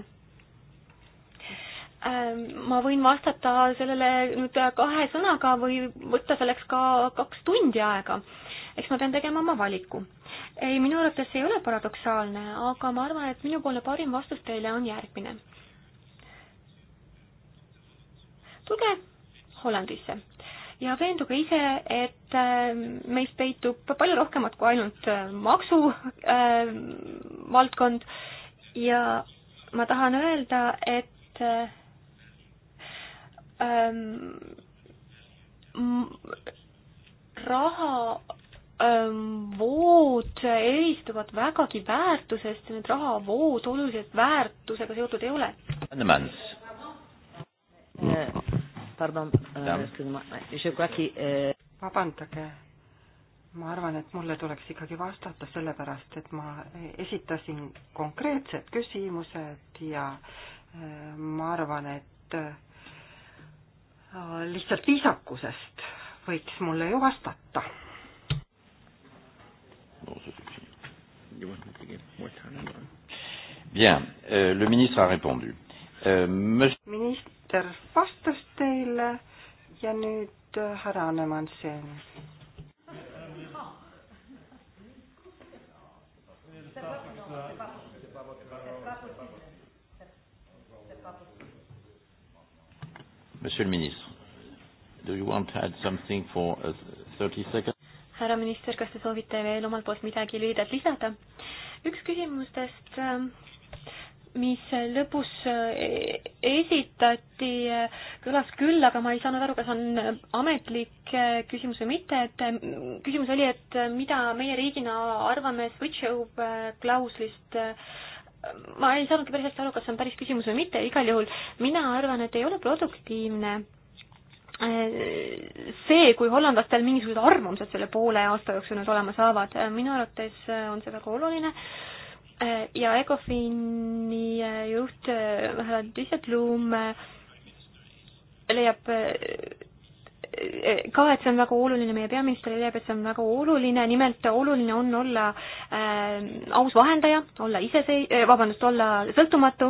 Ähm, ma võin vastata sellele nüüd kahe sõnaga või võtta selleks ka kaks tundi aega. eks ma pean tegema oma valiku. ei, minu arvates ei ole paradoksaalne, aga ma arvan, et minupoolne parim vastus teile on järgmine tulge Hollandisse ja veenduge ise, et äh, meist peitub palju rohkemat kui ainult maksuvaldkond äh, äh ja ma tahan öelda, et äh, ähm, raha ähm, vood eristuvad vägagi väärtusest ja need rahavood oluliselt väärtusega seotud ei ole pardon äh,, äh... vabandage, ma arvan, et mulle tuleks ikkagi vastata, sellepärast et ma esitasin konkreetsed küsimused ja äh, ma arvan, et äh, lihtsalt viisakusest võiks mulle ju vastata. no see tükk Bien, euh, le ministre a répondu. Euh, monsieur... Ministre minister vastas teile ja nüüd härra Annemann-Seen. Monsieur le ministre, do you want to add something for 30 uh, seconds? härra minister, kas te soovite veel omalt poolt midagi lühidalt lisada? üks küsimustest äh, mis lõpus eh, esitati, eh, kõlas küll, aga ma ei saanud aru, kas on ametlik eh, küsimus või mitte, et küsimus oli, et mida meie riigina arvame switch-over klauslist. ma ei saanudki päris hästi aru, kas see on päris küsimus või mitte, igal juhul mina arvan, et ei ole produktiivne see, kui hollandlastel mingisugused arvamused selle poole aasta jooksul nüüd olema saavad, minu arvates on see väga oluline äh, Eh, ja Ecofini eh, juht härra eh, Düsseldum leiab ka, et see on väga oluline, meie peaminister leiab, et see on väga oluline, nimelt oluline on olla äh, aus vahendaja, olla isesei-, vabandust, olla sõltumatu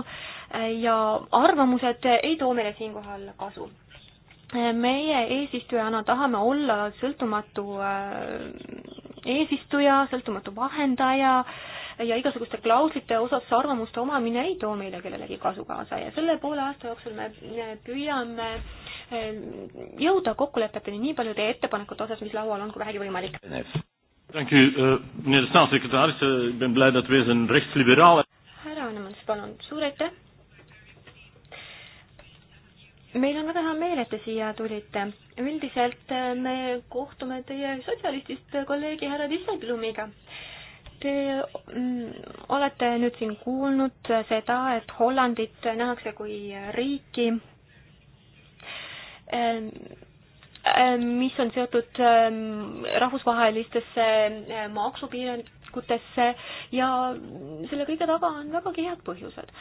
ja arvamused ei too meile siinkohal kasu. meie eesistujana tahame olla sõltumatu äh, eesistuja, sõltumatu vahendaja äh,, ja igasuguste klauslite osas arvamuste omamine ei too meile kellelegi kasu kaasa ja selle poole aasta jooksul me püüame eh, jõuda kokkulepeteni nii paljude ettepanekute osas, mis laual on, kui vähegi võimalik. Dank u, eh, meneer de staatssecretaris, ik ben blij dat weer een rechtsliberaal. härra Annemans, palun, suur aitäh. meil on väga hea meel, et te siia tulite. üldiselt eh, me kohtume teie sotsialistist kolleegi härra Disselblumiga Te mm, olete nüüd siin kuulnud seda, et Hollandit nähakse kui riiki, ehm, ehm, mis on seotud ehm, rahvusvahelistesse maksupiirangutesse ja selle kõige taga on vägagi head põhjused.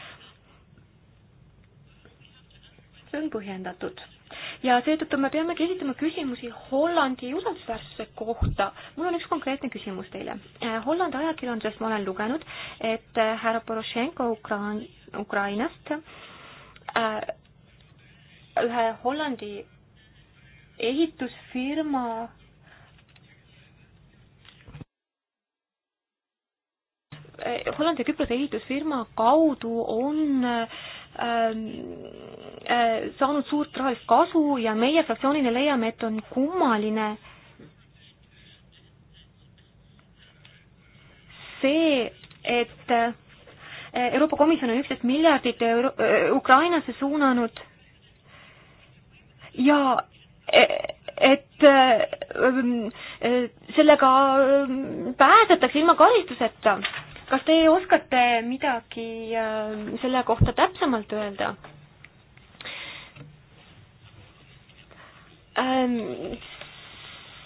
see on põhjendatud ja seetõttu me peamegi esitama küsimusi Hollandi usaldusväärsuse kohta. mul on üks konkreetne küsimus teile. Äh, Hollandi ajakirjandusest ma olen lugenud, et äh, härra Porošenko Ukraan-, Ukrainast äh, ühe Hollandi ehitusfirma äh, Hollandi ja Küprose ehitusfirma kaudu on äh, Ähm, äh, saanud suurt rahalist kasu ja meie fraktsioonina leiame, et on kummaline see, et äh, Euroopa Komisjon on üksteist miljardit euro-, äh, Ukrainasse suunanud ja e-, et sellega pääsetakse ilma karistuseta kas te oskate midagi äh, selle kohta täpsemalt öelda? Ähm,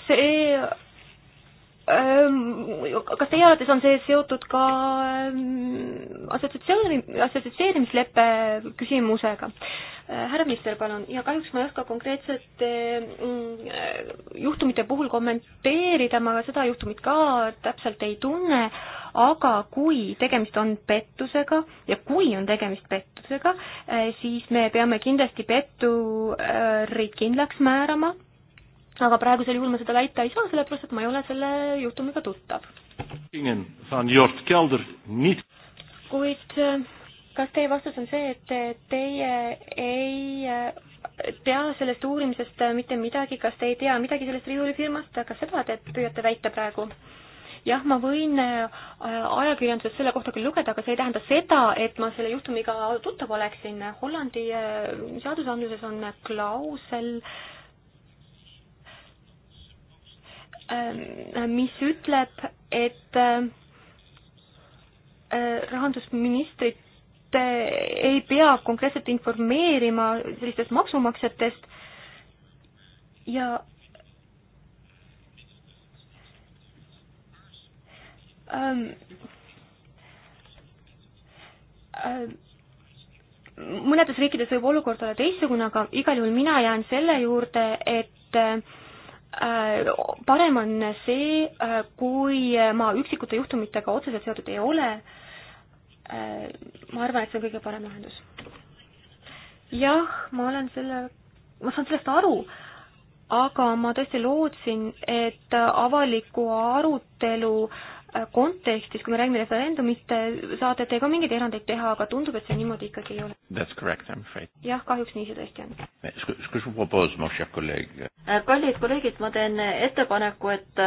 see kas teie arvates on see seotud ka assotsiatsiooni, assotsieerimisleppe küsimusega? Äh, härra minister, palun, ja kahjuks ma ei oska konkreetsete mm, juhtumite puhul kommenteerida, ma seda juhtumit ka täpselt ei tunne, aga kui tegemist on pettusega ja kui on tegemist pettusega, äh, siis me peame kindlasti petturid kindlaks määrama aga praegusel juhul ma seda väita ei saa, sellepärast et ma ei ole selle juhtumiga tuttav. kuid äh, kas teie vastus on see, et teie ei äh, tea sellest uurimisest äh, mitte midagi, kas te ei tea midagi sellest riiulifirmast, kas seda te püüate väita praegu? jah, ma võin ajakirjandusest selle kohta küll lugeda, aga see ei tähenda seda, et ma selle juhtumiga tuttav oleksin. Hollandi seadusandluses on klausel äh, Ähm, mis ütleb, et äh, äh, rahandusministrit äh, ei pea konkreetselt informeerima sellistest maksumaksjatest ja ähm, ähm, mõnedes riikides võib olukord olla teistsugune, aga igal juhul mina jään selle juurde, et äh, parem on see, kui ma üksikute juhtumitega otseselt seotud ei ole. ma arvan, et see on kõige parem lahendus. jah, ma olen selle, ma saan sellest aru, aga ma tõesti lootsin, et avaliku arutelu äh, kontekstis, kui me räägime referendumist, saate te ka mingeid erandeid teha, aga tundub, et see niimoodi ikkagi ei ole. jah, kahjuks nii see tõesti on. Eh, eh, kallid kolleegid, ma teen ettepaneku, et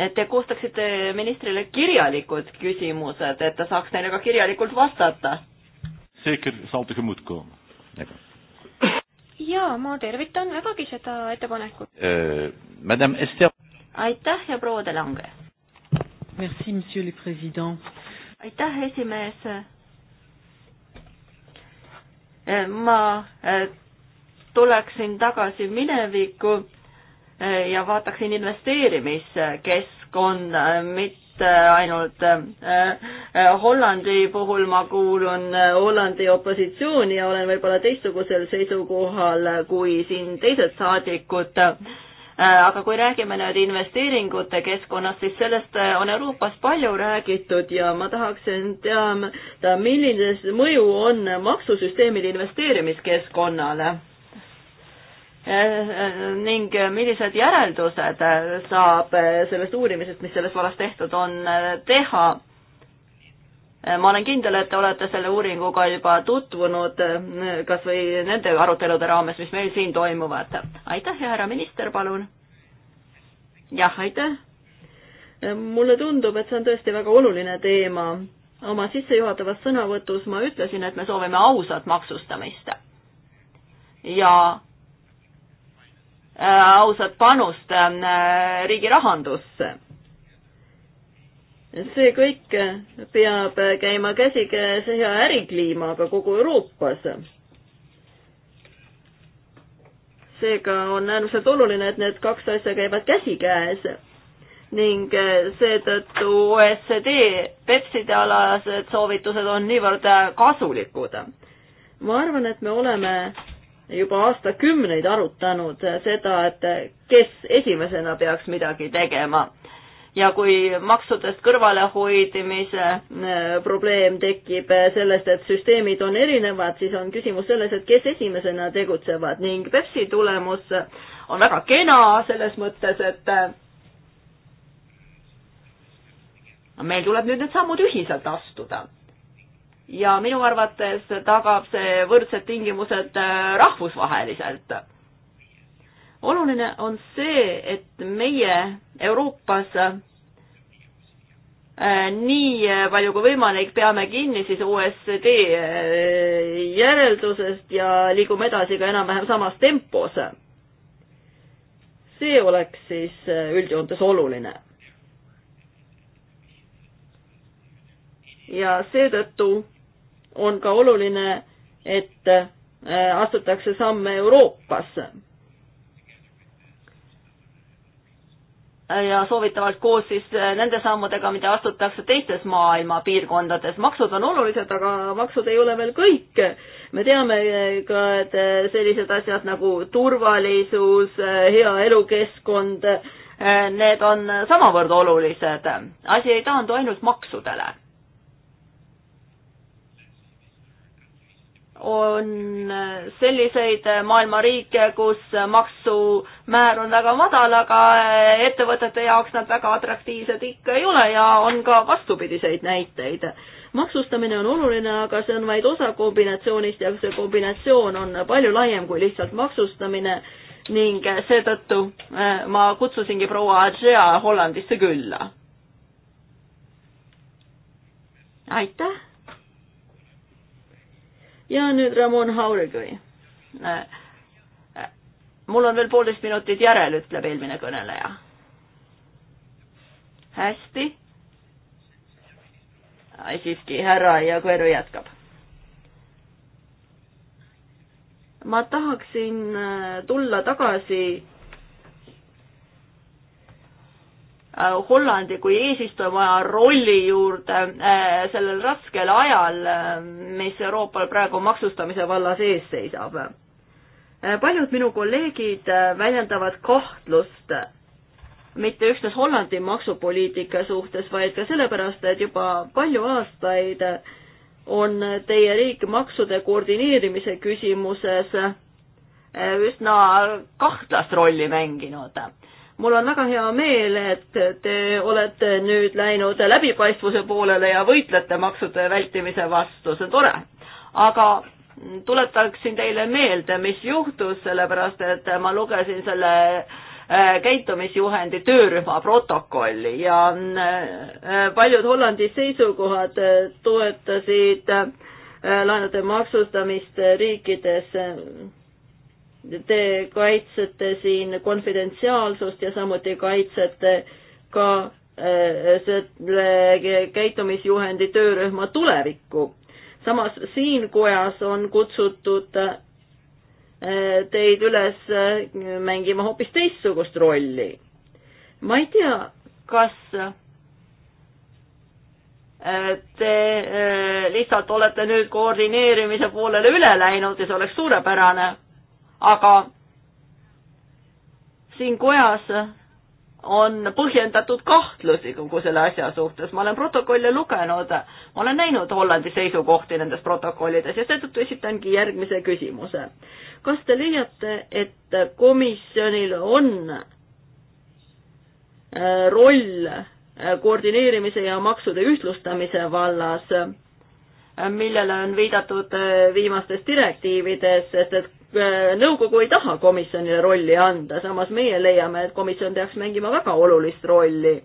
et te koostaksite ministrile kirjalikud küsimused, et ta saaks neile ka kirjalikult vastata. jaa, ma tervitan vägagi seda ettepanekut äh,. Madame Ester aitäh ja proua De Lange! aitäh, esimees! ma äh, tuleksin tagasi minevikku äh, ja vaataksin investeerimiskeskkonda, äh, mitte ainult Hollandi puhul ma kuulun Hollandi opositsiooni ja olen võib-olla teistsugusel seisukohal kui siin teised saadikud Äh, aga kui räägime nüüd investeeringute keskkonnast, siis sellest äh, on Euroopas palju räägitud ja ma tahaksin teada, milline mõju on maksusüsteemil investeerimiskeskkonnale äh, ning millised järeldused saab sellest uurimisest, mis selles vallas tehtud on, teha Äh, ma olen kindel, et te olete selle uuringuga juba tutvunud äh, kas või nende arutelude raames, mis meil siin toimuvad. aitäh ja härra minister, palun. jah, aitäh. Äh, mulle tundub, et see on tõesti väga oluline teema. oma sissejuhatavas sõnavõtus ma ütlesin, et me soovime ausat maksustamist. ja ausat panust riigi rahandusse see kõik peab käima käsikäes hea ärikliimaga kogu Euroopas. seega on äärmiselt oluline, et need kaks asja käivad käsikäes ning seetõttu OECD Pepside alased soovitused on niivõrd kasulikud. ma arvan, et me oleme juba aastakümneid arutanud seda, et kes esimesena peaks midagi tegema ja kui maksudest kõrvalehoidmise äh, probleem tekib äh, sellest, et süsteemid on erinevad, siis on küsimus selles, et kes esimesena tegutsevad ning Pepsi tulemus on väga kena selles mõttes, et äh, meil tuleb nüüd need sammud ühiselt astuda. ja minu arvates tagab see võrdsed tingimused rahvusvaheliselt oluline on see, et meie Euroopas äh, nii palju kui võimalik, peame kinni siis OSCD äh, järeldusest ja liigume edasi ka enam-vähem samas tempos. see oleks siis äh, üldjoontes oluline. ja seetõttu on ka oluline, et astutakse samme Euroopasse ja soovitavalt koos siis eh, nende sammudega, mida astutakse teistes maailma piirkondades. maksud on olulised, aga maksud ei ole veel kõik. me teame eh, ka, et eh, sellised asjad nagu turvalisus, hea elukeskkond, need on samavõrd olulised. asi ei taandu ainult maksudele on selliseid maailma riike, kus maksumäär on väga madal, aga ettevõtete jaoks nad väga atraktiivsed ikka ei ole ja on ka vastupidiseid näiteid. maksustamine on oluline, aga see on vaid osa kombinatsioonist ja see kombinatsioon on palju laiem kui lihtsalt maksustamine ning seetõttu eh, ma kutsusingi proua Adžea Hollandisse külla. aitäh ja nüüd Ramon Hauregui. Äh, äh, mul on veel poolteist minutit järel, ütleb eelmine kõneleja. hästi. siiski härra Jaguero jätkab. ma tahaksin äh, tulla tagasi Äh, Hollandi kui eesistuja rolli juurde äh, sellel raskel ajal, äh, mis Euroopal praegu maksustamise vallas ees seisab. paljud minu kolleegid väljendavad kahtlust mitte üksnes Hollandi maksupoliitika suhtes, vaid ka sellepärast, et juba palju aastaid on teie riik maksude koordineerimise küsimuses üsna kahtlast rolli mänginud mul on väga hea meel, et te olete nüüd läinud läbipaistvuse poolele ja võitlete maksude vältimise vastu, see on tore. aga tuletaksin teile meelde, mis juhtus, sellepärast et ma lugesin selle äh, käitumisjuhendi töörühma protokolli ja äh, paljud Hollandi seisukohad äh, toetasid laenude maksustamist riikides Te kaitsete siin konfidentsiaalsust ja samuti kaitsete ka äh, selle käitumisjuhendi töörühma tulevikku. samas siin kojas on kutsutud äh, teid üles äh, mängima hoopis teistsugust rolli. ma ei tea, kas te lihtsalt olete nüüd koordineerimise poolele üle läinud ja see oleks suurepärane aga siin kojas on põhjendatud kahtlusi kogu selle asja suhtes, ma olen protokolle lugenud, ma olen näinud Hollandi seisukohti nendes protokollides ja seetõttu esitangi järgmise küsimuse. kas te leiate, et komisjonil on äh, roll äh, koordineerimise ja maksude ühtlustamise vallas, äh, millele on viidatud viimastes direktiivides, sest et Äh, nõukogu ei taha komisjonile rolli anda, samas meie leiame, et komisjon peaks mängima väga olulist rolli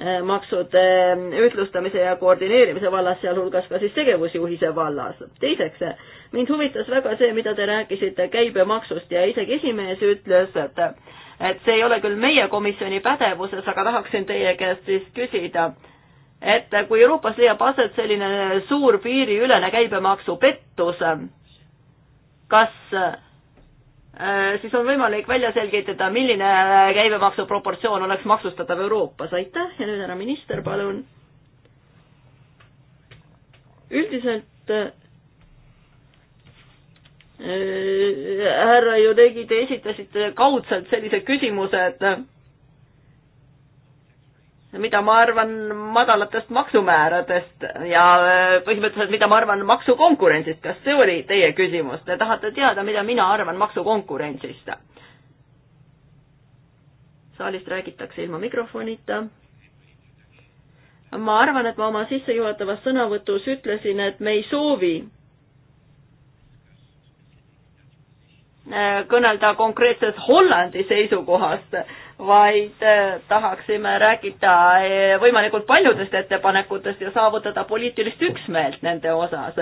äh, maksude äh, ühtlustamise ja koordineerimise vallas, sealhulgas ka siis tegevusjuhise vallas. teiseks, mind huvitas väga see, mida te rääkisite käibemaksust ja isegi esimees ütles, et et see ei ole küll meie komisjoni pädevuses, aga tahaksin teie käest siis küsida, et kui Euroopas leiab aset selline suur piiriülene käibemaksupettus, kas äh, siis on võimalik välja selgitada, milline käibemaksu proportsioon oleks maksustatav Euroopas, aitäh ja nüüd härra minister, palun. üldiselt äh, äh, härra Jodegi, te esitasite kaudselt sellise küsimuse, et mida ma arvan madalatest maksumääradest ja äh, põhimõtteliselt, mida ma arvan maksukonkurentsist, kas see oli teie küsimus, te tahate teada, mida mina arvan maksukonkurentsist? saalist räägitakse ilma mikrofonita. ma arvan, et ma oma sissejuhatavas sõnavõtus ütlesin, et me ei soovi äh, kõnelda konkreetses Hollandi seisukohast vaid äh, tahaksime rääkida äh, võimalikult paljudest ettepanekutest ja saavutada poliitilist üksmeelt nende osas.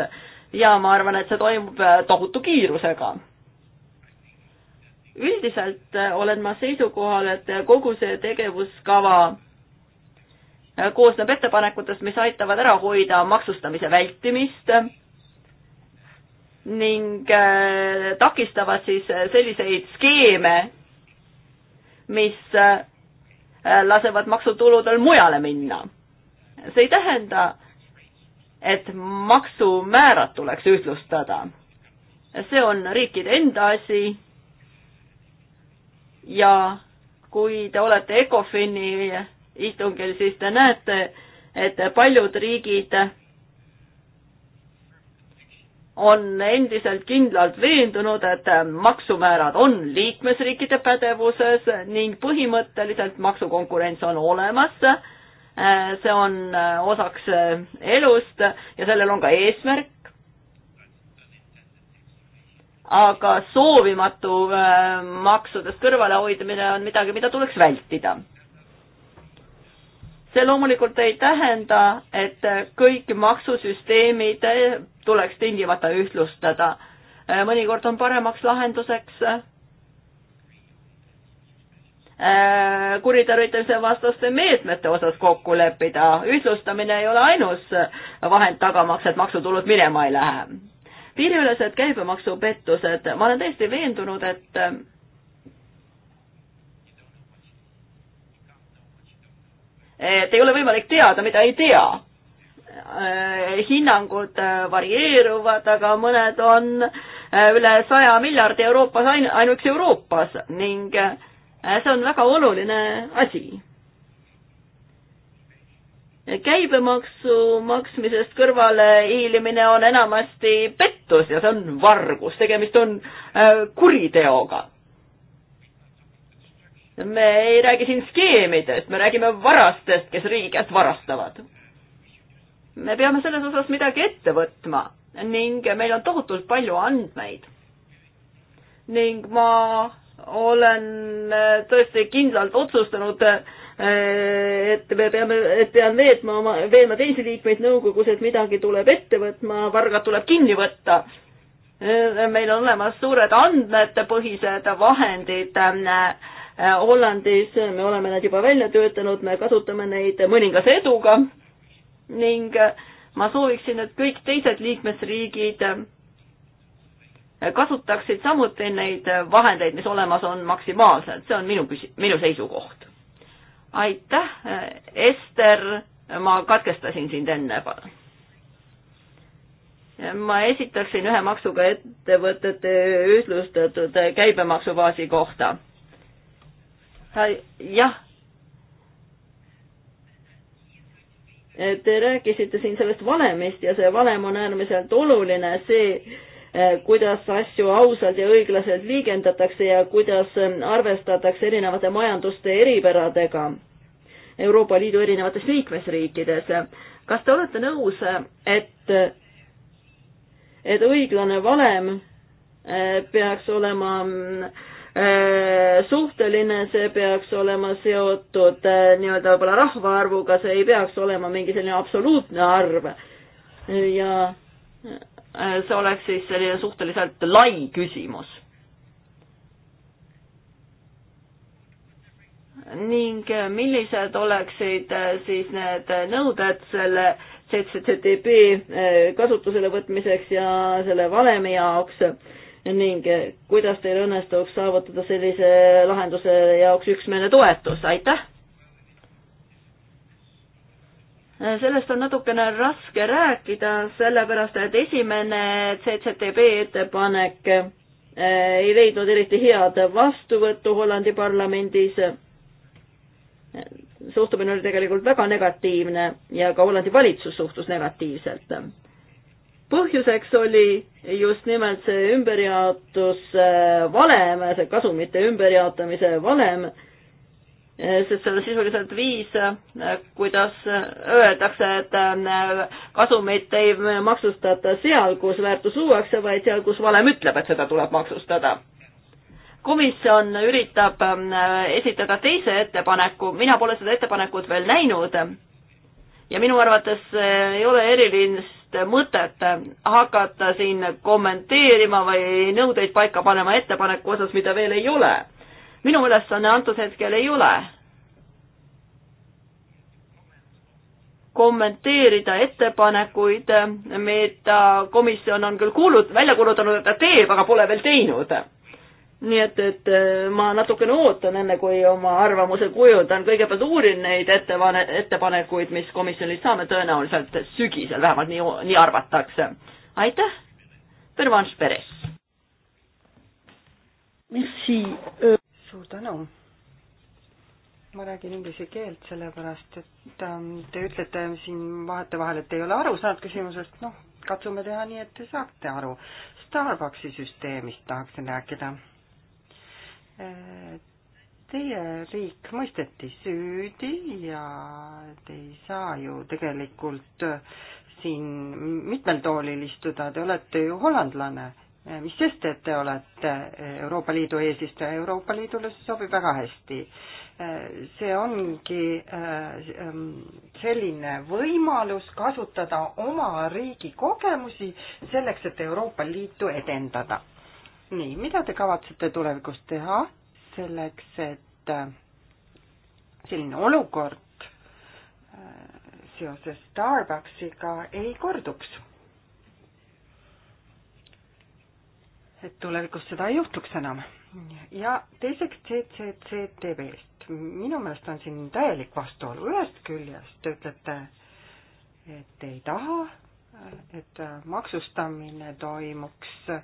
ja ma arvan, et see toimub äh, tohutu kiirusega. üldiselt olen ma seisukohal, et kogu see tegevuskava koosneb ettepanekutest, mis aitavad ära hoida maksustamise vältimist ning takistavad siis selliseid skeeme, mis äh, lasevad maksutuludel mujale minna. see ei tähenda, et maksumäärad tuleks ühtlustada. see on riikide enda asi. ja kui te olete ECOFIN-i istungil, siis te näete, et paljud riigid on endiselt kindlalt veendunud, et maksumäärad on liikmesriikide pädevuses ning põhimõtteliselt maksukonkurents on olemas. see on osaks elust ja sellel on ka eesmärk. aga soovimatu maksudest kõrvalehoidmine on midagi, mida tuleks vältida see loomulikult ei tähenda, et kõik maksusüsteemid tuleks tingimata ühtlustada. Äh, mõnikord on paremaks lahenduseks äh, kuritarvitamise vastaste meetmete osas kokku leppida. ühtlustamine ei ole ainus vahend tagamaks, et maksutulud minema ei lähe. piiriülesed käibemaksupettused, ma olen täiesti veendunud, et et ei ole võimalik teada, mida ei tea. Äh, hinnangud äh, varieeruvad, aga mõned on äh, üle saja miljardi Euroopas ain-, ainuüksi Euroopas ning see on väga oluline asi. käibemaksu maksmisest kõrvale hiilimine on enamasti pettus ja see on vargus, tegemist on kuriteoga me ei räägi siin skeemidest, me räägime varastest, kes riigi käest varastavad. me peame selles osas midagi ette võtma ning meil on tohutult palju andmeid. ning ma olen äh, tõesti kindlalt otsustanud, äh, et me peame, et pean veetma oma, veenma teisi liikmeid nõukogus, et midagi tuleb ette võtma, vargad tuleb kinni võtta. Äh, meil on olemas suured andmetepõhised vahendid äh, Äh, Hollandis me oleme need juba välja töötanud, me kasutame neid mõningase eduga ning äh, ma sooviksin, et kõik teised liikmesriigid äh, kasutaksid samuti neid vahendeid, mis olemas on, maksimaalselt, see on minu küsi-, minu seisukoht. aitäh, Ester, ma katkestasin sind enne, palun. ma esitaksin ühe maksuga ettevõtete ühtlustatud käibemaksubaasi kohta jah. Te rääkisite siin sellest valemist ja see valem on äärmiselt oluline, see, eh, kuidas asju ausalt ja õiglaselt liigendatakse ja kuidas eh, arvestatakse erinevate majanduste eripäradega Euroopa Liidu erinevates liikmesriikides. kas te olete nõus, et, et õiglane valem eh, peaks olema äh, Äh, suhteline, see peaks olema seotud äh, nii-öelda võib-olla rahvaarvuga, see ei peaks olema mingi selline absoluutne arv. ja äh, see oleks siis selline suhteliselt lai küsimus. ning millised oleksid siis need nõuded selle CCTB kasutusele võtmiseks ja selle valemi jaoks ning eh, kuidas teil õnnestuks saavutada sellise lahenduse jaoks üksmeelne toetus, aitäh! Eh, sellest on natukene raske rääkida, sellepärast et esimene CCTB ettepanek eh, ei leidnud eriti head vastuvõttu Hollandi parlamendis. suhtumine oli tegelikult väga negatiivne ja ka Hollandi valitsus suhtus negatiivselt põhjuseks oli just nimelt see ümberjaotusvalem, see kasumite ümberjaotamise valem, sest seal on sisuliselt viis, kuidas öeldakse, et äh, kasumit ei maksustata seal, kus väärtus luuakse, vaid seal, kus valem ütleb, et seda tuleb maksustada. komisjon üritab äh, esitada teise ettepaneku, mina pole seda ettepanekut veel näinud ja minu arvates äh, ei ole erilist mõtet hakata siin kommenteerima või nõudeid paika panema ettepaneku osas, mida veel ei ole. minu ülesanne antud hetkel ei ole kommenteerida ettepanekuid, mida komisjon on küll kuulut-, välja kuulutanud, et ta teeb, aga pole veel teinud nii et, et äh, ma natukene ootan, enne kui oma arvamuse kujundan, kõigepealt uurin neid ettepane-, ettepanekuid, mis komisjonis saame, tõenäoliselt sügisel, vähemalt nii, nii arvatakse. aitäh, Pervanš Peres! Euh. suur tänu! ma räägin inglise keelt, sellepärast et ähm, te ütlete siin vahetevahel, et ei ole aru saanud küsimusest, noh, katsume teha nii, et te saate aru. Starbucksi süsteemist tahaksin rääkida Teie riik mõisteti süüdi ja te ei saa ju tegelikult siin mitmel toolil istuda, te olete ju hollandlane. mis sest, et te olete Euroopa Liidu eesistuja, Euroopa Liidule see sobib väga hästi. see ongi ähm, selline võimalus kasutada oma riigi kogemusi selleks, et Euroopa Liitu edendada nii, mida te kavatsete tulevikus teha selleks, et äh, selline olukord äh, seoses Starbucksiga ei korduks? et tulevikus seda ei juhtuks enam. ja teiseks CCCTV-st. minu meelest on siin täielik vastuolu. ühest küljest te ütlete, et ei taha, et äh, maksustamine toimuks äh,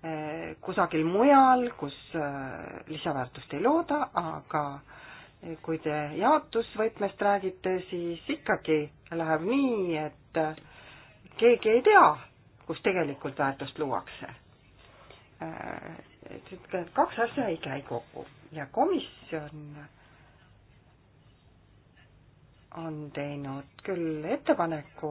Äh, kusagil mujal, kus äh, lisaväärtust ei looda, aga äh, kui te jaotusvõtmest räägite, siis ikkagi läheb nii, et keegi ei tea, kus tegelikult väärtust luuakse. kaks asja ei käi kokku ja komisjon on teinud küll ettepaneku,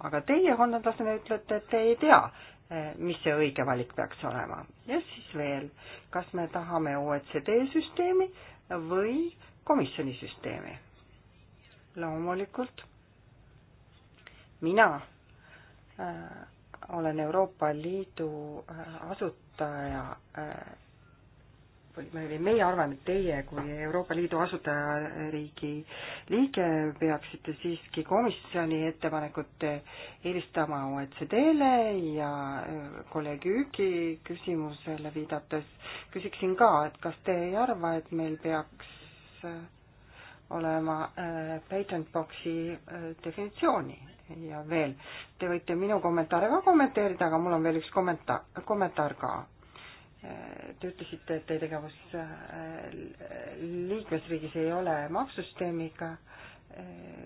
aga teie Hollandi tasemel ütlete, et te ei tea, Eh, mis see õige valik peaks olema. ja siis veel, kas me tahame OECD süsteemi või komisjoni süsteemi? loomulikult mina äh, olen Euroopa Liidu äh, asutaja äh, või, või meie arvame, et teie kui Euroopa Liidu asutajariigi liige peaksite siiski komisjoni ettepanekut eelistama OECD-le ja äh, kolleeg Jüki küsimusele viidates küsiksin ka, et kas te ei arva, et meil peaks äh, olema äh, patent box'i definitsiooni ja veel, te võite minu kommentaare ka kommenteerida, aga mul on veel üks kommentaar, kommentaar ka te ütlesite, et teie tegevus äh, liikmesriigis ei ole maksusüsteemiga äh,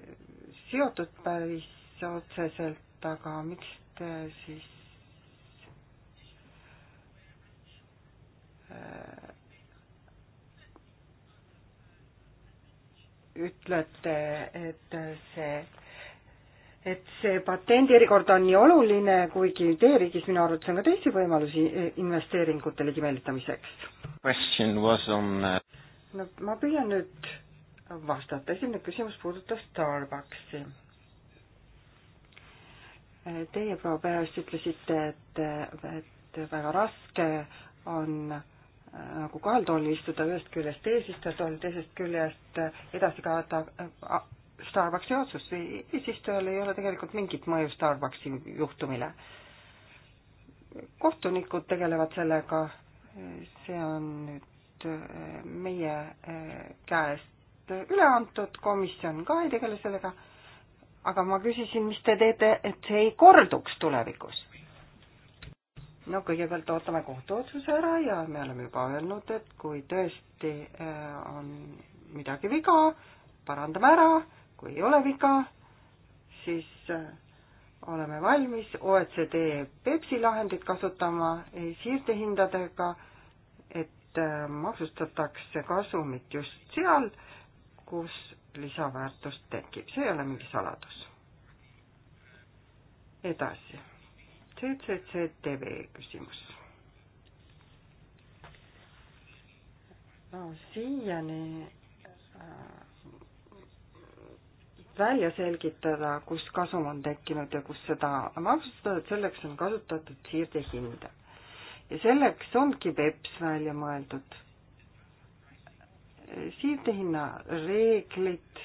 seotud päris otseselt, aga miks te siis äh, ütlete, et see et see patendirikord on nii oluline, kuigi teie riigis minu arvates on ka teisi võimalusi eh, investeeringute ligimeelitamiseks. On... Eh, no ma püüan nüüd vastata, esimene küsimus puudutas Starbucksi. Eh, teie, proua Peres, ütlesite, et, et väga raske on nagu kahel toolil istuda, ühest küljest eesistuja tool, teisest küljest edasi kaevata Starbucksi otsus, eesistujal ei ole tegelikult mingit mõju Starbucksi juhtumile. kohtunikud tegelevad sellega, see on nüüd eh, meie eh, käest üle antud, komisjon ka ei tegele sellega, aga ma küsisin, mis te teete, et see ei korduks tulevikus? no kõigepealt ootame kohtuotsuse ära ja me oleme juba öelnud, et kui tõesti eh, on midagi viga, parandame ära kui ei ole viga, siis äh, oleme valmis OECD Pepsi lahendit kasutama siirdehindadega, et äh, maksustatakse kasumit just seal, kus lisaväärtust tekib, see ei ole mingi saladus. edasi, CCCTV küsimus. no siiani äh, välja selgitada, kus kasum on tekkinud ja kus seda maksustada, et selleks on kasutatud siirdehinda. ja selleks ongi VEPS välja mõeldud. siirdehinna reeglid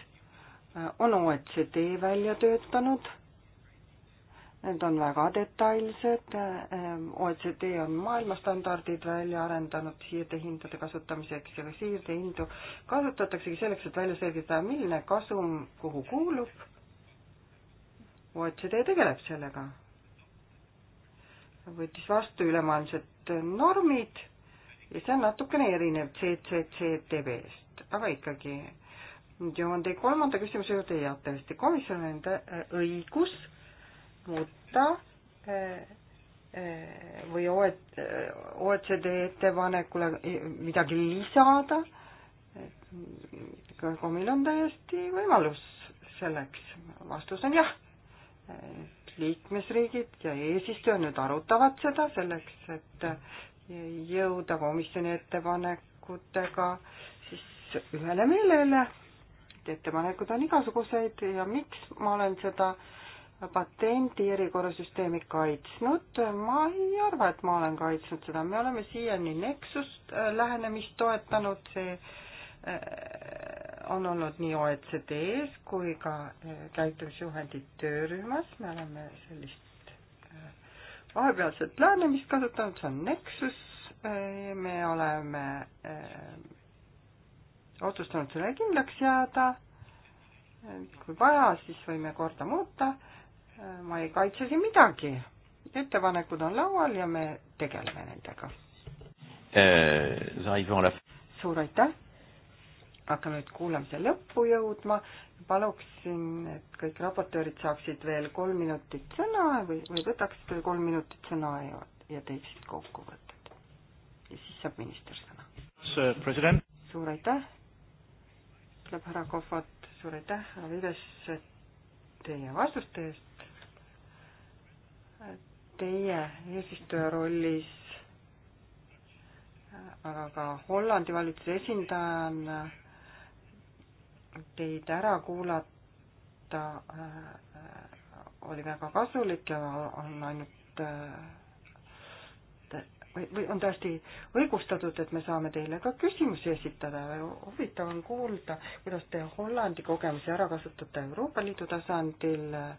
on OECD välja töötanud Need on väga detailsed, OECD on maailmastandardid välja arendanud siirdehindade kasutamiseks ja ka siirdehindu kasutataksegi selleks, et välja selgitada, milline kasum kuhu kuulub. OECD tegeleb sellega. võttis vastu ülemaailmsed normid ja see on natukene erinev CCCTV-st, aga ikkagi. nüüd jõuan teie kolmanda küsimuse juurde, jah, tõesti, komisjonil on õigus mutta äh, äh, või OECD äh, e ettepanekule midagi lisada, aga meil on täiesti võimalus selleks. vastus on jah. liikmesriigid ja eesistuja nüüd arutavad seda selleks, et jõuda komisjoni ettepanekutega siis ühele meelele. ettepanekud on igasuguseid ja miks ma olen seda äh, patendi erikorrasüsteemi kaitsnud, ma ei arva, et ma olen kaitsnud seda, me oleme siiani Nexust äh, lähenemist toetanud, see äh, on olnud nii OECD-s kui ka äh, käitumisjuhendi töörühmas, me oleme sellist vahepealset lähenemist kasutanud, see on Nexus, me oleme otsustanud selle kindlaks jääda, kui vaja, siis võime korda muuta ma ei kaitse siin midagi. ettepanekud on laual ja me tegeleme nendega äh,. suur aitäh. hakkame nüüd kuulamise lõppu jõudma. paluksin, et kõik raportöörid saaksid veel kolm minutit sõna või, või võtaksid veel kolm minutit sõna ja, ja teeksid kokkuvõtted. ja siis saab minister sõna. suur aitäh, ütleb härra Kohvat, suur aitäh, härra Vives, et teie vastuste eest teie eesistuja rollis, aga ka Hollandi valitsuse esindajana teid ära kuulata äh, oli väga kasulik ja on ainult äh, või, või on täiesti õigustatud, et me saame teile ka küsimusi esitada ja huvitav on kuulda, kuidas te Hollandi kogemusi ära kasutate Euroopa Liidu tasandil äh,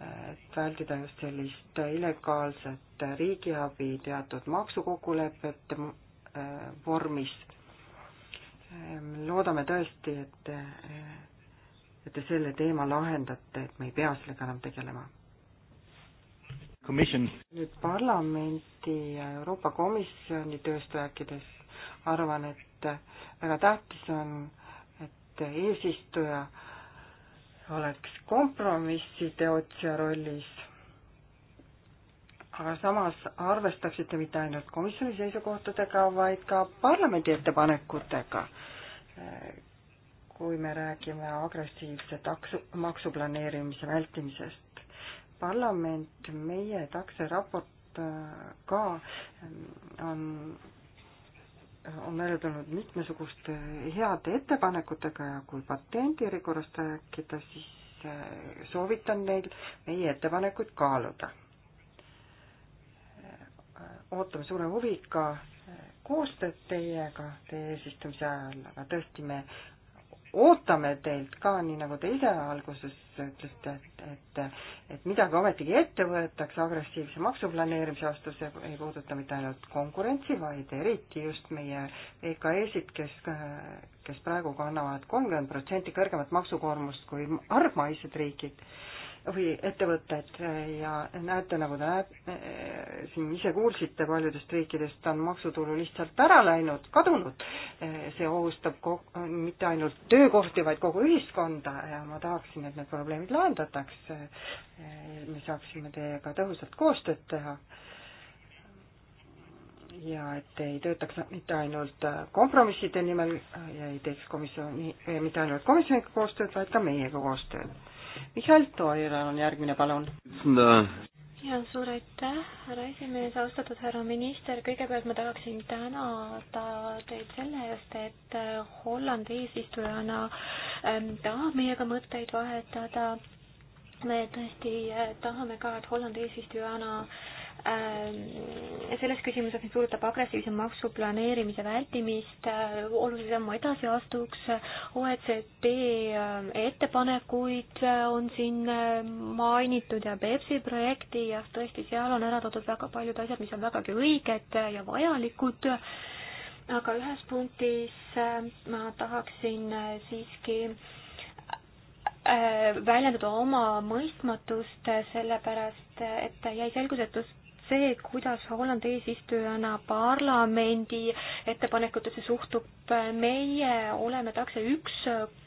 et vältida just sellist illegaalset riigiabi teatud maksukokkulepete äh, vormis. Ähm, loodame tõesti, et, äh, et te selle teema lahendate, et me ei pea sellega enam tegelema. nüüd parlamendi ja Euroopa Komisjoni tööst rääkides arvan, et äh, väga tähtis on, et eesistuja äh, oleks kompromisside otsija rollis, aga samas arvestaksite mitte ainult komisjoni seisukohtadega, vaid ka parlamendi ettepanekutega, kui me räägime agressiivse taksu, maksuplaneerimise vältimisest. parlament, meie takseraportöör äh, ka ähm, on on meile tulnud mitmesuguste heade ettepanekutega ja kui patendierikorrast rääkida, siis äh, soovitan neil meie ettepanekuid kaaluda. ootame suure huviga äh, koostööd teiega teie eesistumise ajal, aga tõesti, me ootame teilt ka, nii nagu te ise alguses ütlesite, et, et, et midagi ometigi ette võetakse agressiivse maksuplaneerimise vastu, see ei puuduta mitte ainult konkurentsi, vaid eriti just meie EKE-sid, kes, kes praegu kannavad kolmkümmend protsenti kõrgemat maksukoormust kui argmaised riigid või ettevõtted ja näete, nagu te näete, siin ise kuulsite, paljudest riikidest on maksutulu lihtsalt ära läinud, kadunud. see ohustab kogu, mitte ainult töökohti, vaid kogu ühiskonda ja ma tahaksin, et need probleemid lahendataks. me saaksime teiega tõhusalt koostööd teha. ja et ei töötaks mitte ainult kompromisside nimel ja ei teeks komisjoni, mitte ainult komisjoniga koostööd, vaid ka meiega koostööd Mihhail Toilal on järgmine, palun no.. ja suur aitäh, härra esimees, austatud härra minister, kõigepealt ma tahaksin tänada teid selle eest, et äh, Holland eesistujana ähm, tahab meiega mõtteid vahetada. me tõesti äh, tahame ka, et Holland eesistujana äh, Äh, selles küsimuses, mis puudutab agressiivse maksuplaneerimise vältimist, äh, olulise sammu edasi astuks. OECD äh, ettepanekuid on siin mainitud ja Peipsi projekti ja tõesti, seal on ära toodud väga paljud asjad, mis on vägagi õiged ja vajalikud. aga ühes punktis ma tahaksin siiski väljendada oma mõistmatust, sellepärast et jäi selgusetus, see, kuidas Holland eesistujana parlamendi ettepanekutesse suhtub. meie oleme takse üks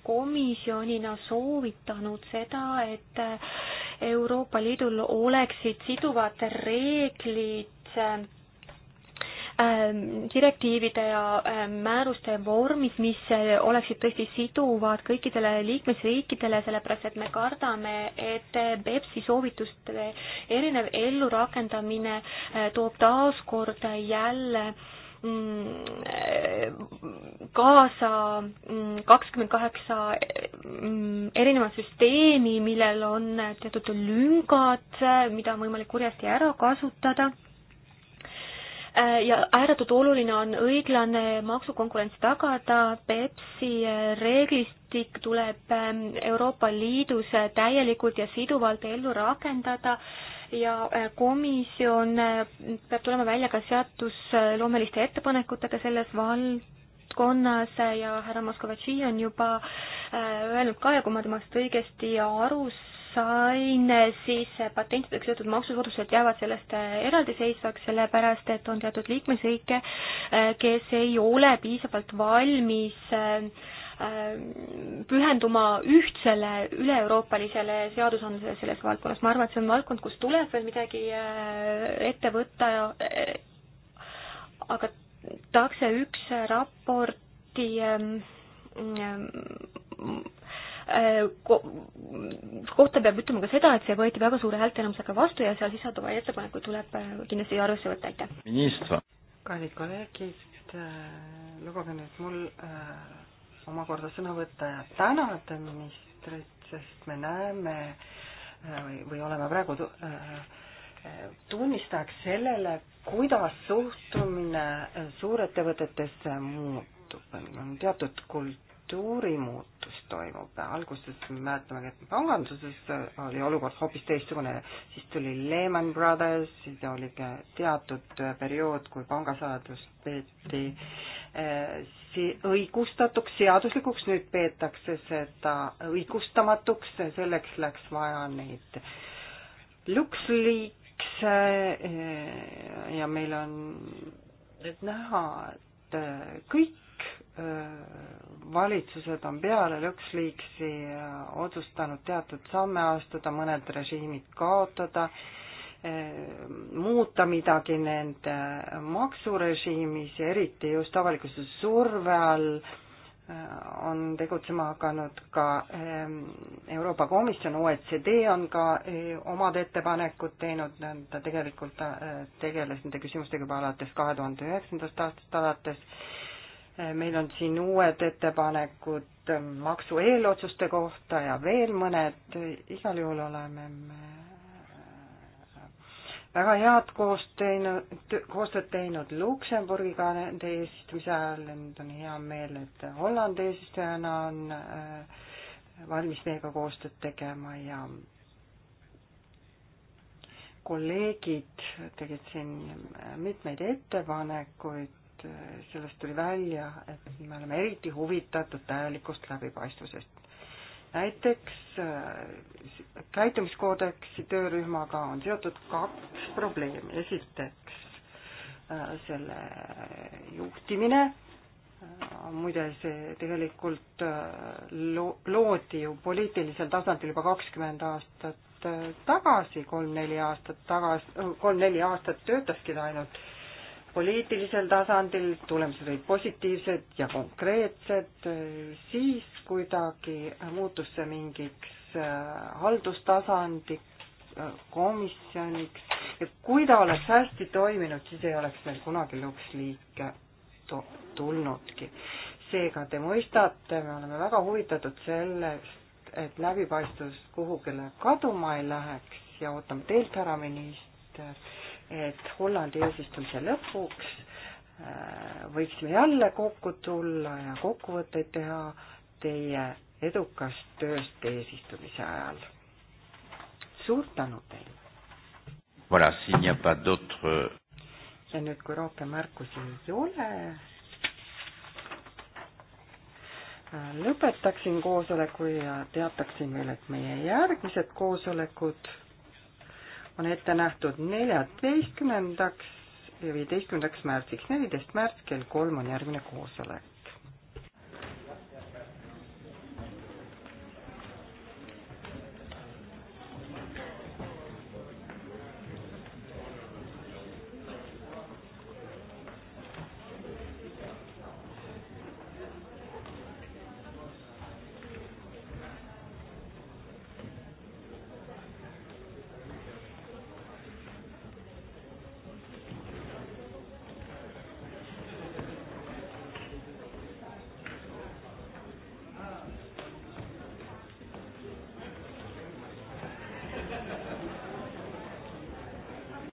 komisjonina soovitanud seda, et Euroopa Liidul oleksid siduvad reeglid Ähm, direktiivide ja ähm, määruste vormis, mis äh, oleksid tõesti siduvad kõikidele liikmesriikidele, sellepärast et me kardame, et BEPS-i äh, soovituste erinev ellurakendamine äh, toob taaskord jälle mm, kaasa mm, kakskümmend kaheksa mm, erinevat süsteemi, millel on teatud lüngad, mida on võimalik kurjasti ära kasutada Äh, ja ääretult oluline on õiglane maksukonkurents tagada, Pepsi äh, reeglistik tuleb ähm, Euroopa Liidus äh, täielikult ja siduvalt ellu rakendada ja komisjon peab tulema välja ka seadusloomeliste ettepanekutega selles valdkonnas ja härra Moskovatši on juba öelnud ka ja kui ma temast õigesti aru sain, siis patentidega seotud maksusoodustused jäävad sellest äh, eraldiseisvaks, sellepärast et on teatud liikmesriike, äh, kes ei ole piisavalt valmis äh, pühenduma ühtsele üle-euroopalisele seadusandlusele selles valdkonnas. ma arvan, et see on valdkond, kus tuleb veel midagi ette võtta ja aga takse üks raporti ähm, ähm, Äh, kohta peab ütlema ka seda, et see võeti väga suure häälteenamusega vastu ja seal sisalduvaid ettepanekuid tuleb äh, kindlasti arvesse võtta, aitäh. kallid kolleegid, äh, lubage nüüd mul omakorda sõna võtta ja tänada ministrit, sest me näeme või, või oleme praegu tunnistajaks sellele, kuidas suhtumine suurettevõtetesse muutub, on teatud kult-, kultuurimuutus toimub. alguses me mäletame, et panganduses oli olukord hoopis teistsugune, siis tuli Lehman Brothers, siis oli teatud periood, kui pangasaladust peeti eh, õigustatuks, seaduslikuks, nüüd peetakse seda õigustamatuks, selleks läks vaja neid luksliikse eh, ja meil on nüüd näha, et kõik valitsused on peale lõksliiksi otsustanud teatud samme astuda, mõned režiimid kaotada, muuta midagi nende maksurežiimis ja eriti just avalikkuse surve all on tegutsema hakanud ka Euroopa Komisjon, OECD on ka omad ettepanekud teinud, ta tegelikult tegeles nende küsimustega juba alates kahe tuhande üheksandast aastast alates meil on siin uued ettepanekud maksu eelotsuste kohta ja veel mõned, igal juhul oleme me äh, väga head koostööd teinud, koostööd teinud Luksemburgiga nende eesistumise ajal, nüüd on hea meel, et Holland eesistujana on äh, valmis meiega koostööd tegema ja kolleegid tegid siin mitmeid ettepanekuid, et äh, sellest tuli välja, et me oleme eriti huvitatud täielikust läbipaistvusest. näiteks äh, käitumiskoodeksi töörühmaga on seotud kaks probleemi. esiteks äh, selle juhtimine, muide see tegelikult lo-, loodi ju poliitilisel tasandil juba kakskümmend aastat tagasi, kolm-neli aastat tagasi, kolm-neli aastat töötaski ta ainult poliitilisel tasandil, tulemused olid positiivsed ja konkreetsed, siis kuidagi muutus see mingiks äh, haldustasandiks, äh, komisjoniks ja kui ta oleks hästi toiminud, siis ei oleks meil kunagi luksliike tulnudki. seega te mõistate, me oleme väga huvitatud sellest, et läbipaistvus kuhugile kaduma ei läheks ja ootame teilt, härra minister et Hollandi eesistumise lõpuks äh, võiksime jälle kokku tulla ja kokkuvõtteid teha teie edukast tööst eesistumise ajal. suur tänu teile! Voilà, s'il n'y a pas d'autres... ja nüüd, kui rohkem märkusi ei ole, äh, lõpetaksin koosoleku ja teataksin veel, et meie järgmised koosolekud on ette nähtud neljateistkümnendaks ja viieteistkümnendaks märtsiks. neliteist märts kell kolm on järgmine koosolek.